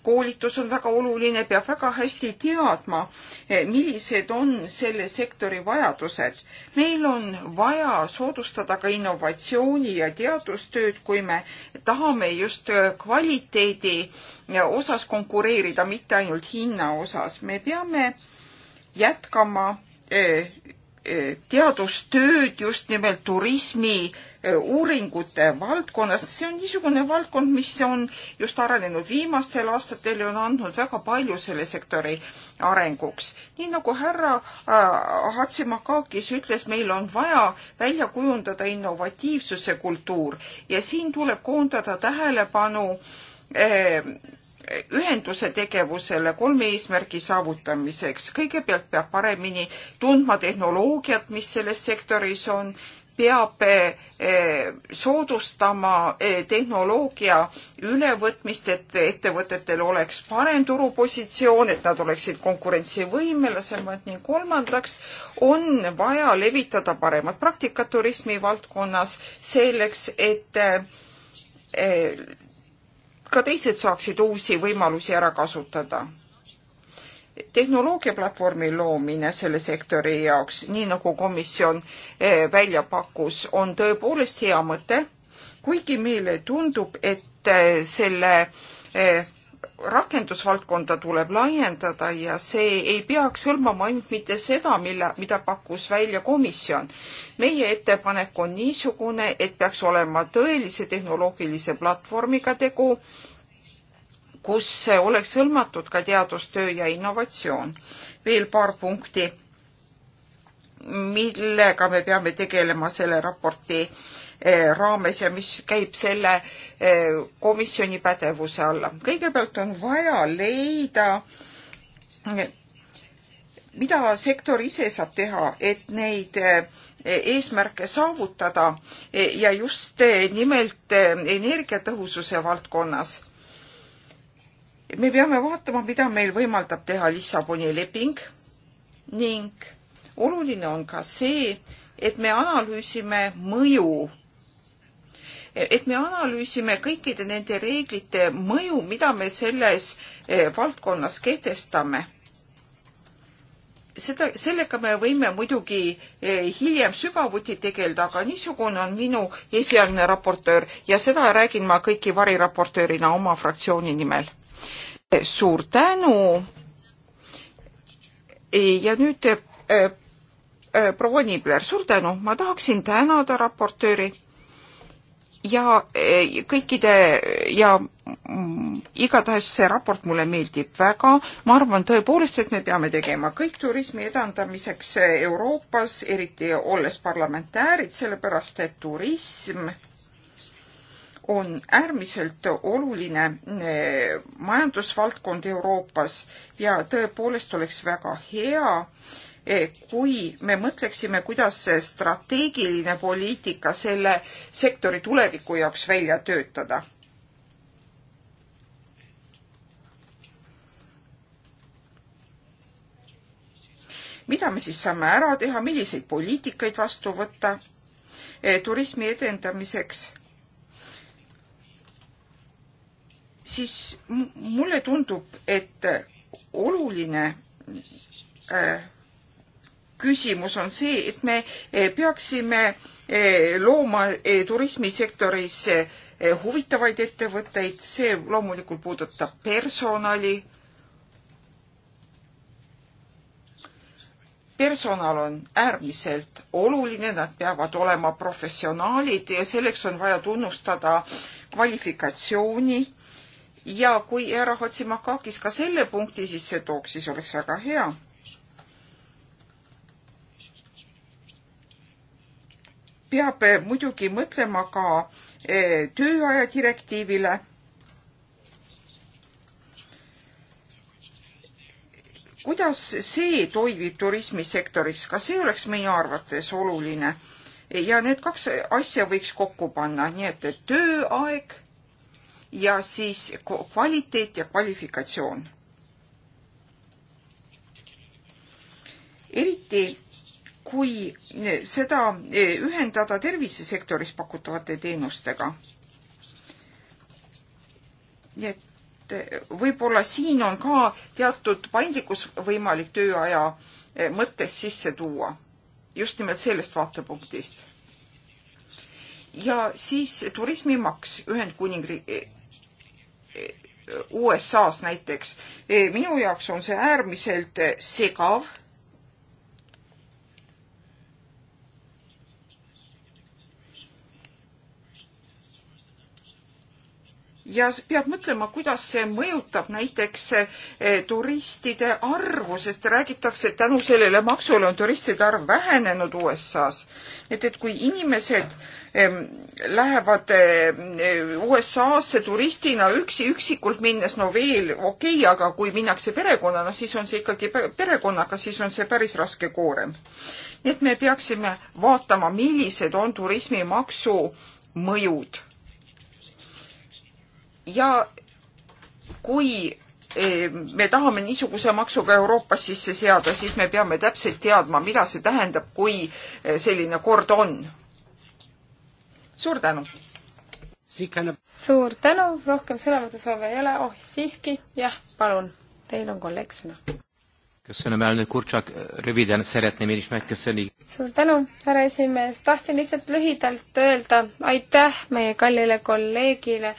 koolitus on väga oluline, peab väga hästi teadma, eh, millised on selle sektori vajadused. meil on vaja soodustada ka innovatsiooni ja teadustööd, kui me tahame just eh, kvaliteedi eh, osas konkureerida, mitte ainult hinna osas. me peame jätkama teadustööd just nimelt turismi äh, uuringute valdkonnas, see on niisugune valdkond, mis on just arenenud viimastel aastatel ja on andnud väga palju selle sektori arenguks. nii nagu härra äh, Hatsimakakis ütles, meil on vaja välja kujundada innovatiivsuse kultuur ja siin tuleb koondada tähelepanu äh, ühenduse tegevusele kolme eesmärgi saavutamiseks. kõigepealt peab paremini tundma tehnoloogiat, mis selles sektoris on, peab eh, soodustama eh, tehnoloogia ülevõtmist, et ettevõtetel oleks parem turupositsioon, et nad oleksid konkurentsivõimelisemad ning kolmandaks on vaja levitada paremat praktikat turismi valdkonnas selleks, et eh, ka teised saaksid uusi võimalusi ära kasutada. tehnoloogiaplatvormi loomine selle sektori jaoks, nii nagu komisjon eh, välja pakkus, on tõepoolest hea mõte, kuigi meile tundub, et eh, selle eh, rakendusvaldkonda tuleb laiendada ja see ei peaks hõlmama ainult mitte seda, mille, mida pakkus välja komisjon. meie ettepanek on niisugune, et peaks olema tõelise tehnoloogilise platvormiga tegu, kus oleks hõlmatud ka teadustöö ja innovatsioon. veel paar punkti, millega me peame tegelema selle raporti Eh, raames ja mis käib selle eh, komisjoni pädevuse alla. kõigepealt on vaja leida, mida sektor ise saab teha, et neid eh, eesmärke saavutada ja just nimelt energiatõhususe valdkonnas. me peame vaatama, mida meil võimaldab teha Lissaboni leping ning oluline on ka see, et me analüüsime mõju et me analüüsime kõikide nende reeglite mõju, mida me selles eh, valdkonnas kehtestame. seda, sellega me võime muidugi eh, hiljem sügavuti tegeleda, aga niisugune on minu esialgne raportöör ja seda räägin ma kõiki variraportöörina oma fraktsiooni nimel. Eh, suur tänu. ja nüüd proua Niibler, suur tänu, ma tahaksin tänada raportööri ja eh, kõikide ja mm, igatahes see raport mulle meeldib väga. ma arvan tõepoolest, et me peame tegema kõik turismi edendamiseks Euroopas, eriti olles parlamentäärid, sellepärast et turism on äärmiselt oluline eh, majandusvaldkond Euroopas ja tõepoolest oleks väga hea, Eh, kui me mõtleksime, kuidas strateegiline poliitika selle sektori tuleviku jaoks välja töötada. mida me siis saame ära teha, milliseid poliitikaid vastu võtta eh, turismi edendamiseks siis mulle tundub, et oluline äh, küsimus on see, et me eh, peaksime eh, looma eh, turismisektoris huvitavaid ettevõtteid, see loomulikult puudutab personali. personal on äärmiselt oluline, nad peavad olema professionaalid ja selleks on vaja tunnustada kvalifikatsiooni ja kui härra Hatsimakakis ka selle punkti sisse tooks, siis oleks väga hea peab eh, muidugi mõtlema ka eh, tööaja direktiivile. kuidas see toimib turismisektoris, ka see oleks meie arvates oluline ja need kaks asja võiks kokku panna, nii et tööaeg ja siis kvaliteet ja kvalifikatsioon. eriti kui eh, seda eh, ühendada tervisesektoris pakutavate teenustega. nii et eh, võib-olla siin on ka teatud paindlikkus võimalik tööaja mõttes sisse tuua, just nimelt sellest vaatepunktist. ja siis turismimaks Ühendkuningriigi USA-s näiteks. minu jaoks on see äärmiselt segav ja peab mõtlema, kuidas see mõjutab näiteks eh, turistide arvu, sest räägitakse, et tänu sellele maksule on turistide arv vähenenud USA-s. et, et kui inimesed lähevad USA-sse turistina üksi, üksikult minnes, no veel okei okay,, aga kui minnakse perekonnana, siis on see ikkagi perekonnaga, siis on see päris raske koorem. nii et me peaksime vaatama, millised on turismimaksu mõjud ja kui eh, me tahame niisuguse maksuga Euroopas sisse seada, siis me peame täpselt teadma, mida see tähendab, kui eh, selline kord on. suur tänu! suur tänu, rohkem sõnavõtusoove ei ole, oh siiski, jah, palun, teil on kolleeg sõna. Köszönöm, elnök úr, csak eh, röviden szeretném én is megköszönni. Suur tänu, härra esimees. Tahtsin lihtsalt lühidalt öelda aitäh meie kallile kolleegile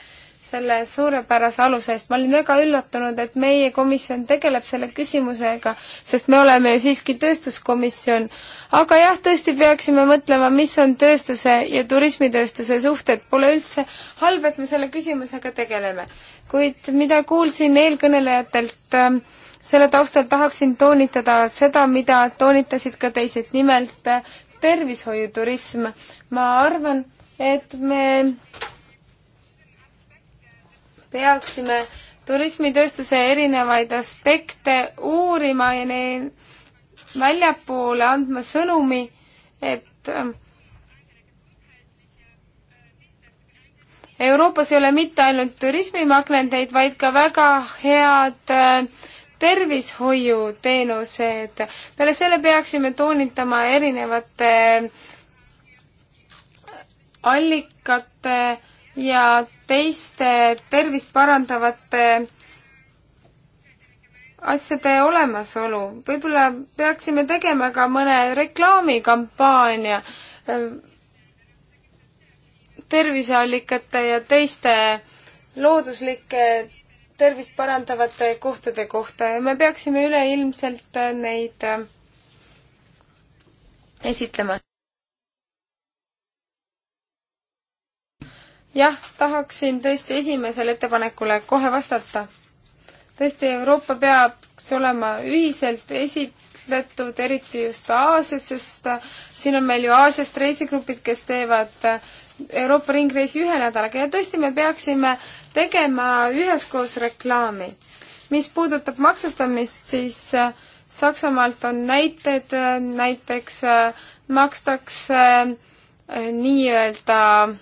selle suurepärase aluse eest. ma olin väga üllatunud, et meie komisjon tegeleb selle küsimusega, sest me oleme ju siiski tööstuskomisjon. aga jah, tõesti peaksime mõtlema, mis on tööstuse ja turismitööstuse suhted. Pole üldse halb, et me selle küsimusega tegeleme. kuid mida kuulsin eelkõnelejatelt äh, selle taustal tahaksin toonitada seda, mida toonitasid ka teised, nimelt äh, tervishoiuturism. ma arvan, et me peaksime turismitööstuse erinevaid aspekte uurima ja neil väljapoole andma sõnumi, et ähm, Euroopas ei ole mitte ainult turismimagneteid, vaid ka väga head äh, tervishoiuteenused. peale selle peaksime toonitama erinevate äh, allikate ja teiste tervist parandavate asjade olemasolu. võib-olla peaksime tegema ka mõne reklaamikampaania äh, terviseallikate ja teiste looduslike tervist parandavate kohtade kohta ja me peaksime üleilmselt äh, neid äh, esitlema. jah, tahaksin tõesti esimesele ettepanekule kohe vastata. tõesti, Euroopa peaks olema ühiselt esitletud, eriti just Aasias, sest siin on meil ju Aasiast reisigrupid, kes teevad Euroopa ringreisi ühe nädalaga ja tõesti, me peaksime tegema üheskoos reklaami. mis puudutab maksustamist, siis äh, Saksamaalt on näited, äh, näiteks äh, makstakse nii-öelda äh,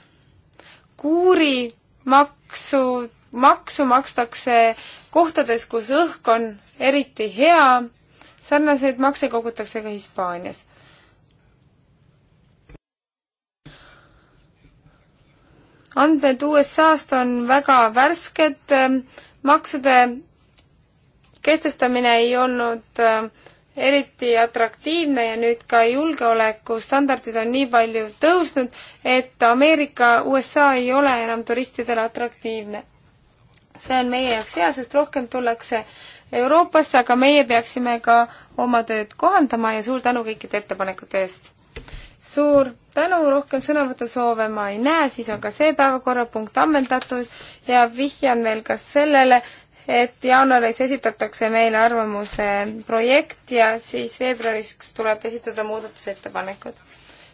kuurimaksu, maksu makstakse kohtades, kus õhk on eriti hea, sarnaseid makse kogutakse ka Hispaanias. andmed USA-st on väga värsked, maksude kehtestamine ei olnud äh, eriti atraktiivne ja nüüd ka julgeolekustandardid on nii palju tõusnud, et Ameerika, USA ei ole enam turistidele atraktiivne. see on meie jaoks hea, sest rohkem tullakse Euroopasse, aga meie peaksime ka oma tööd kohandama ja suur tänu kõikide ettepanekute eest! suur tänu, rohkem sõnavõtusoove ma ei näe, siis on ka see päevakorrapunkt ammendatud ja vihjan veel ka sellele, et jaanuaris esitatakse meile arvamuse projekt ja siis veebruariks tuleb esitada muudatusettepanekud.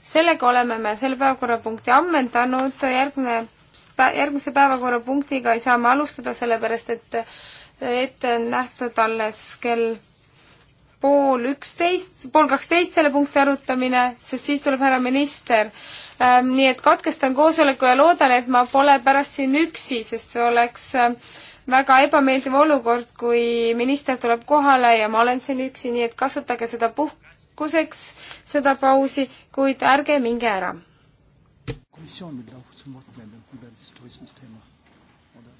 sellega oleme me selle päevakorrapunkti ammendanud, järgne, järgmise päevakorrapunktiga ei saa me alustada, sellepärast et ette on nähtud alles kell pool üksteist, pool kaksteist selle punkti arutamine, sest siis tuleb härra minister ähm,. nii et katkestan koosoleku ja loodan, et ma pole pärast siin üksi, sest see oleks äh, väga ebameeldiv olukord, kui minister tuleb kohale ja ma olen siin üksi, nii et kasutage seda puhkuseks, seda pausi, kuid ärge minge ära. komisjon võib lausa zum Wort melden, über das Tourismusthema.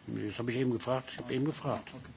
Das habe ich eben gefragt, ich habe eben gefragt okay..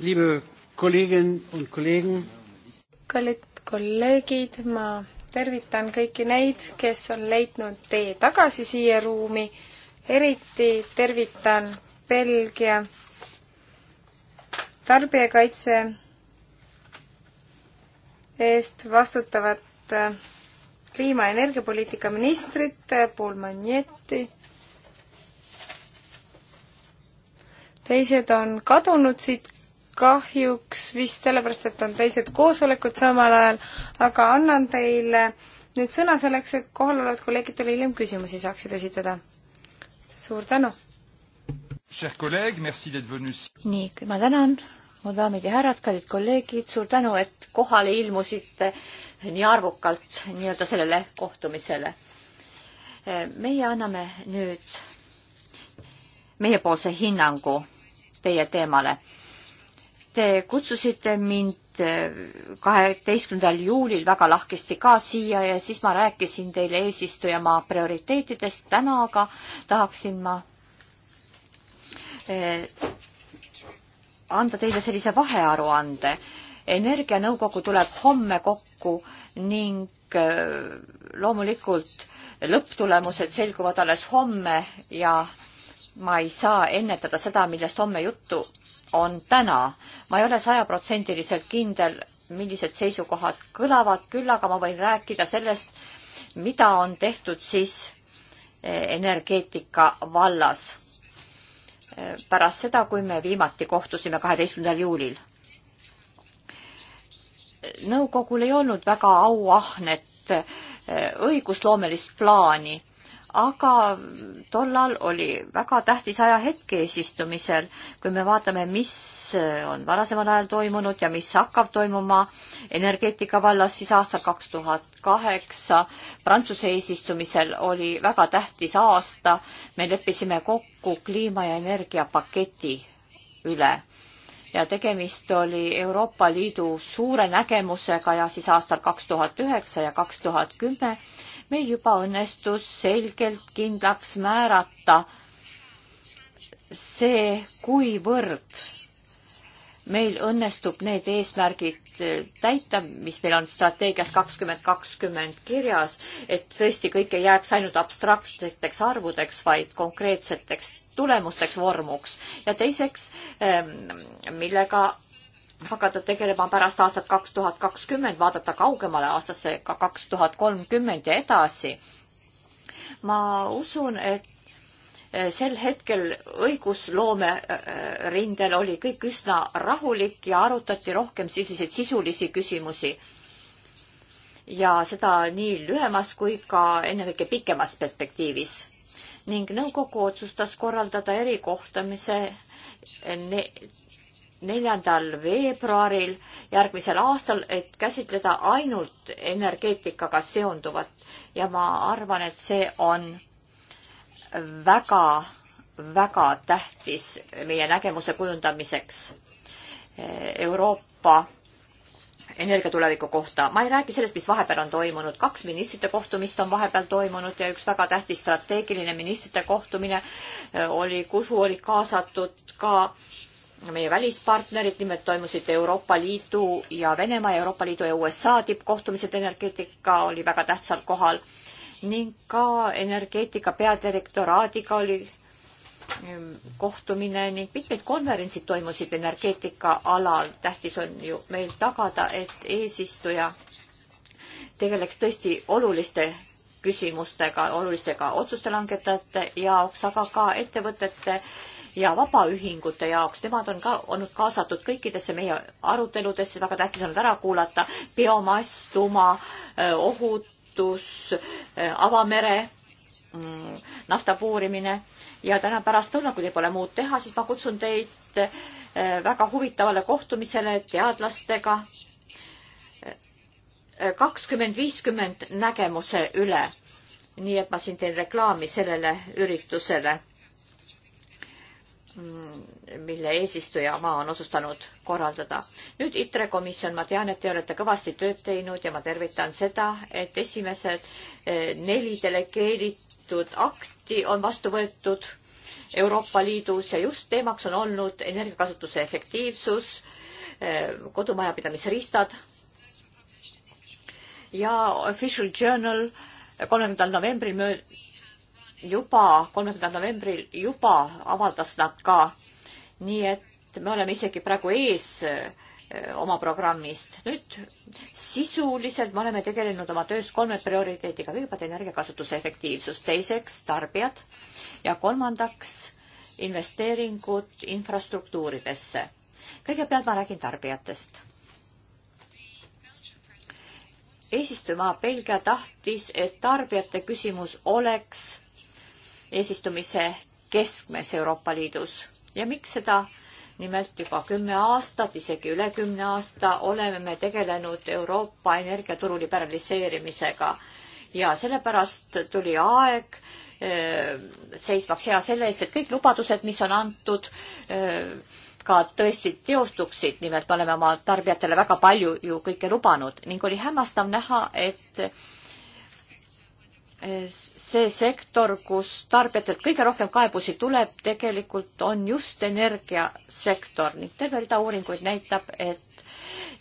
liebe Kolleginnen und Kollegen. kallid kolleegid, ma tervitan kõiki neid, kes on leidnud tee tagasi siia ruumi. eriti tervitan Belgia tarbijakaitse eest vastutavat äh, kliima- ja energiapoliitika ministrit äh, Paul Magnetti. teised on kadunud siit kahjuks vist sellepärast, et on teised koosolekud samal ajal, aga annan teile nüüd sõna selleks, et kohalolevad kolleegidele hiljem küsimusi saaksid esitada. suur tänu! nii, ma tänan, mu daamid ja härrad, kallid kolleegid, suur tänu, et kohale ilmusite nii arvukalt nii-öelda sellele kohtumisele. meie anname nüüd meiepoolse hinnangu teie teemale Te kutsusite mind eh, kaheteistkümnendal juulil väga lahkesti ka siia ja siis ma rääkisin teile eesistujamaa prioriteetidest. täna aga tahaksin ma eh, anda teile sellise vahearuande. energianõukogu tuleb homme kokku ning eh, loomulikult lõpptulemused selguvad alles homme ja ma ei saa ennetada seda, millest homme juttu on täna. ma ei ole sajaprotsendiliselt kindel, millised seisukohad kõlavad, küll aga ma võin rääkida sellest, mida on tehtud siis eh, energeetika vallas eh, pärast seda, kui me viimati kohtusime kaheteistkümnendal juulil. Eh, nõukogul ei olnud väga auahnet õigusloomelist plaani aga tollal oli väga tähtis ajahetk eesistumisel, kui me vaatame, mis on varasemal ajal toimunud ja mis hakkab toimuma energeetika vallas, siis aastal kaks tuhat kaheksa Prantsuse eesistumisel oli väga tähtis aasta. me leppisime kokku kliima ja energiapaketi üle ja tegemist oli Euroopa Liidu suure nägemusega ja siis aastal kaks tuhat üheksa ja kaks tuhat kümme meil juba õnnestus selgelt kindlaks määrata see, kuivõrd meil õnnestub need eesmärgid täita, mis meil on strateegias kakskümmend kakskümmend kirjas, et tõesti kõik ei jääks ainult abstraktseteks arvudeks, vaid konkreetseteks tulemusteks, vormuks. ja teiseks, ehm, millega hakata tegelema pärast aastat kaks tuhat kakskümmend, vaadata kaugemale aastasse ka kaks tuhat kolmkümmend ja edasi. ma usun, et eh, sel hetkel õigusloome eh, rindel oli kõik üsna rahulik ja arutati rohkem selliseid sisulisi küsimusi. ja seda nii lühemas kui ka ennekõike pikemas perspektiivis ning nõukogu otsustas korraldada erikohtamise neljandal veebruaril järgmisel aastal, et käsitleda ainult energeetikaga seonduvat ja ma arvan, et see on väga, väga tähtis meie nägemuse kujundamiseks eh, Euroopa energiatuleviku kohta. ma ei räägi sellest, mis vahepeal on toimunud. kaks ministrite kohtumist on vahepeal toimunud ja üks väga tähtis strateegiline ministrite kohtumine eh, oli, kuhu olid kaasatud ka äh, meie välispartnerid, nimelt toimusid Euroopa Liidu ja Venemaa, Euroopa Liidu ja USA tippkohtumised, energeetika oli väga tähtsal kohal ning ka energeetika peadirektoraadiga oli mm, kohtumine ning mitmed konverentsid toimusid energeetika alal. tähtis on ju meil tagada, et eesistuja tegeleks tõesti oluliste küsimustega, olulistega otsuste langetajate jaoks, aga ka ettevõtete äh, ja vabaühingute jaoks, nemad on ka olnud kaasatud kõikidesse meie aruteludesse, väga tähtis on ära kuulata biomass, tuuma, ohutus, avamere, mm, nafta puurimine ja täna pärastlõunal, kui teil pole muud teha, siis ma kutsun teid väga huvitavale kohtumisele teadlastega kakskümmend viiskümmend nägemuse üle. nii et ma siin teen reklaami sellele üritusele Mm, mille eesistujamaa on otsustanud korraldada. nüüd ITRE komisjon, ma tean, et te olete kõvasti tööd teinud ja ma tervitan seda, et esimesed eh, neli delegeeritud akti on vastu võetud Euroopa Liidus ja just teemaks on olnud energiakasutuse efektiivsus, eh, kodumajapidamisriistad ja Official Journal kolmekümnendal novembril mööd-, juba kolmandal novembril juba avaldas nad ka. nii et me oleme isegi praegu ees eh, oma programmist. nüüd sisuliselt me oleme tegelenud oma töös kolme prioriteediga. kõigepealt energiakasutuse efektiivsus, teiseks tarbijad ja kolmandaks investeeringud infrastruktuuridesse. kõigepealt ma räägin tarbijatest eesistumaa Belgia tahtis, et tarbijate küsimus oleks eesistumise keskmes Euroopa Liidus ja miks seda nimelt juba kümme aastat, isegi üle kümne aasta oleme me tegelenud Euroopa energiaturu liberaliseerimisega ja sellepärast tuli aeg eh, seismaks hea selle eest, et kõik lubadused, mis on antud, eh, ka tõesti teostuksid, nimelt me oleme oma tarbijatele väga palju ju kõike lubanud ning oli hämmastav näha, et Äh, see sektor, kus tarbijatelt kõige rohkem kaebusi tuleb, tegelikult on just energiasektor ning terve rida uuringuid näitab, et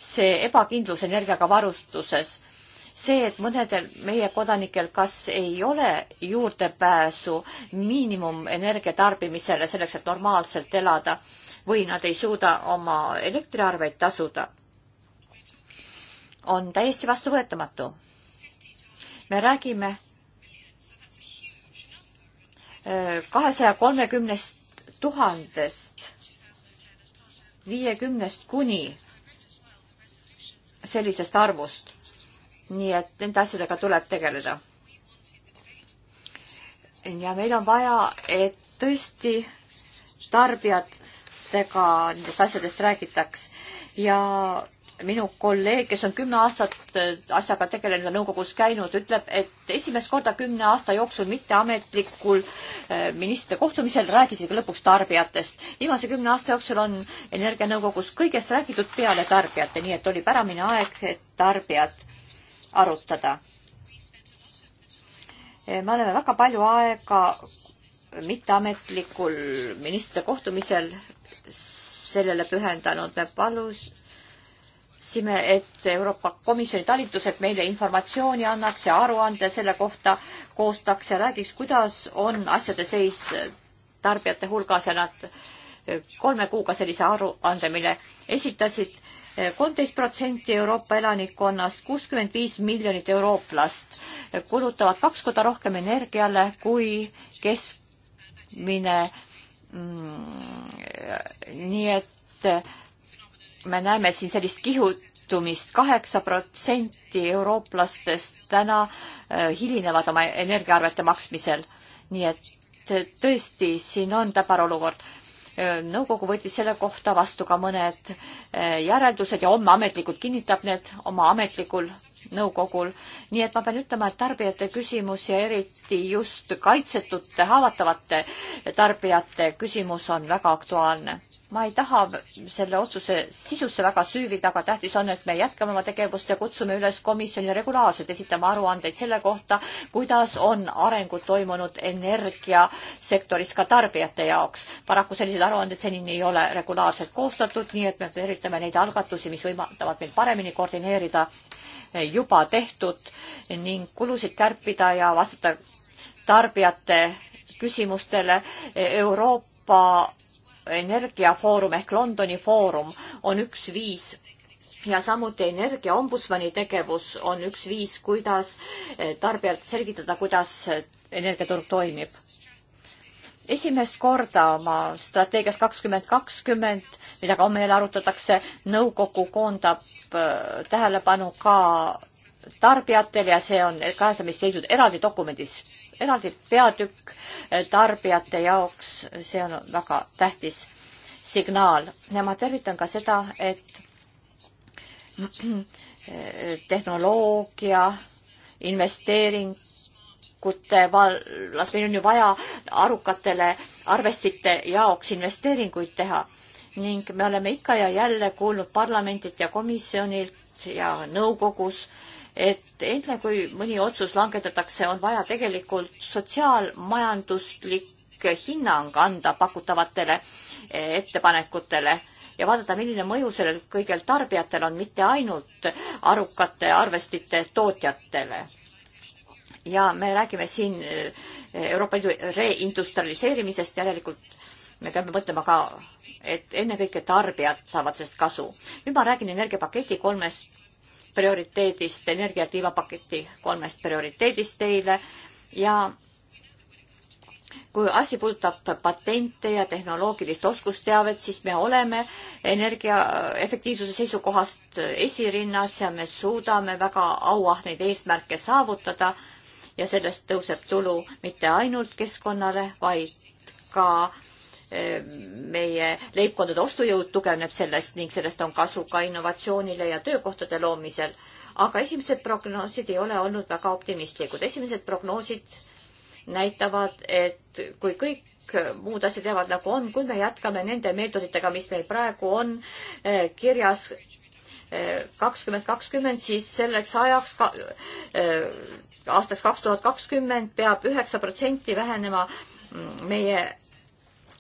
see ebakindlus energiaga varustuses, see, et mõnedel meie kodanikel kas ei ole juurdepääsu miinimumenergia tarbimisele selleks, et normaalselt elada või nad ei suuda oma elektriarveid tasuda, on täiesti vastuvõetamatu. me räägime kahesaja kolmekümnest tuhandest viiekümnest kuni sellisest arvust. nii et nende asjadega tuleb tegeleda. ja meil on vaja, et tõesti tarbijatega nendest asjadest räägitaks ja minu kolleeg, kes on kümme aastat äh, asjaga tegelenud ja nõukogus käinud, ütleb, et esimest korda kümne aasta jooksul mitteametlikul äh, ministrite kohtumisel räägiti lõpuks tarbijatest. viimase kümne aasta jooksul on Energianõukogus kõigest räägitud peale tarbijate, nii et oli pärane aeg, et tarbijad arutada. Äh, me oleme väga palju aega mitteametlikul ministrite kohtumisel sellele pühendanud, me palus, tahtsime, et Euroopa Komisjoni talitused meile informatsiooni annaks ja aruande selle kohta koostaks ja räägiks, kuidas on asjade seis tarbijate hulgas ja nad kolme kuuga sellise aruande, mille esitasid kolmteist protsenti Euroopa elanikkonnast, kuuskümmend viis miljonit eurooplast kulutavad kaks korda rohkem energiale kui keskmine mm,. nii et me näeme siin sellist kihutumist, kaheksa protsenti eurooplastest täna äh, hilinevad oma energiaarvete maksmisel. nii et äh, tõesti, siin on täbar olukord äh, nõukogu võttis selle kohta vastu ka mõned järeldused ja homme ametlikult kinnitab need oma ametlikul nõukogul. nii et ma pean ütlema, et tarbijate küsimus ja eriti just kaitsetute, haavatavate tarbijate küsimus on väga aktuaalne. ma ei taha selle otsuse sisusse väga süüvida, aga tähtis on, et me jätkame oma tegevust ja kutsume üles komisjoni regulaarselt esitama aruandeid selle kohta, kuidas on arengud toimunud energiasektoris ka tarbijate jaoks. paraku selliseid aruandeid senini ei ole regulaarselt koostatud, nii et me tervitame neid algatusi, mis võimaldavad meil paremini koordineerida juba tehtud ning kulusid kärpida ja vastata tarbijate küsimustele. Euroopa Energiafoorum ehk Londoni foorum on üks viis ja samuti energiaombudsmani tegevus on üks viis, kuidas tarbijalt selgitada, kuidas energiaturg toimib esimest korda oma strateegias kakskümmend kakskümmend, mida ka homme jälle arutatakse, nõukogu koondab äh, tähelepanu ka tarbijatele ja see on kajastamist leidnud eraldi dokumendis, eraldi peatükk äh, tarbijate jaoks, see on väga tähtis signaal ja ma tervitan ka seda, et äh, tehnoloogia investeering valikute vallas, meil on ju vaja arukatele arvestite jaoks investeeringuid teha ning me oleme ikka ja jälle kuulnud parlamendilt ja komisjonilt ja nõukogus, et enne kui mõni otsus langetatakse, on vaja tegelikult sotsiaalmajanduslik hinnang anda pakutavatele ettepanekutele ja vaadata, milline mõju sellel kõigel tarbijatel on, mitte ainult arukate arvestite tootjatele ja me räägime siin eh, Euroopa Liidu reindustrialiseerimisest, järelikult me peame mõtlema ka, et ennekõike tarbijad saavad sellest kasu. nüüd ma räägin energiapaketi kolmest prioriteedist, energia- ja kliimapaketi kolmest prioriteedist teile ja kui asi puudutab patente ja tehnoloogilist oskusteavet, siis me oleme energia efektiivsuse seisukohast esirinnas ja me suudame väga auahneid eesmärke saavutada ja sellest tõuseb tulu mitte ainult keskkonnale, vaid ka eh, meie leibkondade ostujõud tugevneb sellest ning sellest on kasu ka innovatsioonile ja töökohtade loomisel. aga esimesed prognoosid ei ole olnud väga optimistlikud. esimesed prognoosid näitavad, et kui kõik muud asjad jäävad nagu on, kui me jätkame nende meetoditega, mis meil praegu on eh, kirjas eh, kakskümmend kakskümmend, siis selleks ajaks ka, aastaks kaks tuhat kakskümmend peab üheksa protsenti vähenema mm, meie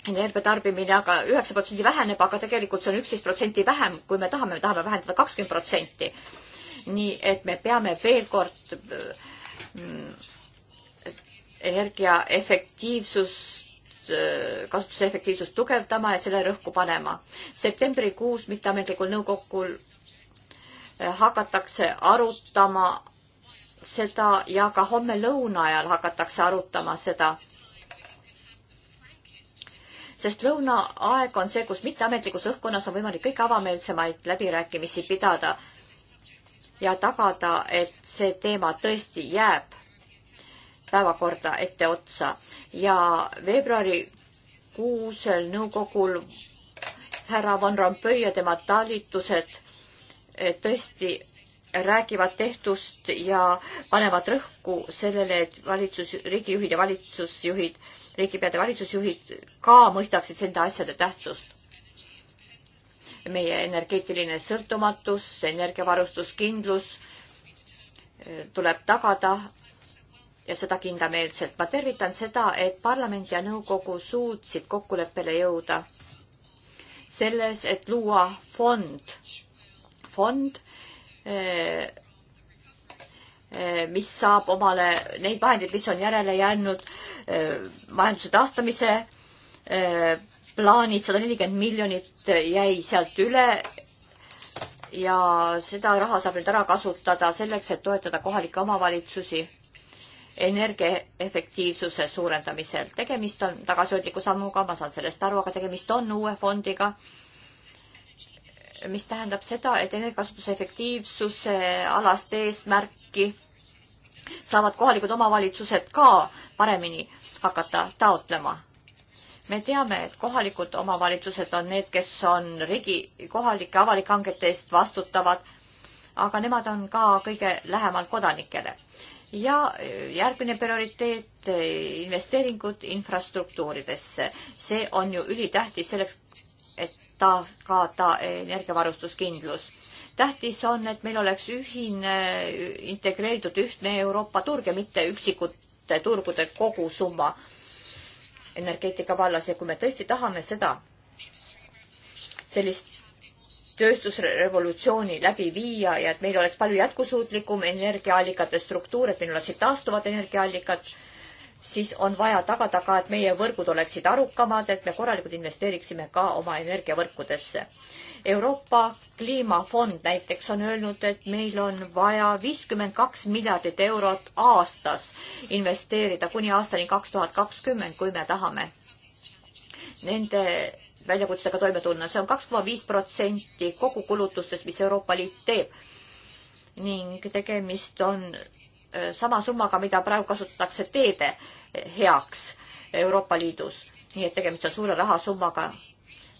energiatarbimine, aga üheksa protsenti väheneb, aga tegelikult see on üksteist protsenti vähem, kui me tahame, me tahame vähendada kakskümmend protsenti. nii et me peame veel kord mm, energia efektiivsust, äh, kasutuse efektiivsust tugevdama ja selle rõhku panema. septembrikuus mitteametlikul nõukogul äh, hakatakse arutama seda ja ka homme lõuna ajal hakatakse arutama seda. sest lõunaaeg on see, kus mitteametlikus õhkkonnas on võimalik kõige avameelsemaid läbirääkimisi pidada ja tagada, et see teema tõesti jääb päevakorda etteotsa ja veebruarikuusel nõukogul härra Van Rompuy ja tema talitused eh, tõesti räägivad tehtust ja panevad rõhku sellele, et valitsus, riigijuhid ja valitsusjuhid, riigipead ja valitsusjuhid ka mõistaksid nende asjade tähtsust. meie energeetiline sõltumatus, energiavarustuskindlus eh, tuleb tagada ja seda kindlameelselt. ma tervitan seda, et parlament ja nõukogu suutsid kokkuleppele jõuda selles, et luua fond, fond, Äh, äh, mis saab omale neid vahendeid, mis on järele jäänud äh, majanduse taastamise plaanid, sada nelikümmend miljonit jäi sealt üle ja seda raha saab nüüd ära kasutada selleks, et toetada kohalikke omavalitsusi energiaefektiivsuse suurendamisel. tegemist on tagasihoidliku sammuga, ma saan sellest aru, aga tegemist on uue fondiga mis tähendab seda, et energiakasutuse efektiivsuse alast eesmärki saavad kohalikud omavalitsused ka paremini hakata taotlema. me teame, et kohalikud omavalitsused on need, kes on riigi, kohalike avalike hangete eest vastutavad, aga nemad on ka kõige lähemal kodanikele. ja järgmine prioriteet, investeeringud infrastruktuuridesse. see on ju ülitähtis selleks, et tagada energiavarustuskindlus. tähtis on, et meil oleks ühine integreeritud ühtne Euroopa turg ja mitte üksikute turgude kogusumma energeetika vallas ja kui me tõesti tahame seda, sellist tööstusrevolutsiooni läbi viia ja et meil oleks palju jätkusuutlikum energiaallikate struktuur, et meil oleksid taastuvad energiaallikad siis on vaja tagada ka, et meie võrgud oleksid arukamad, et me korralikult investeeriksime ka oma energiavõrkudesse. Euroopa Kliimafond näiteks on öelnud, et meil on vaja viiskümmend kaks miljardit eurot aastas investeerida kuni aastani kaks tuhat kakskümmend, kui me tahame nende väljakutsetega toime tulla. see on kaks koma viis protsenti kogukulutustest, mis Euroopa Liit teeb. ning tegemist on sama summaga, mida praegu kasutatakse teede heaks Euroopa Liidus. nii et tegemist on suure rahasummaga.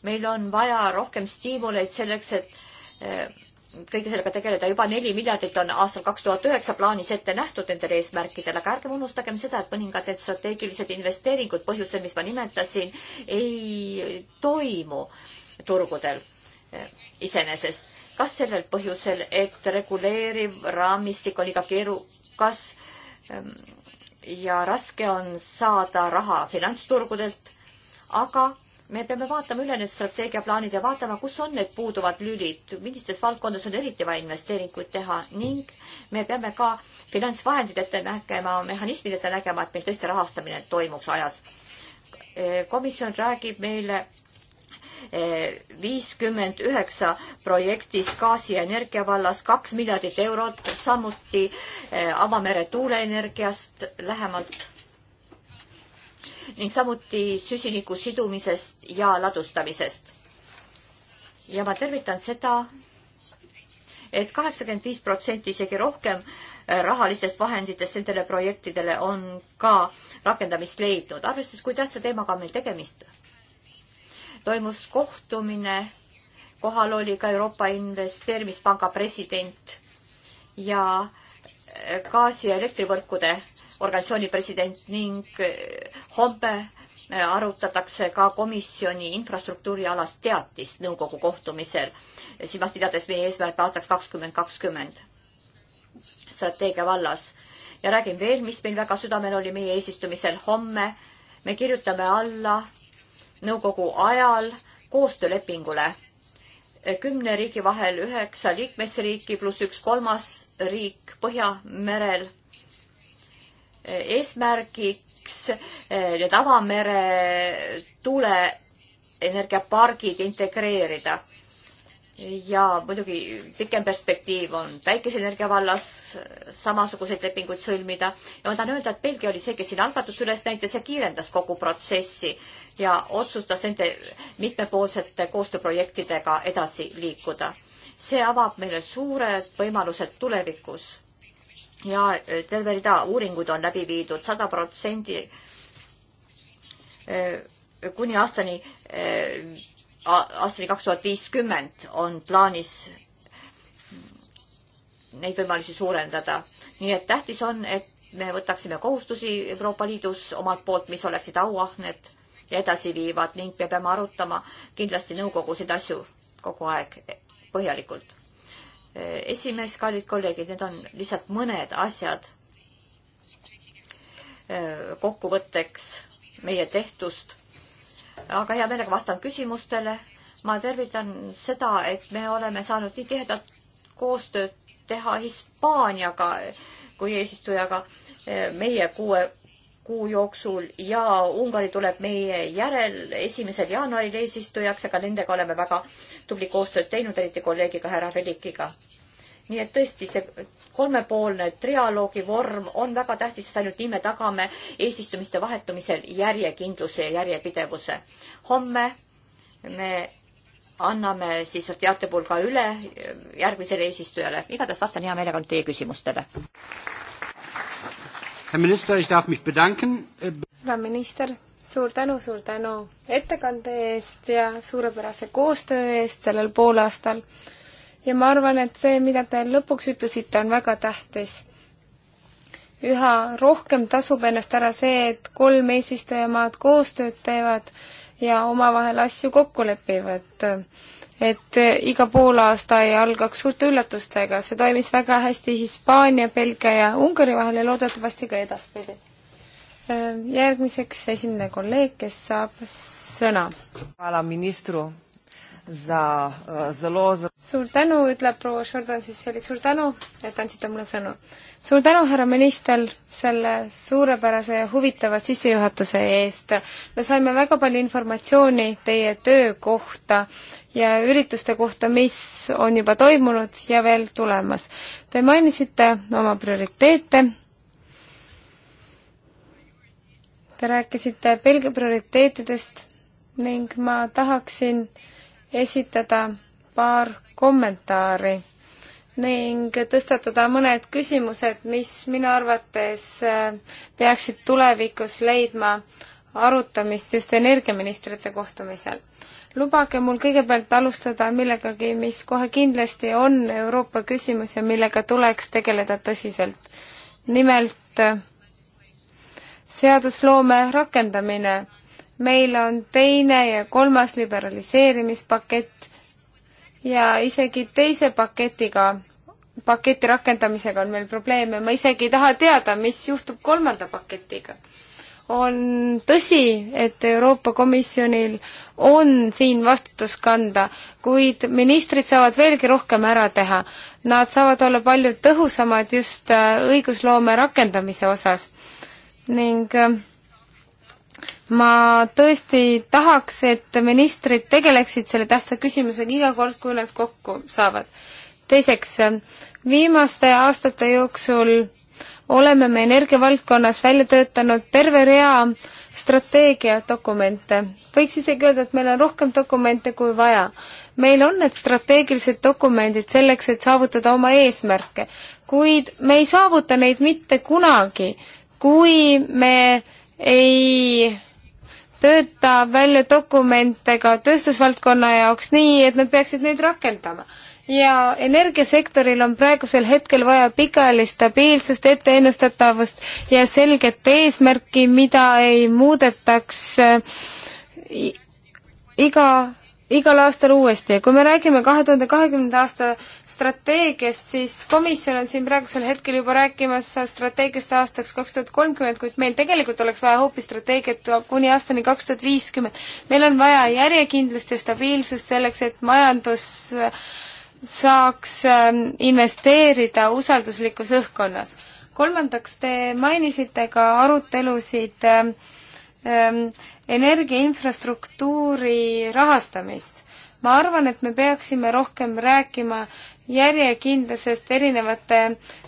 meil on vaja rohkem stiimuleid selleks, et eh, kõige sellega tegeleda. juba neli miljardit on aastal kaks tuhat üheksa plaanis ette nähtud nendele eesmärkidele, aga ärgem unustagem seda, et mõningad need strateegilised investeeringud põhjustel, mis ma nimetasin, ei toimu turgudel eh, iseenesest. kas sellel põhjusel, et reguleeriv raamistik on liiga keeru-, kulukas ähm, ja raske on saada raha finantsturgudelt, aga me peame vaatama üle need strateegiaplaanid ja vaatama, kus on need puuduvad lülid, millistes valdkondades on eriti vaja investeeringuid teha ning me peame ka finantsvahendid ette nägema, mehhanismid ette nägema, et meil tõesti rahastamine toimuks ajas. komisjon räägib meile viiskümmend üheksa projektist gaasi ja energia vallas, kaks miljardit eurot, samuti eh, avamere tuuleenergiast lähemalt ning samuti süsiniku sidumisest ja ladustamisest. ja ma tervitan seda et, et kaheksakümmend viis protsenti, isegi rohkem eh, rahalistest vahenditest nendele projektidele on ka rakendamist leidnud, arvestades, kui tähtsa teemaga on meil tegemist toimus kohtumine, kohal oli ka Euroopa Investeerimispanga president ja äh, gaasi- ja elektrivõrkude organisatsiooni president ning äh, homme äh, arutatakse ka komisjoni infrastruktuurialast teatist nõukogu kohtumisel, silmas pidades meie eesmärke aastaks kakskümmend kakskümmend strateegia vallas. ja räägin veel, mis meil väga südamel oli meie eesistumisel homme. me kirjutame alla nõukogu ajal koostöölepingule kümne riigi vahel üheksa liikmesriiki pluss üks kolmas riik Põhjamerel eesmärgiks eh, need avamere tuuleenergiapargid integreerida ja muidugi pikem perspektiiv on päikeseenergia vallas samasuguseid lepinguid sõlmida ja ma tahan öelda, et Belgia oli see, kes siin algatust üles näitas ja kiirendas kogu protsessi ja otsustas nende mitmepoolsete koostööprojektidega edasi liikuda. see avab meile suured võimalused tulevikus ja terve rida uuringuid on läbi viidud sada protsendi eh, kuni aastani eh, aastani kaks tuhat viiskümmend on plaanis neid võimalusi suurendada. nii et tähtis on, et me võtaksime kohustusi Euroopa Liidus omalt poolt, mis oleksid auahned ja edasiviivad ning me peame arutama kindlasti nõukogus neid asju kogu aeg põhjalikult. esimees, kallid kolleegid, need on lihtsalt mõned asjad kokkuvõtteks meie tehtust aga hea meelega vastan küsimustele. ma tervitan seda, et me oleme saanud nii tihedat koostööd teha Hispaaniaga kui eesistujaga eh, meie kuue kuu jooksul ja Ungari tuleb meie järel esimesel jaanuaril eesistujaks, aga nendega oleme väga tubli koostööd teinud, eriti kolleegiga härra Velikiga. nii et tõesti, see kolmepoolne trialoogi vorm on väga tähtis, sest ainult nii me tagame eesistumiste vahetumisel järjekindluse ja järjepidevuse. homme me anname siis teatepulga üle järgmisele eesistujale. igatahes vastan hea meelega nüüd teie küsimustele. härra minister, suur tänu, suur tänu ettekande eest ja suurepärase koostöö eest sellel poolaastal ja ma arvan, et see, mida te lõpuks ütlesite, on väga tähtis. üha rohkem tasub ennast ära see, et kolm eesistujamaad koostööd teevad ja omavahel asju kokku lepivad. et iga poolaasta ei algaks suurte üllatustega, see toimis väga hästi Hispaania, Belgia ja Ungari vahel ja loodetavasti ka edaspidi. järgmiseks esimene kolleeg, kes saab sõna. ala ministru za uh, zelo, zelo. suur tänu, ütleb proua Jordan, siis oli suur tänu, et andsite mulle sõnu. suur tänu, härra minister, selle suurepärase ja huvitava sissejuhatuse eest. me saime väga palju informatsiooni teie töö kohta ja ürituste kohta, mis on juba toimunud ja veel tulemas. Te mainisite oma prioriteete. Te rääkisite Belgia prioriteetidest ning ma tahaksin äh, esitada paar kommentaari ning tõstatada mõned küsimused, mis minu arvates äh, peaksid tulevikus leidma arutamist just energiaministrite kohtumisel. lubage mul kõigepealt alustada millegagi, mis kohe kindlasti on Euroopa küsimus ja millega tuleks tegeleda tõsiselt. nimelt äh, seadusloome rakendamine meil on teine ja kolmas liberaliseerimispakett ja isegi teise paketiga, paketi rakendamisega on meil probleeme, ma isegi ei taha teada, mis juhtub kolmanda paketiga. on tõsi, et Euroopa Komisjonil on siin vastutus kanda, kuid ministrid saavad veelgi rohkem ära teha. Nad saavad olla palju tõhusamad just äh, õigusloome rakendamise osas ning äh, ma tõesti tahaks, et ministrid tegeleksid selle tähtsa küsimusega iga kord, kui nad kokku saavad. teiseks, viimaste aastate jooksul oleme me energiavaldkonnas välja töötanud terve rea strateegiadokumente. võiks isegi öelda, et meil on rohkem dokumente kui vaja. meil on need strateegilised dokumendid selleks, et saavutada oma eesmärke, kuid me ei saavuta neid mitte kunagi, kui me ei töötab välja dokumente ka tööstusvaldkonna jaoks nii, et nad peaksid neid rakendama. ja energiasektoril on praegusel hetkel vaja pikaajalist stabiilsust, etteennustatavust ja selget eesmärki, mida ei muudetaks äh, iga igal aastal uuesti ja kui me räägime kahe tuhande kahekümnenda aasta strateegiast, siis komisjon on siin praegusel hetkel juba rääkimas strateegiast aastaks kaks tuhat kolmkümmend, kuid meil tegelikult oleks vaja hoopis strateegiat kuni aastani kaks tuhat viiskümmend. meil on vaja järjekindlust ja stabiilsust selleks, et majandus saaks ähm, investeerida usalduslikus õhkkonnas. kolmandaks, te mainisite ka arutelusid ähm, ähm energiainfrastruktuuri rahastamist ma arvan, et me peaksime rohkem rääkima järjekindlusest erinevate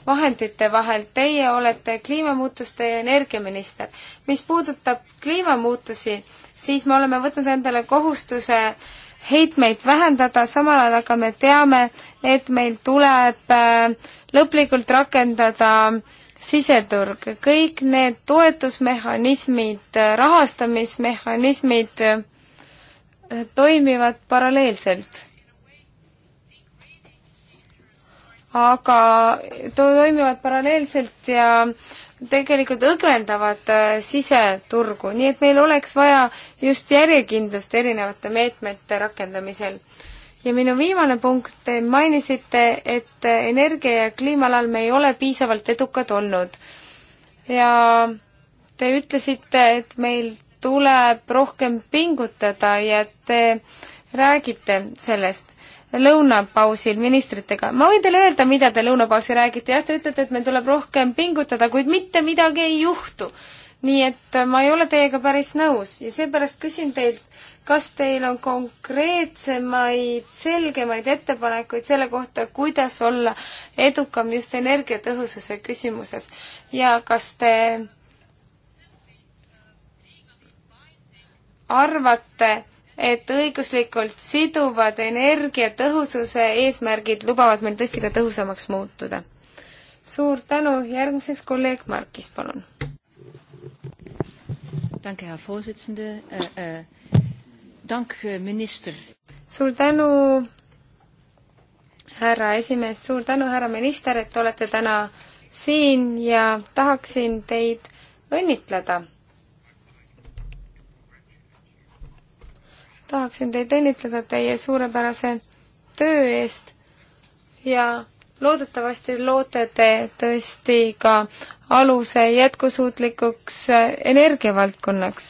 vahendite vahel. Teie olete kliimamuutuste ja energiaminister. mis puudutab kliimamuutusi, siis me oleme võtnud endale kohustuse heitmeid vähendada, samal ajal aga me teame, et meil tuleb äh, lõplikult rakendada siseturg, kõik need toetusmehhanismid, rahastamismehhanismid, toimivad paralleelselt. aga to-, toimivad paralleelselt ja tegelikult õgvendavad äh, siseturgu, nii et meil oleks vaja just järjekindlust erinevate meetmete rakendamisel. ja minu viimane punkt, te mainisite, et energia ja kliimalal me ei ole piisavalt edukad olnud. ja te ütlesite, et meil tuleb rohkem pingutada ja te räägite sellest lõunapausil ministritega. ma võin teile öelda, mida te lõunapausil räägite, jah, te ütlete, et meil tuleb rohkem pingutada, kuid mitte midagi ei juhtu. nii et ma ei ole teiega päris nõus ja seepärast küsin teilt, kas teil on konkreetsemaid, selgemaid ettepanekuid selle kohta, kuidas olla edukam just energiatõhususe küsimuses ja kas te arvate, et õiguslikult siduvad energiatõhususe eesmärgid lubavad meil tõesti ka tõhusamaks muutuda. suur tänu, järgmiseks kolleeg Markis, palun. Eh, eh, eh, suur tänu, härra esimees, suur tänu, härra minister, et olete täna siin ja tahaksin teid õnnitleda tahaksin teid õnnitleda teie suurepärase töö eest ja loodetavasti loote te tõesti ka aluse jätkusuutlikuks energiavaldkonnaks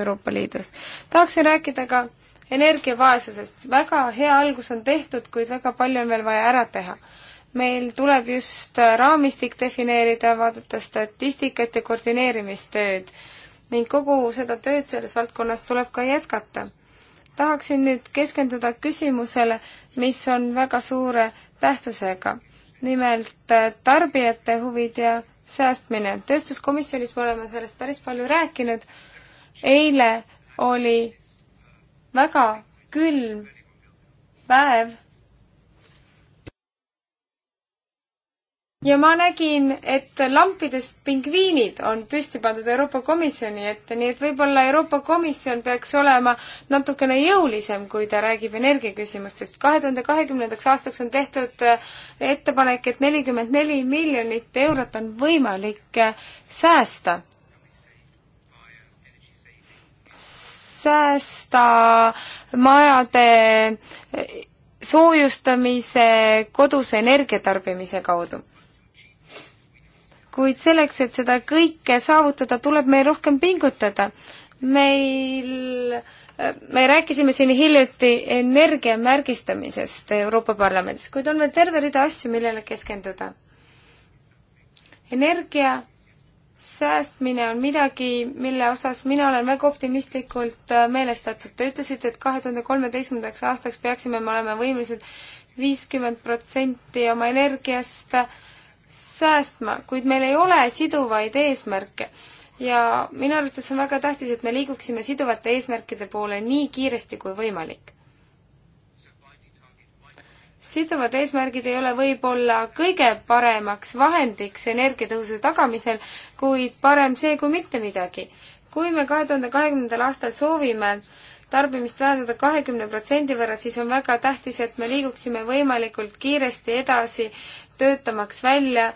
Euroopa Liidus. tahaksin rääkida ka energiavaesusest. väga hea algus on tehtud, kuid väga palju on veel vaja ära teha. meil tuleb just raamistik defineerida, vaadata statistikat ja koordineerimistööd ning kogu seda tööd selles valdkonnas tuleb ka jätkata tahaksin nüüd keskenduda küsimusele, mis on väga suure tähtsusega. nimelt äh, tarbijate huvid ja säästmine. tööstuskomisjonis me oleme sellest päris palju rääkinud. eile oli väga külm päev ja ma nägin, et lampidest pingviinid on püsti pandud Euroopa Komisjoni ette, nii et võib-olla Euroopa Komisjon peaks olema natukene jõulisem, kui ta räägib energiaküsimustest. kahe tuhande kahekümnendaks aastaks on tehtud äh, ettepanek, et nelikümmend neli miljonit eurot on võimalik äh, säästa säästa majade äh, soojustamise koduse energiatarbimise kaudu kuid selleks, et seda kõike saavutada, tuleb meil rohkem pingutada. meil, me rääkisime siin hiljuti energia märgistamisest Euroopa Parlamendis, kuid on veel terve rida asju, millele keskenduda. energia säästmine on midagi, mille osas mina olen väga optimistlikult äh, meelestatud. Te ütlesite, et kahe tuhande kolmeteistkümnendaks aastaks peaksime me olema võimelised viiskümmend protsenti oma energiast äh, säästma, kuid meil ei ole siduvaid eesmärke. ja minu arvates on väga tähtis, et me liiguksime siduvate eesmärkide poole nii kiiresti kui võimalik. siduvad eesmärgid ei ole võib-olla kõige paremaks vahendiks energiatõhususe tagamisel, kuid parem see kui mitte midagi. kui me kahe tuhande kahekümnendal aastal soovime äh, tarbimist vähendada kahekümne protsendi võrra, siis on väga tähtis, et me liiguksime võimalikult kiiresti edasi, töötamaks välja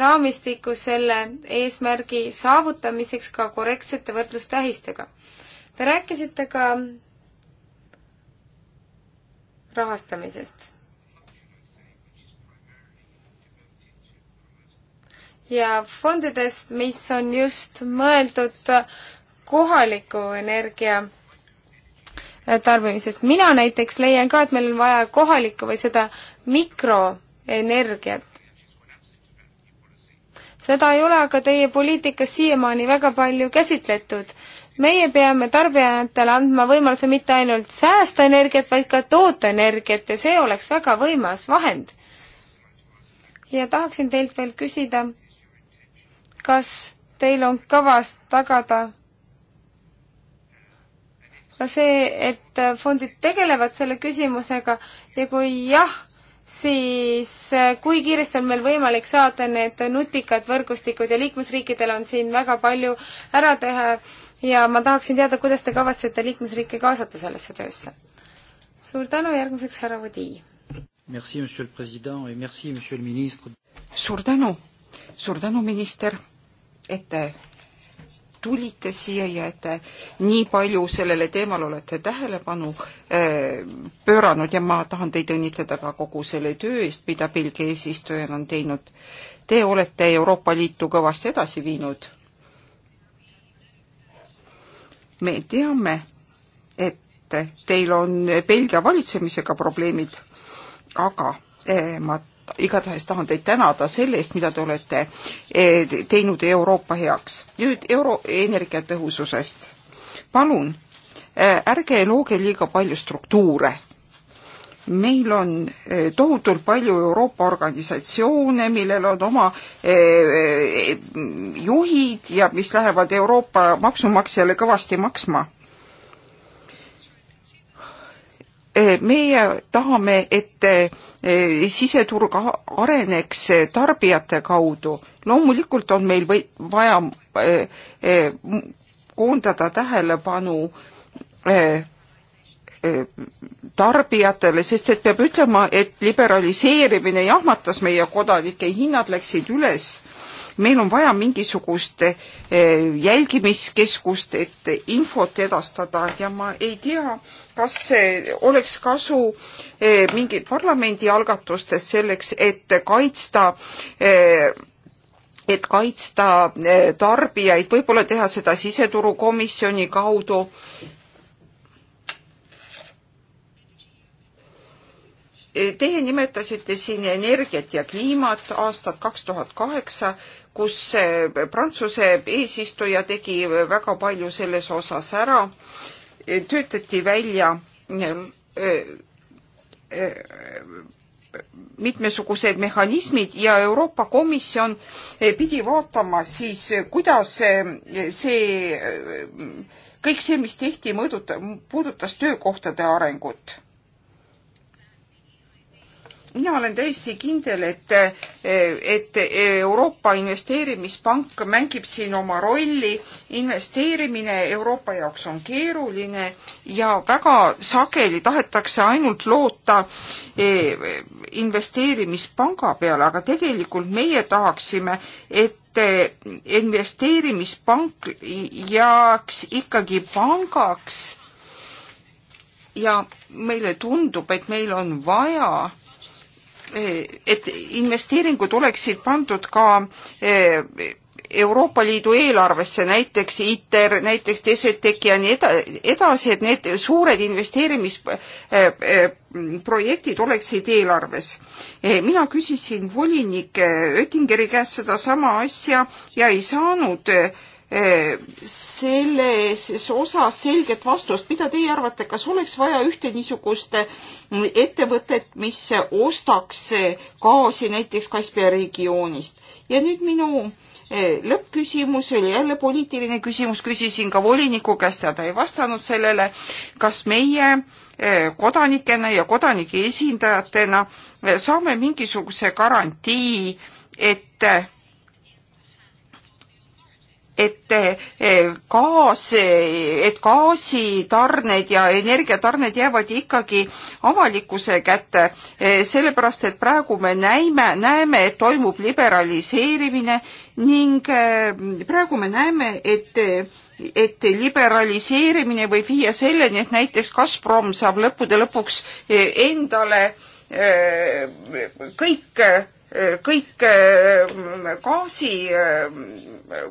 raamistiku selle eesmärgi saavutamiseks ka korrektsete võrdlustähistega. Te rääkisite ka rahastamisest. ja fondidest, mis on just mõeldud kohaliku energia tarbimisest. mina näiteks leian ka, et meil on vaja kohalikku või seda mikroenergiat. seda ei ole aga teie poliitikas siiamaani väga palju käsitletud. meie peame tarbijatele andma võimaluse mitte ainult säästa energiat, vaid ka toota energiat ja see oleks väga võimas vahend. ja tahaksin teilt veel küsida, kas teil on kavas tagada ka see, et fondid tegelevad selle küsimusega ja kui jah, siis äh, kui kiiresti on meil võimalik saada need nutikad võrgustikud ja liikmesriikidel on siin väga palju ära teha ja ma tahaksin teada, kuidas te kavatsete liikmesriike kaasata sellesse töösse. suur tänu, järgmiseks härra Vadi. suur tänu, suur tänu, minister, et te tulite siia ja et te nii palju sellele teemale olete tähelepanu äh, pööranud ja ma tahan teid õnnitleda ka kogu selle töö eest, mida Belgia eesistujana on teinud. Te olete Euroopa Liitu kõvasti edasi viinud. me teame, et teil on Belgia valitsemisega probleemid, aga äh, ma igatahes tahan teid tänada selle eest, mida te olete eh, teinud Euroopa heaks. nüüd euro energiatõhususest. palun eh, ärge looge liiga palju struktuure. meil on eh, tohutult palju Euroopa organisatsioone, millel on oma juhid ja mis lähevad Euroopa maksumaksjale kõvasti maksma Eh, meie tahame, et eh, siseturg areneks eh, tarbijate kaudu. loomulikult on meil või, vaja koondada tähelepanu tarbijatele, sest et peab ütlema, et liberaliseerimine jahmatas meie kodanikke, hinnad läksid üles meil on vaja mingisugust eh, jälgimiskeskust, et infot edastada ja ma ei tea, kas oleks kasu eh, mingi parlamendi algatustest selleks, et kaitsta eh, et kaitsta tarbijaid, võib-olla teha seda siseturukomisjoni kaudu. Teie nimetasite siin energiat ja kliimat aastat kaks tuhat kaheksa kus Prantsuse eesistuja tegi väga palju selles osas ära, töötati välja äh, äh, mitmesugused mehhanismid ja Euroopa Komisjon äh, pidi vaatama siis, kuidas see, kõik see, mis tehti, mõõduta, puudutas töökohtade arengut mina olen täiesti kindel, et, et Euroopa Investeerimispank mängib siin oma rolli. investeerimine Euroopa jaoks on keeruline ja väga sageli tahetakse ainult loota e, investeerimispanga peale, aga tegelikult meie tahaksime, et e, investeerimispank jääks ikkagi pangaks ja meile tundub, et meil on vaja Eh, et investeeringud oleksid pandud ka eh, Euroopa Liidu eelarvesse, näiteks ITER, näiteks DZTEC ja nii eda, edasi, et need suured investeerimisprojektid eh, oleksid eelarves. mina küsisin volinik Oettingeri käest sedasama asja ja ei saanud Äh, selles osas selget vastust, mida teie arvate, kas oleks vaja ühte niisugust mm, ettevõtet, mis ostaks äh, gaasi näiteks Kaspia regioonist? ja nüüd minu äh, lõppküsimus oli jälle poliitiline küsimus, küsisin ka voliniku käest ja ta ei vastanud sellele, kas meie kodanikena ja kodanike esindajatena saame mingisuguse garantii, et et eh, gaas, et gaasitarned ja energiatarned jäävad ikkagi avalikkuse kätte, eh, sellepärast et praegu me näime, näeme, et toimub liberaliseerimine ning eh, praegu me näeme, et et liberaliseerimine võib viia selleni, et näiteks Gazprom saab lõppude lõpuks endale kõik kõik äh, gaasi, äh,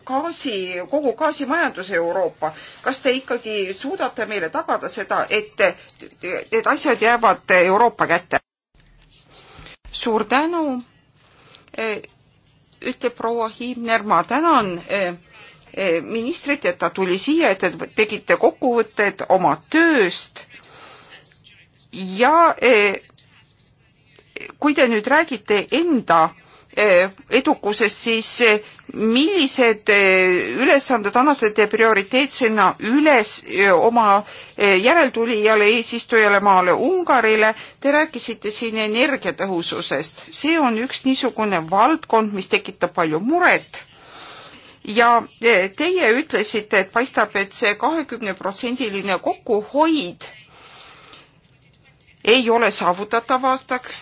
gaasi, kogu gaasimajandus Euroopa, kas te ikkagi suudate meile tagada seda, et need asjad jäävad Euroopa kätte? suur tänu, äh, ütleb proua Hiimner, ma tänan ministrit, et ta tuli siia, et te tegite kokkuvõtted oma tööst ja kui te nüüd räägite enda eh, edukusest, siis eh, millised eh, ülesanded annate te prioriteetsena üles oma järeltulijale, eesistujale maale Ungarile? Te rääkisite siin energiatõhususest, see on üks niisugune valdkond, mis tekitab palju muret ja teie ütlesite, et paistab, et see kahekümneprotsendiline kokkuhoid ei ole saavutatav aastaks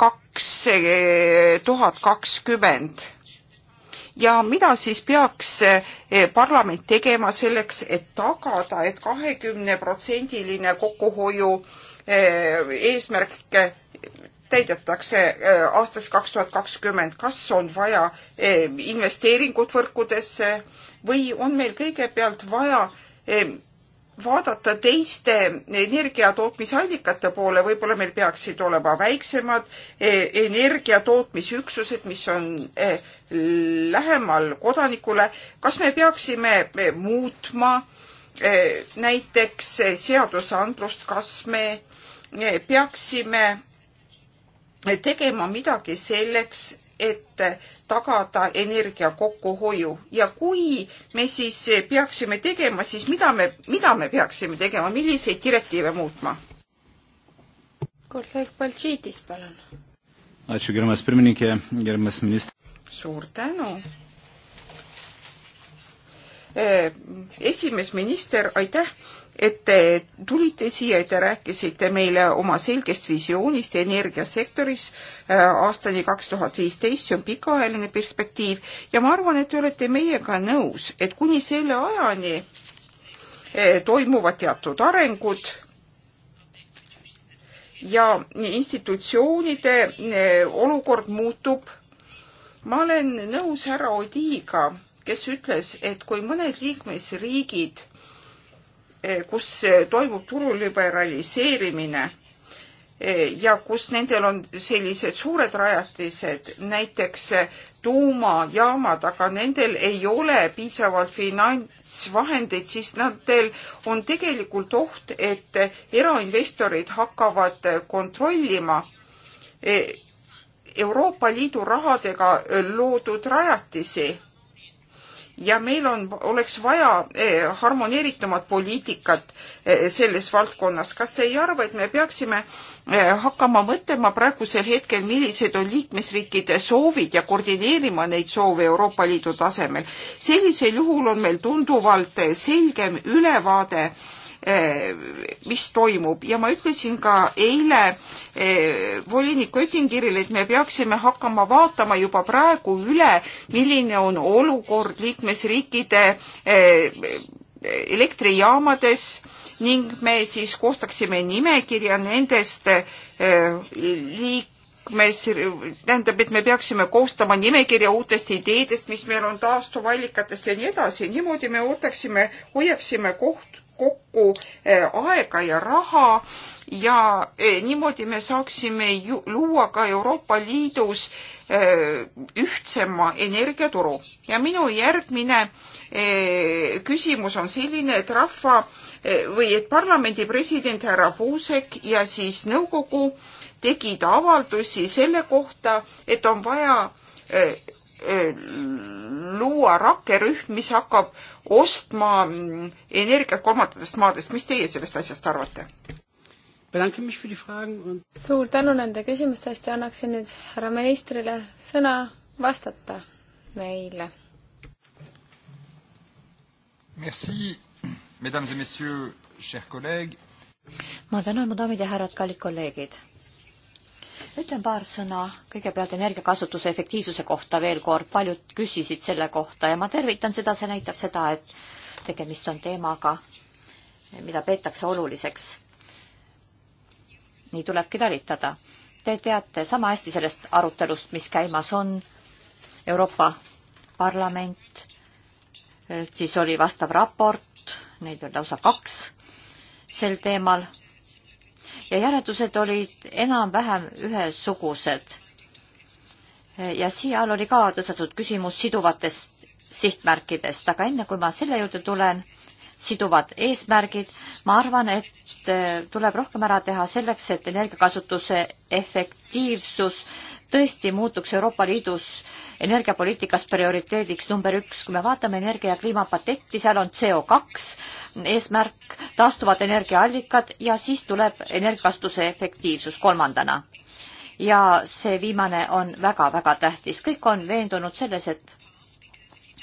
kaks tuhat kakskümmend ja mida siis peaks parlament tegema selleks, et tagada et, et kahekümneprotsendiline kokkuhoiu eesmärk täidetakse aastaks kaks tuhat kakskümmend, kas on vaja investeeringut võrkudesse või on meil kõigepealt vaja vaadata teiste energiatootmisallikate poole, võib-olla meil peaksid olema väiksemad eh, energiatootmisüksused, mis on eh, lähemal kodanikule. kas me peaksime eh, muutma näiteks seadusandlust, kas me peaksime tegema midagi selleks, et tagada energia kokkuhoiu ja kui me siis peaksime tegema, siis mida me, mida me peaksime tegema, milliseid direktiive muutma? kolleeg Baltšiidis, palun. suur tänu. Eh, esimees minister, aitäh et te tulite siia, et te rääkisite meile oma selgest visioonist energiasektoris äh, aastani kaks tuhat viisteist, see on pikaajaline perspektiiv ja ma arvan, et te olete meiega nõus, et kuni selle ajani äh, toimuvad teatud arengud ja institutsioonide äh, olukord muutub. ma olen nõus härra Odiga, kes ütles, et kui mõned liikmesriigid Eh, kus eh, toimub turu liberaliseerimine eh, ja kus nendel on sellised suured rajatised, näiteks tuumajaamad, aga nendel ei ole piisavalt finantsvahendeid, siis nendel on tegelikult oht, et erainvestorid hakkavad kontrollima Euroopa Liidu rahadega loodud rajatisi ja meil on, oleks vaja eh, harmoneeritumat poliitikat eh, selles valdkonnas. kas te ei arva, et me peaksime eh, hakkama mõtlema praegusel hetkel, millised on liikmesriikide soovid ja koordineerima neid soove Euroopa Liidu tasemel? sellisel juhul on meil tunduvalt selgem ülevaade äh, mis toimub ja ma ütlesin ka eile eh, volinik Oettingerile, et me peaksime hakkama vaatama juba praegu üle, milline on olukord liikmesriikide eh, elektrijaamades ning me siis koostaksime nimekirja nendest liik-, eh, liikmes, tähendab, et me peaksime koostama nimekirja uutest ideedest, mis meil on taastuvallikatest ja nii edasi, niimoodi me ootaksime, hoiaksime koht, kokku eh, aega ja raha ja eh, niimoodi me saaksime ju, luua ka Euroopa Liidus eh, ühtsema energiaturu. ja minu järgmine küsimus on selline, et rahva või et parlamendi president härra Fuusek ja siis nõukogu tegid avaldusi selle kohta, et on vaja Eh, luua rakkerühm, mis hakkab ostma mm, energiat kolmandatest maadest. mis teie sellest asjast arvate? suur tänu nende küsimuste eest ja annaksin nüüd härra ministrile sõna vastata neile. Merci, mesdames et messieurs, chers collègues. ma tänan, mu daamid ja härrad, kallid kolleegid ütlen paar sõna kõigepealt energiakasutuse efektiivsuse kohta veel kord, paljud küsisid selle kohta ja ma tervitan seda, see näitab seda, et tegemist on teemaga, mida peetakse oluliseks. nii tulebki talitada. Te teate sama hästi sellest arutelust, mis käimas on, Euroopa Parlament, eh, siis oli vastav raport, neid on lausa kaks sel teemal ja järeldused olid enam-vähem ühesugused. ja seal oli ka tõstetud küsimus siduvatest sihtmärkidest, aga enne kui ma selle juurde tulen, siduvad eesmärgid, ma arvan, et äh, tuleb rohkem ära teha selleks, et energiakasutuse efektiivsus tõesti muutuks Euroopa Liidus äh, energiapoliitikas prioriteediks number üks. kui me vaatame energia ja kliimapatetti, seal on CO2 eesmärk, taastuvad energiaallikad ja siis tuleb energiakasutuse efektiivsus kolmandana. ja see viimane on väga-väga tähtis. kõik on veendunud selles, et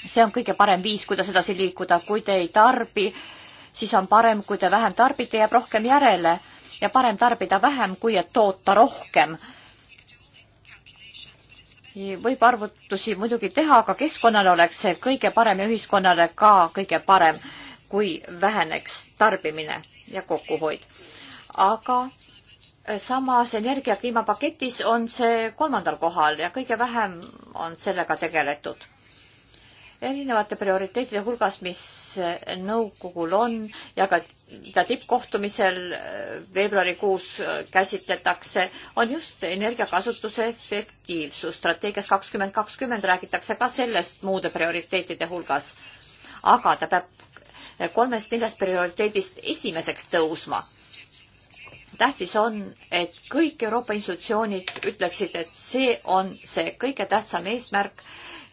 see on kõige parem viis, kuidas edasi liikuda, kui te ei tarbi, siis on parem, kui te vähem tarbite, jääb rohkem järele ja parem tarbida vähem, kui et toota rohkem võib arvutusi muidugi teha, aga keskkonnale oleks see kõige parem ja ühiskonnale ka kõige parem, kui väheneks tarbimine ja kokkuhoid. aga eh, samas energia kliimapaketis on see kolmandal kohal ja kõige vähem on sellega tegeletud erinevate prioriteetide hulgas, mis nõukogul on ja ka, ka tippkohtumisel äh, veebruarikuus äh, käsitletakse, on just energiakasutuse efektiivsus. strateegias kakskümmend kakskümmend räägitakse ka sellest muude prioriteetide hulgas. aga ta peab kolmest-neljast prioriteedist esimeseks tõusma tähtis on, et kõik Euroopa institutsioonid ütleksid, et see on see kõige tähtsam eesmärk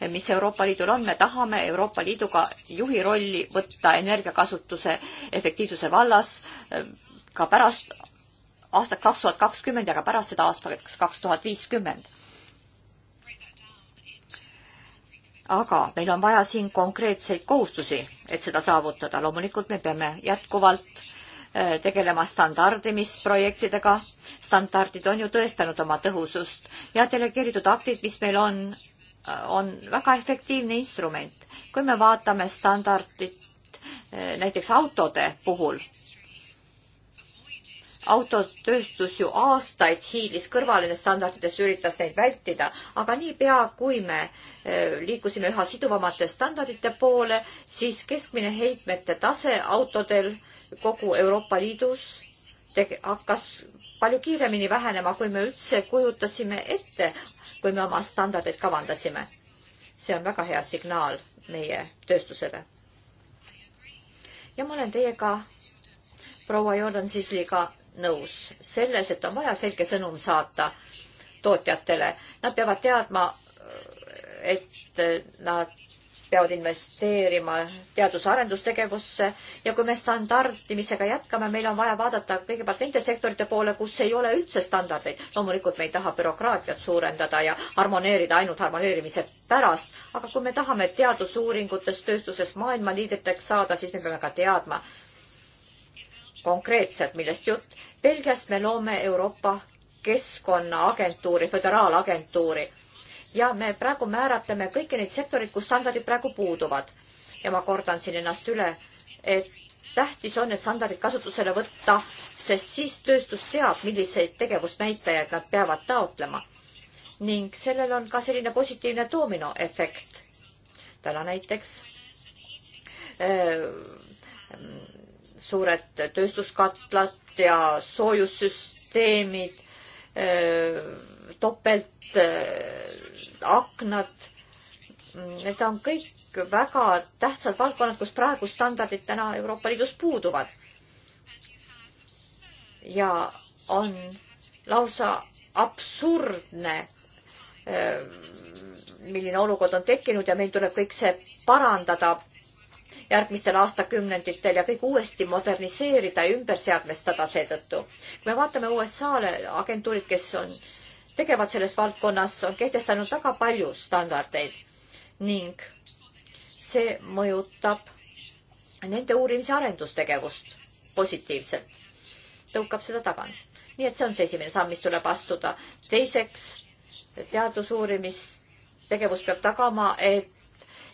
mis Euroopa Liidul on, me tahame Euroopa Liiduga juhi rolli võtta energiakasutuse efektiivsuse vallas eh, ka pärast aastat kaks tuhat kakskümmend ja ka pärast seda aastaks kaks tuhat viiskümmend. aga meil on vaja siin konkreetseid kohustusi, et seda saavutada. loomulikult me peame jätkuvalt eh, tegelema standardimisprojektidega. standardid on ju tõestanud oma tõhusust ja delegeeritud aktid, mis meil on, Äh, on väga efektiivne instrument. kui me vaatame standardit äh, näiteks autode puhul, autotööstus ju aastaid hiilis kõrvale nendest standarditest, üritas neid vältida, aga niipea, kui me äh, liikusime üha siduvamate standardite poole, siis keskmine heitmete tase autodel kogu Euroopa Liidus hakkas palju kiiremini vähenema, kui me üldse kujutasime ette, kui me oma standardeid kavandasime. see on väga hea signaal meie tööstusele. ja ma olen teiega, proua Jordan Sisliga nõus selles, et on vaja selge sõnum saata tootjatele. Nad peavad teadma, et nad peavad investeerima teadus-arendustegevusse ja kui me standardimisega jätkame, meil on vaja vaadata kõigepealt nende sektorite poole, kus ei ole üldse standardeid. loomulikult me ei taha bürokraatiat suurendada ja harmoneerida ainult harmoneerimise pärast, aga kui me tahame teadusuuringutes tööstuses maailma liidriteks saada, siis me peame ka teadma konkreetselt, millest jutt. Belgias me loome Euroopa Keskkonnaagentuuri, föderaalagentuuri ja me praegu määratleme kõiki neid sektoreid, kus standardid praegu puuduvad. ja ma kordan siin ennast üle, et tähtis on need standardid kasutusele võtta, sest siis tööstus teab, milliseid tegevusnäitajaid nad peavad taotlema. ning sellel on ka selline positiivne doominoefekt. täna näiteks äh, suured tööstuskatlad ja soojussüsteemid, äh, topeltaknad. Äh, Need on kõik väga tähtsad valdkonnad, kus praegu standardid täna Euroopa Liidus puuduvad. ja on lausa absurdne, äh, milline olukord on tekkinud ja meil tuleb kõik see parandada järgmistel aastakümnenditel ja kõik uuesti moderniseerida ja ümber seadmestada seetõttu. kui me vaatame USA-le, agentuurid, kes on tegevad selles valdkonnas, on kehtestanud väga palju standardeid ning see mõjutab nende uurimise arendustegevust positiivselt, tõukab seda tagant. nii et see on see esimene samm, mis tuleb astuda. teiseks, teadusuurimistegevus peab tagama, et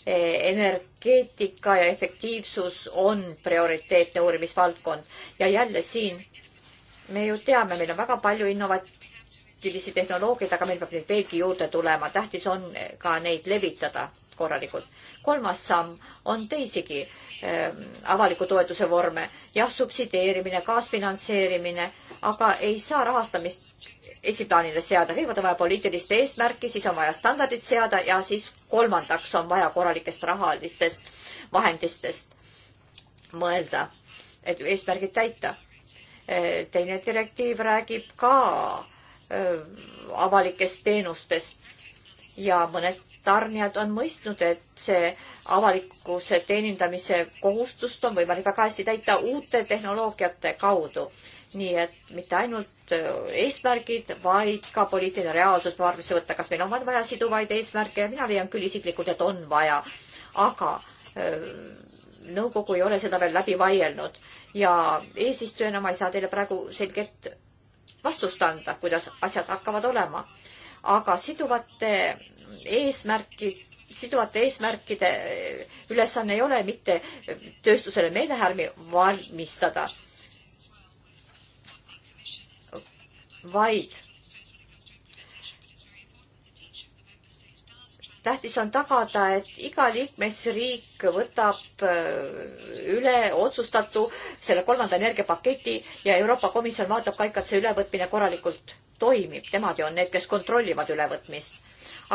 eh, energeetika ja efektiivsus on prioriteetne uurimisvaldkond ja jälle siin me ju teame, meil on väga palju innovat-, praktilisi tehnoloogiaid, aga meil peab neid veelgi juurde tulema, tähtis on ka neid levitada korralikult. kolmas samm on teisigi äh, avaliku toetuse vorme, jah, subsideerimine, kaasfinantseerimine, aga ei saa rahastamist esiplaanile seada, kõigepealt on vaja poliitilist eesmärki, siis on vaja standardid seada ja siis kolmandaks on vaja korralikest rahalistest vahendistest mõelda, et eesmärgid täita. Äh, teine direktiiv räägib ka äh, avalikest teenustest ja mõned tarnijad on mõistnud, et see avalikkuse teenindamise kohustust on võimalik väga hästi täita uute tehnoloogiate kaudu. nii et mitte ainult eesmärgid, vaid ka poliitiline reaalsus tuleb arvesse võtta, kas meil on vaja siduvaid eesmärke ja mina leian küll isiklikult, et on vaja. aga nõukogu ei ole seda veel läbi vaielnud ja eesistujana ma ei saa teile praegu selget vastust anda, kuidas asjad hakkavad olema. aga siduvate eesmärkid siduvate eesmärkide ülesanne ei ole mitte tööstusele meelehärmi valmistada, vaid tähtis on tagada, et iga liikmesriik võtab äh, üle otsustatu, selle kolmanda energiapaketi ja Euroopa Komisjon vaatab ka ikka, et see ülevõtmine korralikult toimib, nemad ju on need, kes kontrollivad ülevõtmist.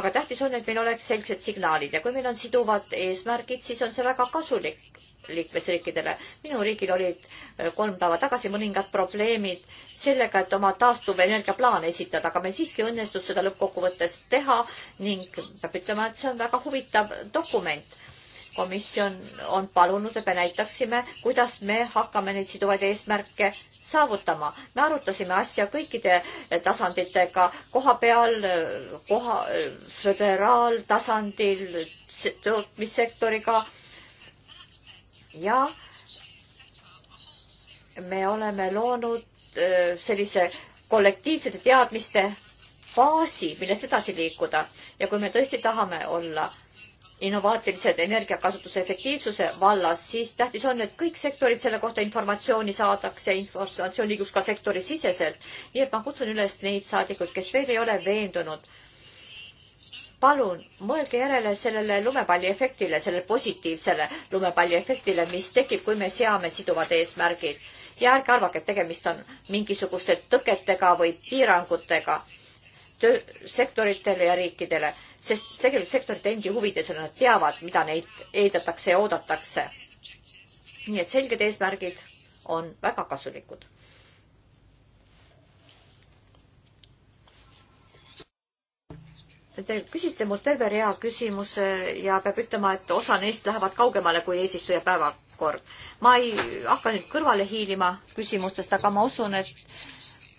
aga tähtis on, et meil oleks selged signaalid ja kui meil on siduvad eesmärgid, siis on see väga kasulik liikmesriikidele. minu riigil olid äh, kolm päeva tagasi mõningad probleemid sellega, et oma taastuvenergia plaane esitada, aga meil siiski õnnestus seda lõppkokkuvõttes teha ning peab ütlema, et see on väga huvitav dokument. komisjon on palunud, et me näitaksime, kuidas me hakkame neid siduvaid eesmärke saavutama. me arutasime asja kõikide tasanditega, koha peal, koha, föderaaltasandil, tootmissektoriga ja me oleme loonud äh, sellise kollektiivsete teadmiste baasi, millest edasi liikuda ja kui me tõesti tahame olla innovaatilised energiakasutuse efektiivsuse vallas, siis tähtis on, et kõik sektorid selle kohta informatsiooni saadakse, informatsioon liigus ka sektorisiseselt. nii et ma kutsun üles neid saadikuid, kes veel ei ole veendunud palun mõelge järele sellele lumepalliefektile, sellele positiivsele lumepalliefektile, mis tekib, kui me seame siduvad eesmärgid. ja ärge arvake, et tegemist on mingisuguste tõketega või piirangutega sektoritele ja riikidele, sest tegelikult sektorite endi huvides on, nad teavad, mida neid eeldatakse ja oodatakse. nii et selged eesmärgid on väga kasulikud. Te küsisite mult terve rea küsimuse ja peab ütlema, et osa neist lähevad kaugemale kui eesistuja päevakord. ma ei hakka nüüd kõrvale hiilima küsimustest, aga ma usun, et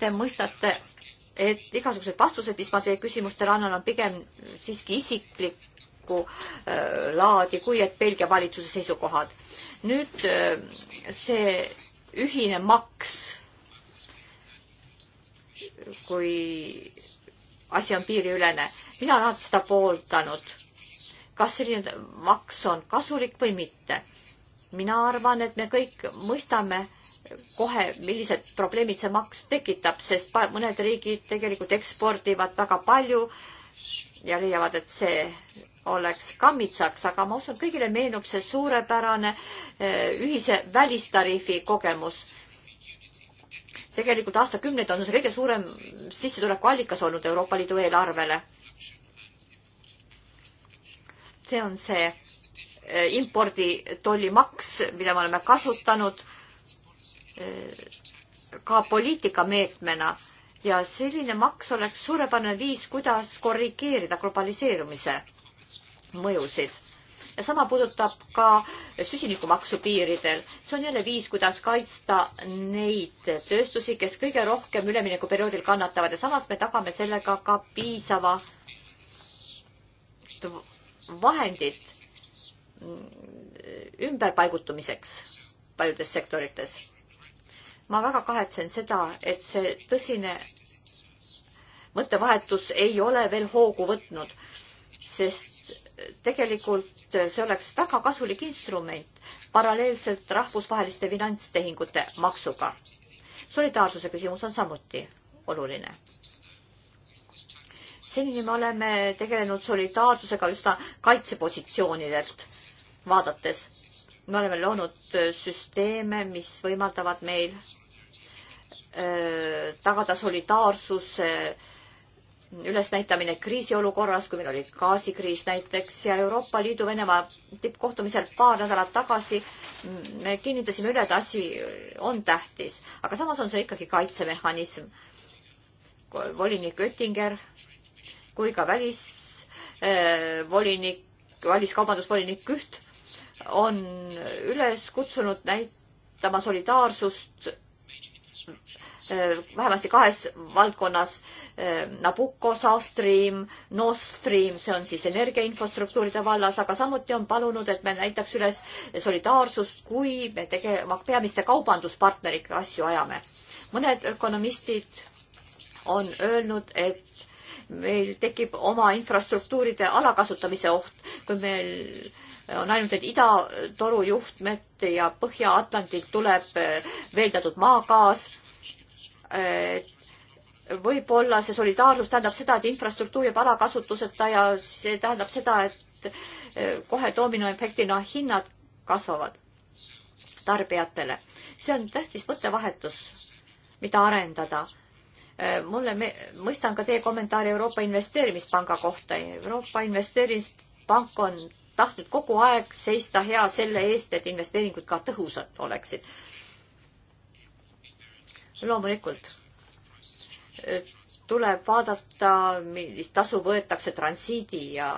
te mõistate, et igasugused vastused, mis ma teie küsimustele annan, on pigem siiski isiklikku äh, laadi, kui et Belgia valitsuse seisukohad. nüüd äh, see ühine maks, kui asi on piiriülene mina olen alati seda pooldanud. kas selline maks on kasulik või mitte? mina arvan, et me kõik mõistame kohe, millised probleemid see maks tekitab, sest mõned riigid tegelikult ekspordivad väga palju ja leiavad, et see oleks kammitsaks, aga ma usun, kõigile meenub see suurepärane eh, ühise välistariifi kogemus. tegelikult aastakümneid on see kõige suurem sissetulekuallikas olnud Euroopa Liidu eelarvele see on see eh, imporditollimaks, mida me oleme kasutanud eh, ka poliitikameetmena ja selline maks oleks suurepärane viis, kuidas korrigeerida globaliseerumise mõjusid ja sama puudutab ka süsinikumaksu piiridel. see on jälle viis, kuidas kaitsta neid tööstusi, kes kõige rohkem üleminekuperioodil kannatavad ja samas me tagame sellega ka piisava vahendid ümberpaigutumiseks paljudes sektorites. ma väga kahetsen seda, et see tõsine mõttevahetus ei ole veel hoogu võtnud, sest tegelikult see oleks väga kasulik instrument paralleelselt rahvusvaheliste finantstehingute maksuga. solidaarsuse küsimus on samuti oluline senini me oleme tegelenud solidaarsusega üsna kaitsepositsioonidelt vaadates. me oleme loonud süsteeme, mis võimaldavad meil öö, tagada solidaarsuse ülesnäitamine kriisiolukorras, kui meil oli gaasikriis näiteks ja Euroopa Liidu Venemaa tippkohtumisel paar nädalat tagasi me kinnitasime üle, et asi on tähtis, aga samas on see ikkagi kaitsemehhanism volinik Oettinger kui ka välisvolinik eh, äh,, väliskaubandusvolinik Küht on üles kutsunud näitama solidaarsust äh, vähemasti kahes valdkonnas äh,, Nabucco, South Stream, Nord Stream, see on siis energiainfrastruktuuride vallas, aga samuti on palunud, et me näitaks üles solidaarsust, kui me tegema peamiste kaubanduspartneritega asju ajame. mõned ökonomistid on öelnud, et meil tekib oma infrastruktuuride alakasutamise oht, kui meil on ainult need idatoru juhtmed ja Põhja-Atlandilt tuleb äh, veeldatud maagaas. võib-olla see solidaarsus tähendab seda, et infrastruktuur jääb alakasutuseta ja see tähendab seda, et äh, kohe dominoefektina hinnad kasvavad tarbijatele. see on tähtis mõttevahetus, mida arendada Äh, mulle me-, mõistan ka teie kommentaari Euroopa Investeerimispanga kohta. Euroopa Investeerimispank on tahtnud kogu aeg seista hea selle eest, et investeeringud ka tõhusad oleksid. loomulikult äh, tuleb vaadata, millist tasu võetakse transiidi ja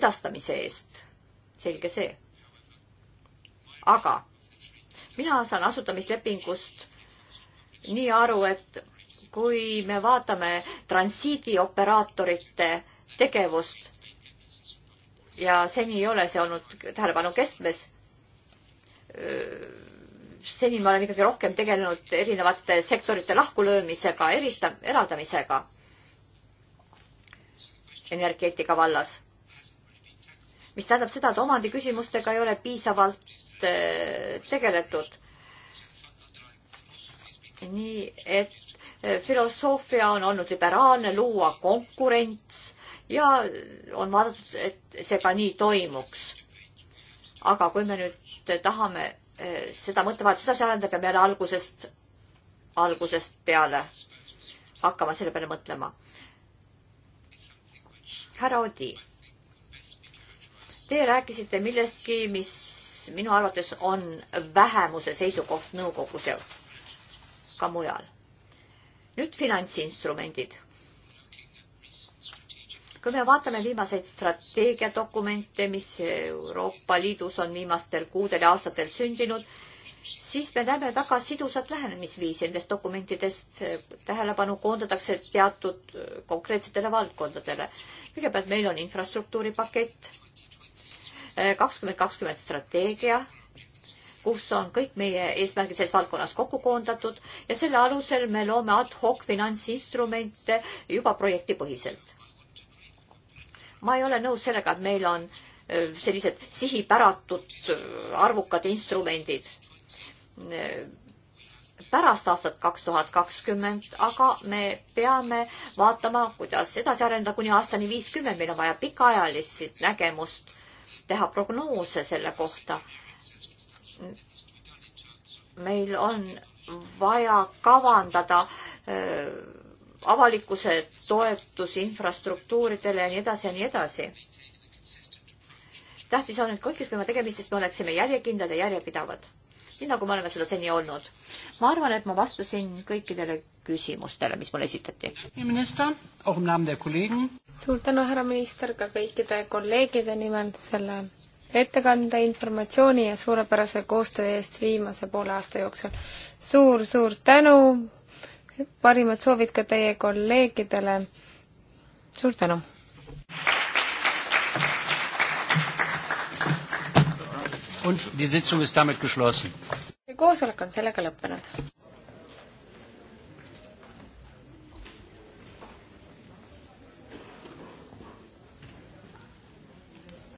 edastamise eest. selge see. aga mina saan asutamislepingust nii aru, et kui me vaatame transiidioperaatorite tegevust ja seni ei ole see olnud tähelepanu keskmes, seni me oleme ikkagi rohkem tegelenud erinevate sektorite lahkulöömisega, erista-, eraldamisega energeetika vallas. mis tähendab seda, et omandiküsimustega ei ole piisavalt tegeletud. nii et filosoofia on olnud liberaalne, luua konkurents ja on vaadatud, et see ka nii toimuks. aga kui me nüüd tahame eh, seda mõttevahetust edasi arendada, peame jälle algusest, algusest peale hakkama selle peale mõtlema. härra Odi, teie rääkisite millestki, mis minu arvates on vähemuse seisukoht nõukogus ja ka mujal nüüd finantsinstrumendid. kui me vaatame viimaseid strateegiadokumente, mis Euroopa Liidus on viimastel kuudel ja aastatel sündinud, siis me näeme väga sidusat lähenemisviisi nendest dokumentidest. tähelepanu koondatakse teatud konkreetsetele valdkondadele. kõigepealt meil on infrastruktuuripakett, kakskümmend kakskümmend strateegia kus on kõik meie eesmärgid selles valdkonnas kokku koondatud ja selle alusel me loome ad hoc finantsinstrumente juba projektipõhiselt. ma ei ole nõus sellega, et meil on äh, sellised sihipäratud äh, arvukad instrumendid äh, pärast aastat kaks tuhat kakskümmend, aga me peame vaatama, kuidas edasi arendada kuni aastani viiskümmend, meil on vaja pikaajalist nägemust, teha prognoose selle kohta meil on vaja kavandada äh, avalikkuse toetusi infrastruktuuridele ja nii edasi ja nii edasi. tähtis on, et kõikides meie tegemistes me oleksime järjekindlad ja järjepidavad, nii nagu me oleme seda seni olnud. ma arvan, et ma vastasin kõikidele küsimustele, mis mulle esitati. suur tänu, härra minister, ka kõikide kolleegide nimel selle ettekande, informatsiooni ja suurepärase koostöö eest viimase poole aasta jooksul suur,. suur-suur tänu, parimad soovid ka teie kolleegidele, suur tänu! koosolek on sellega lõppenud.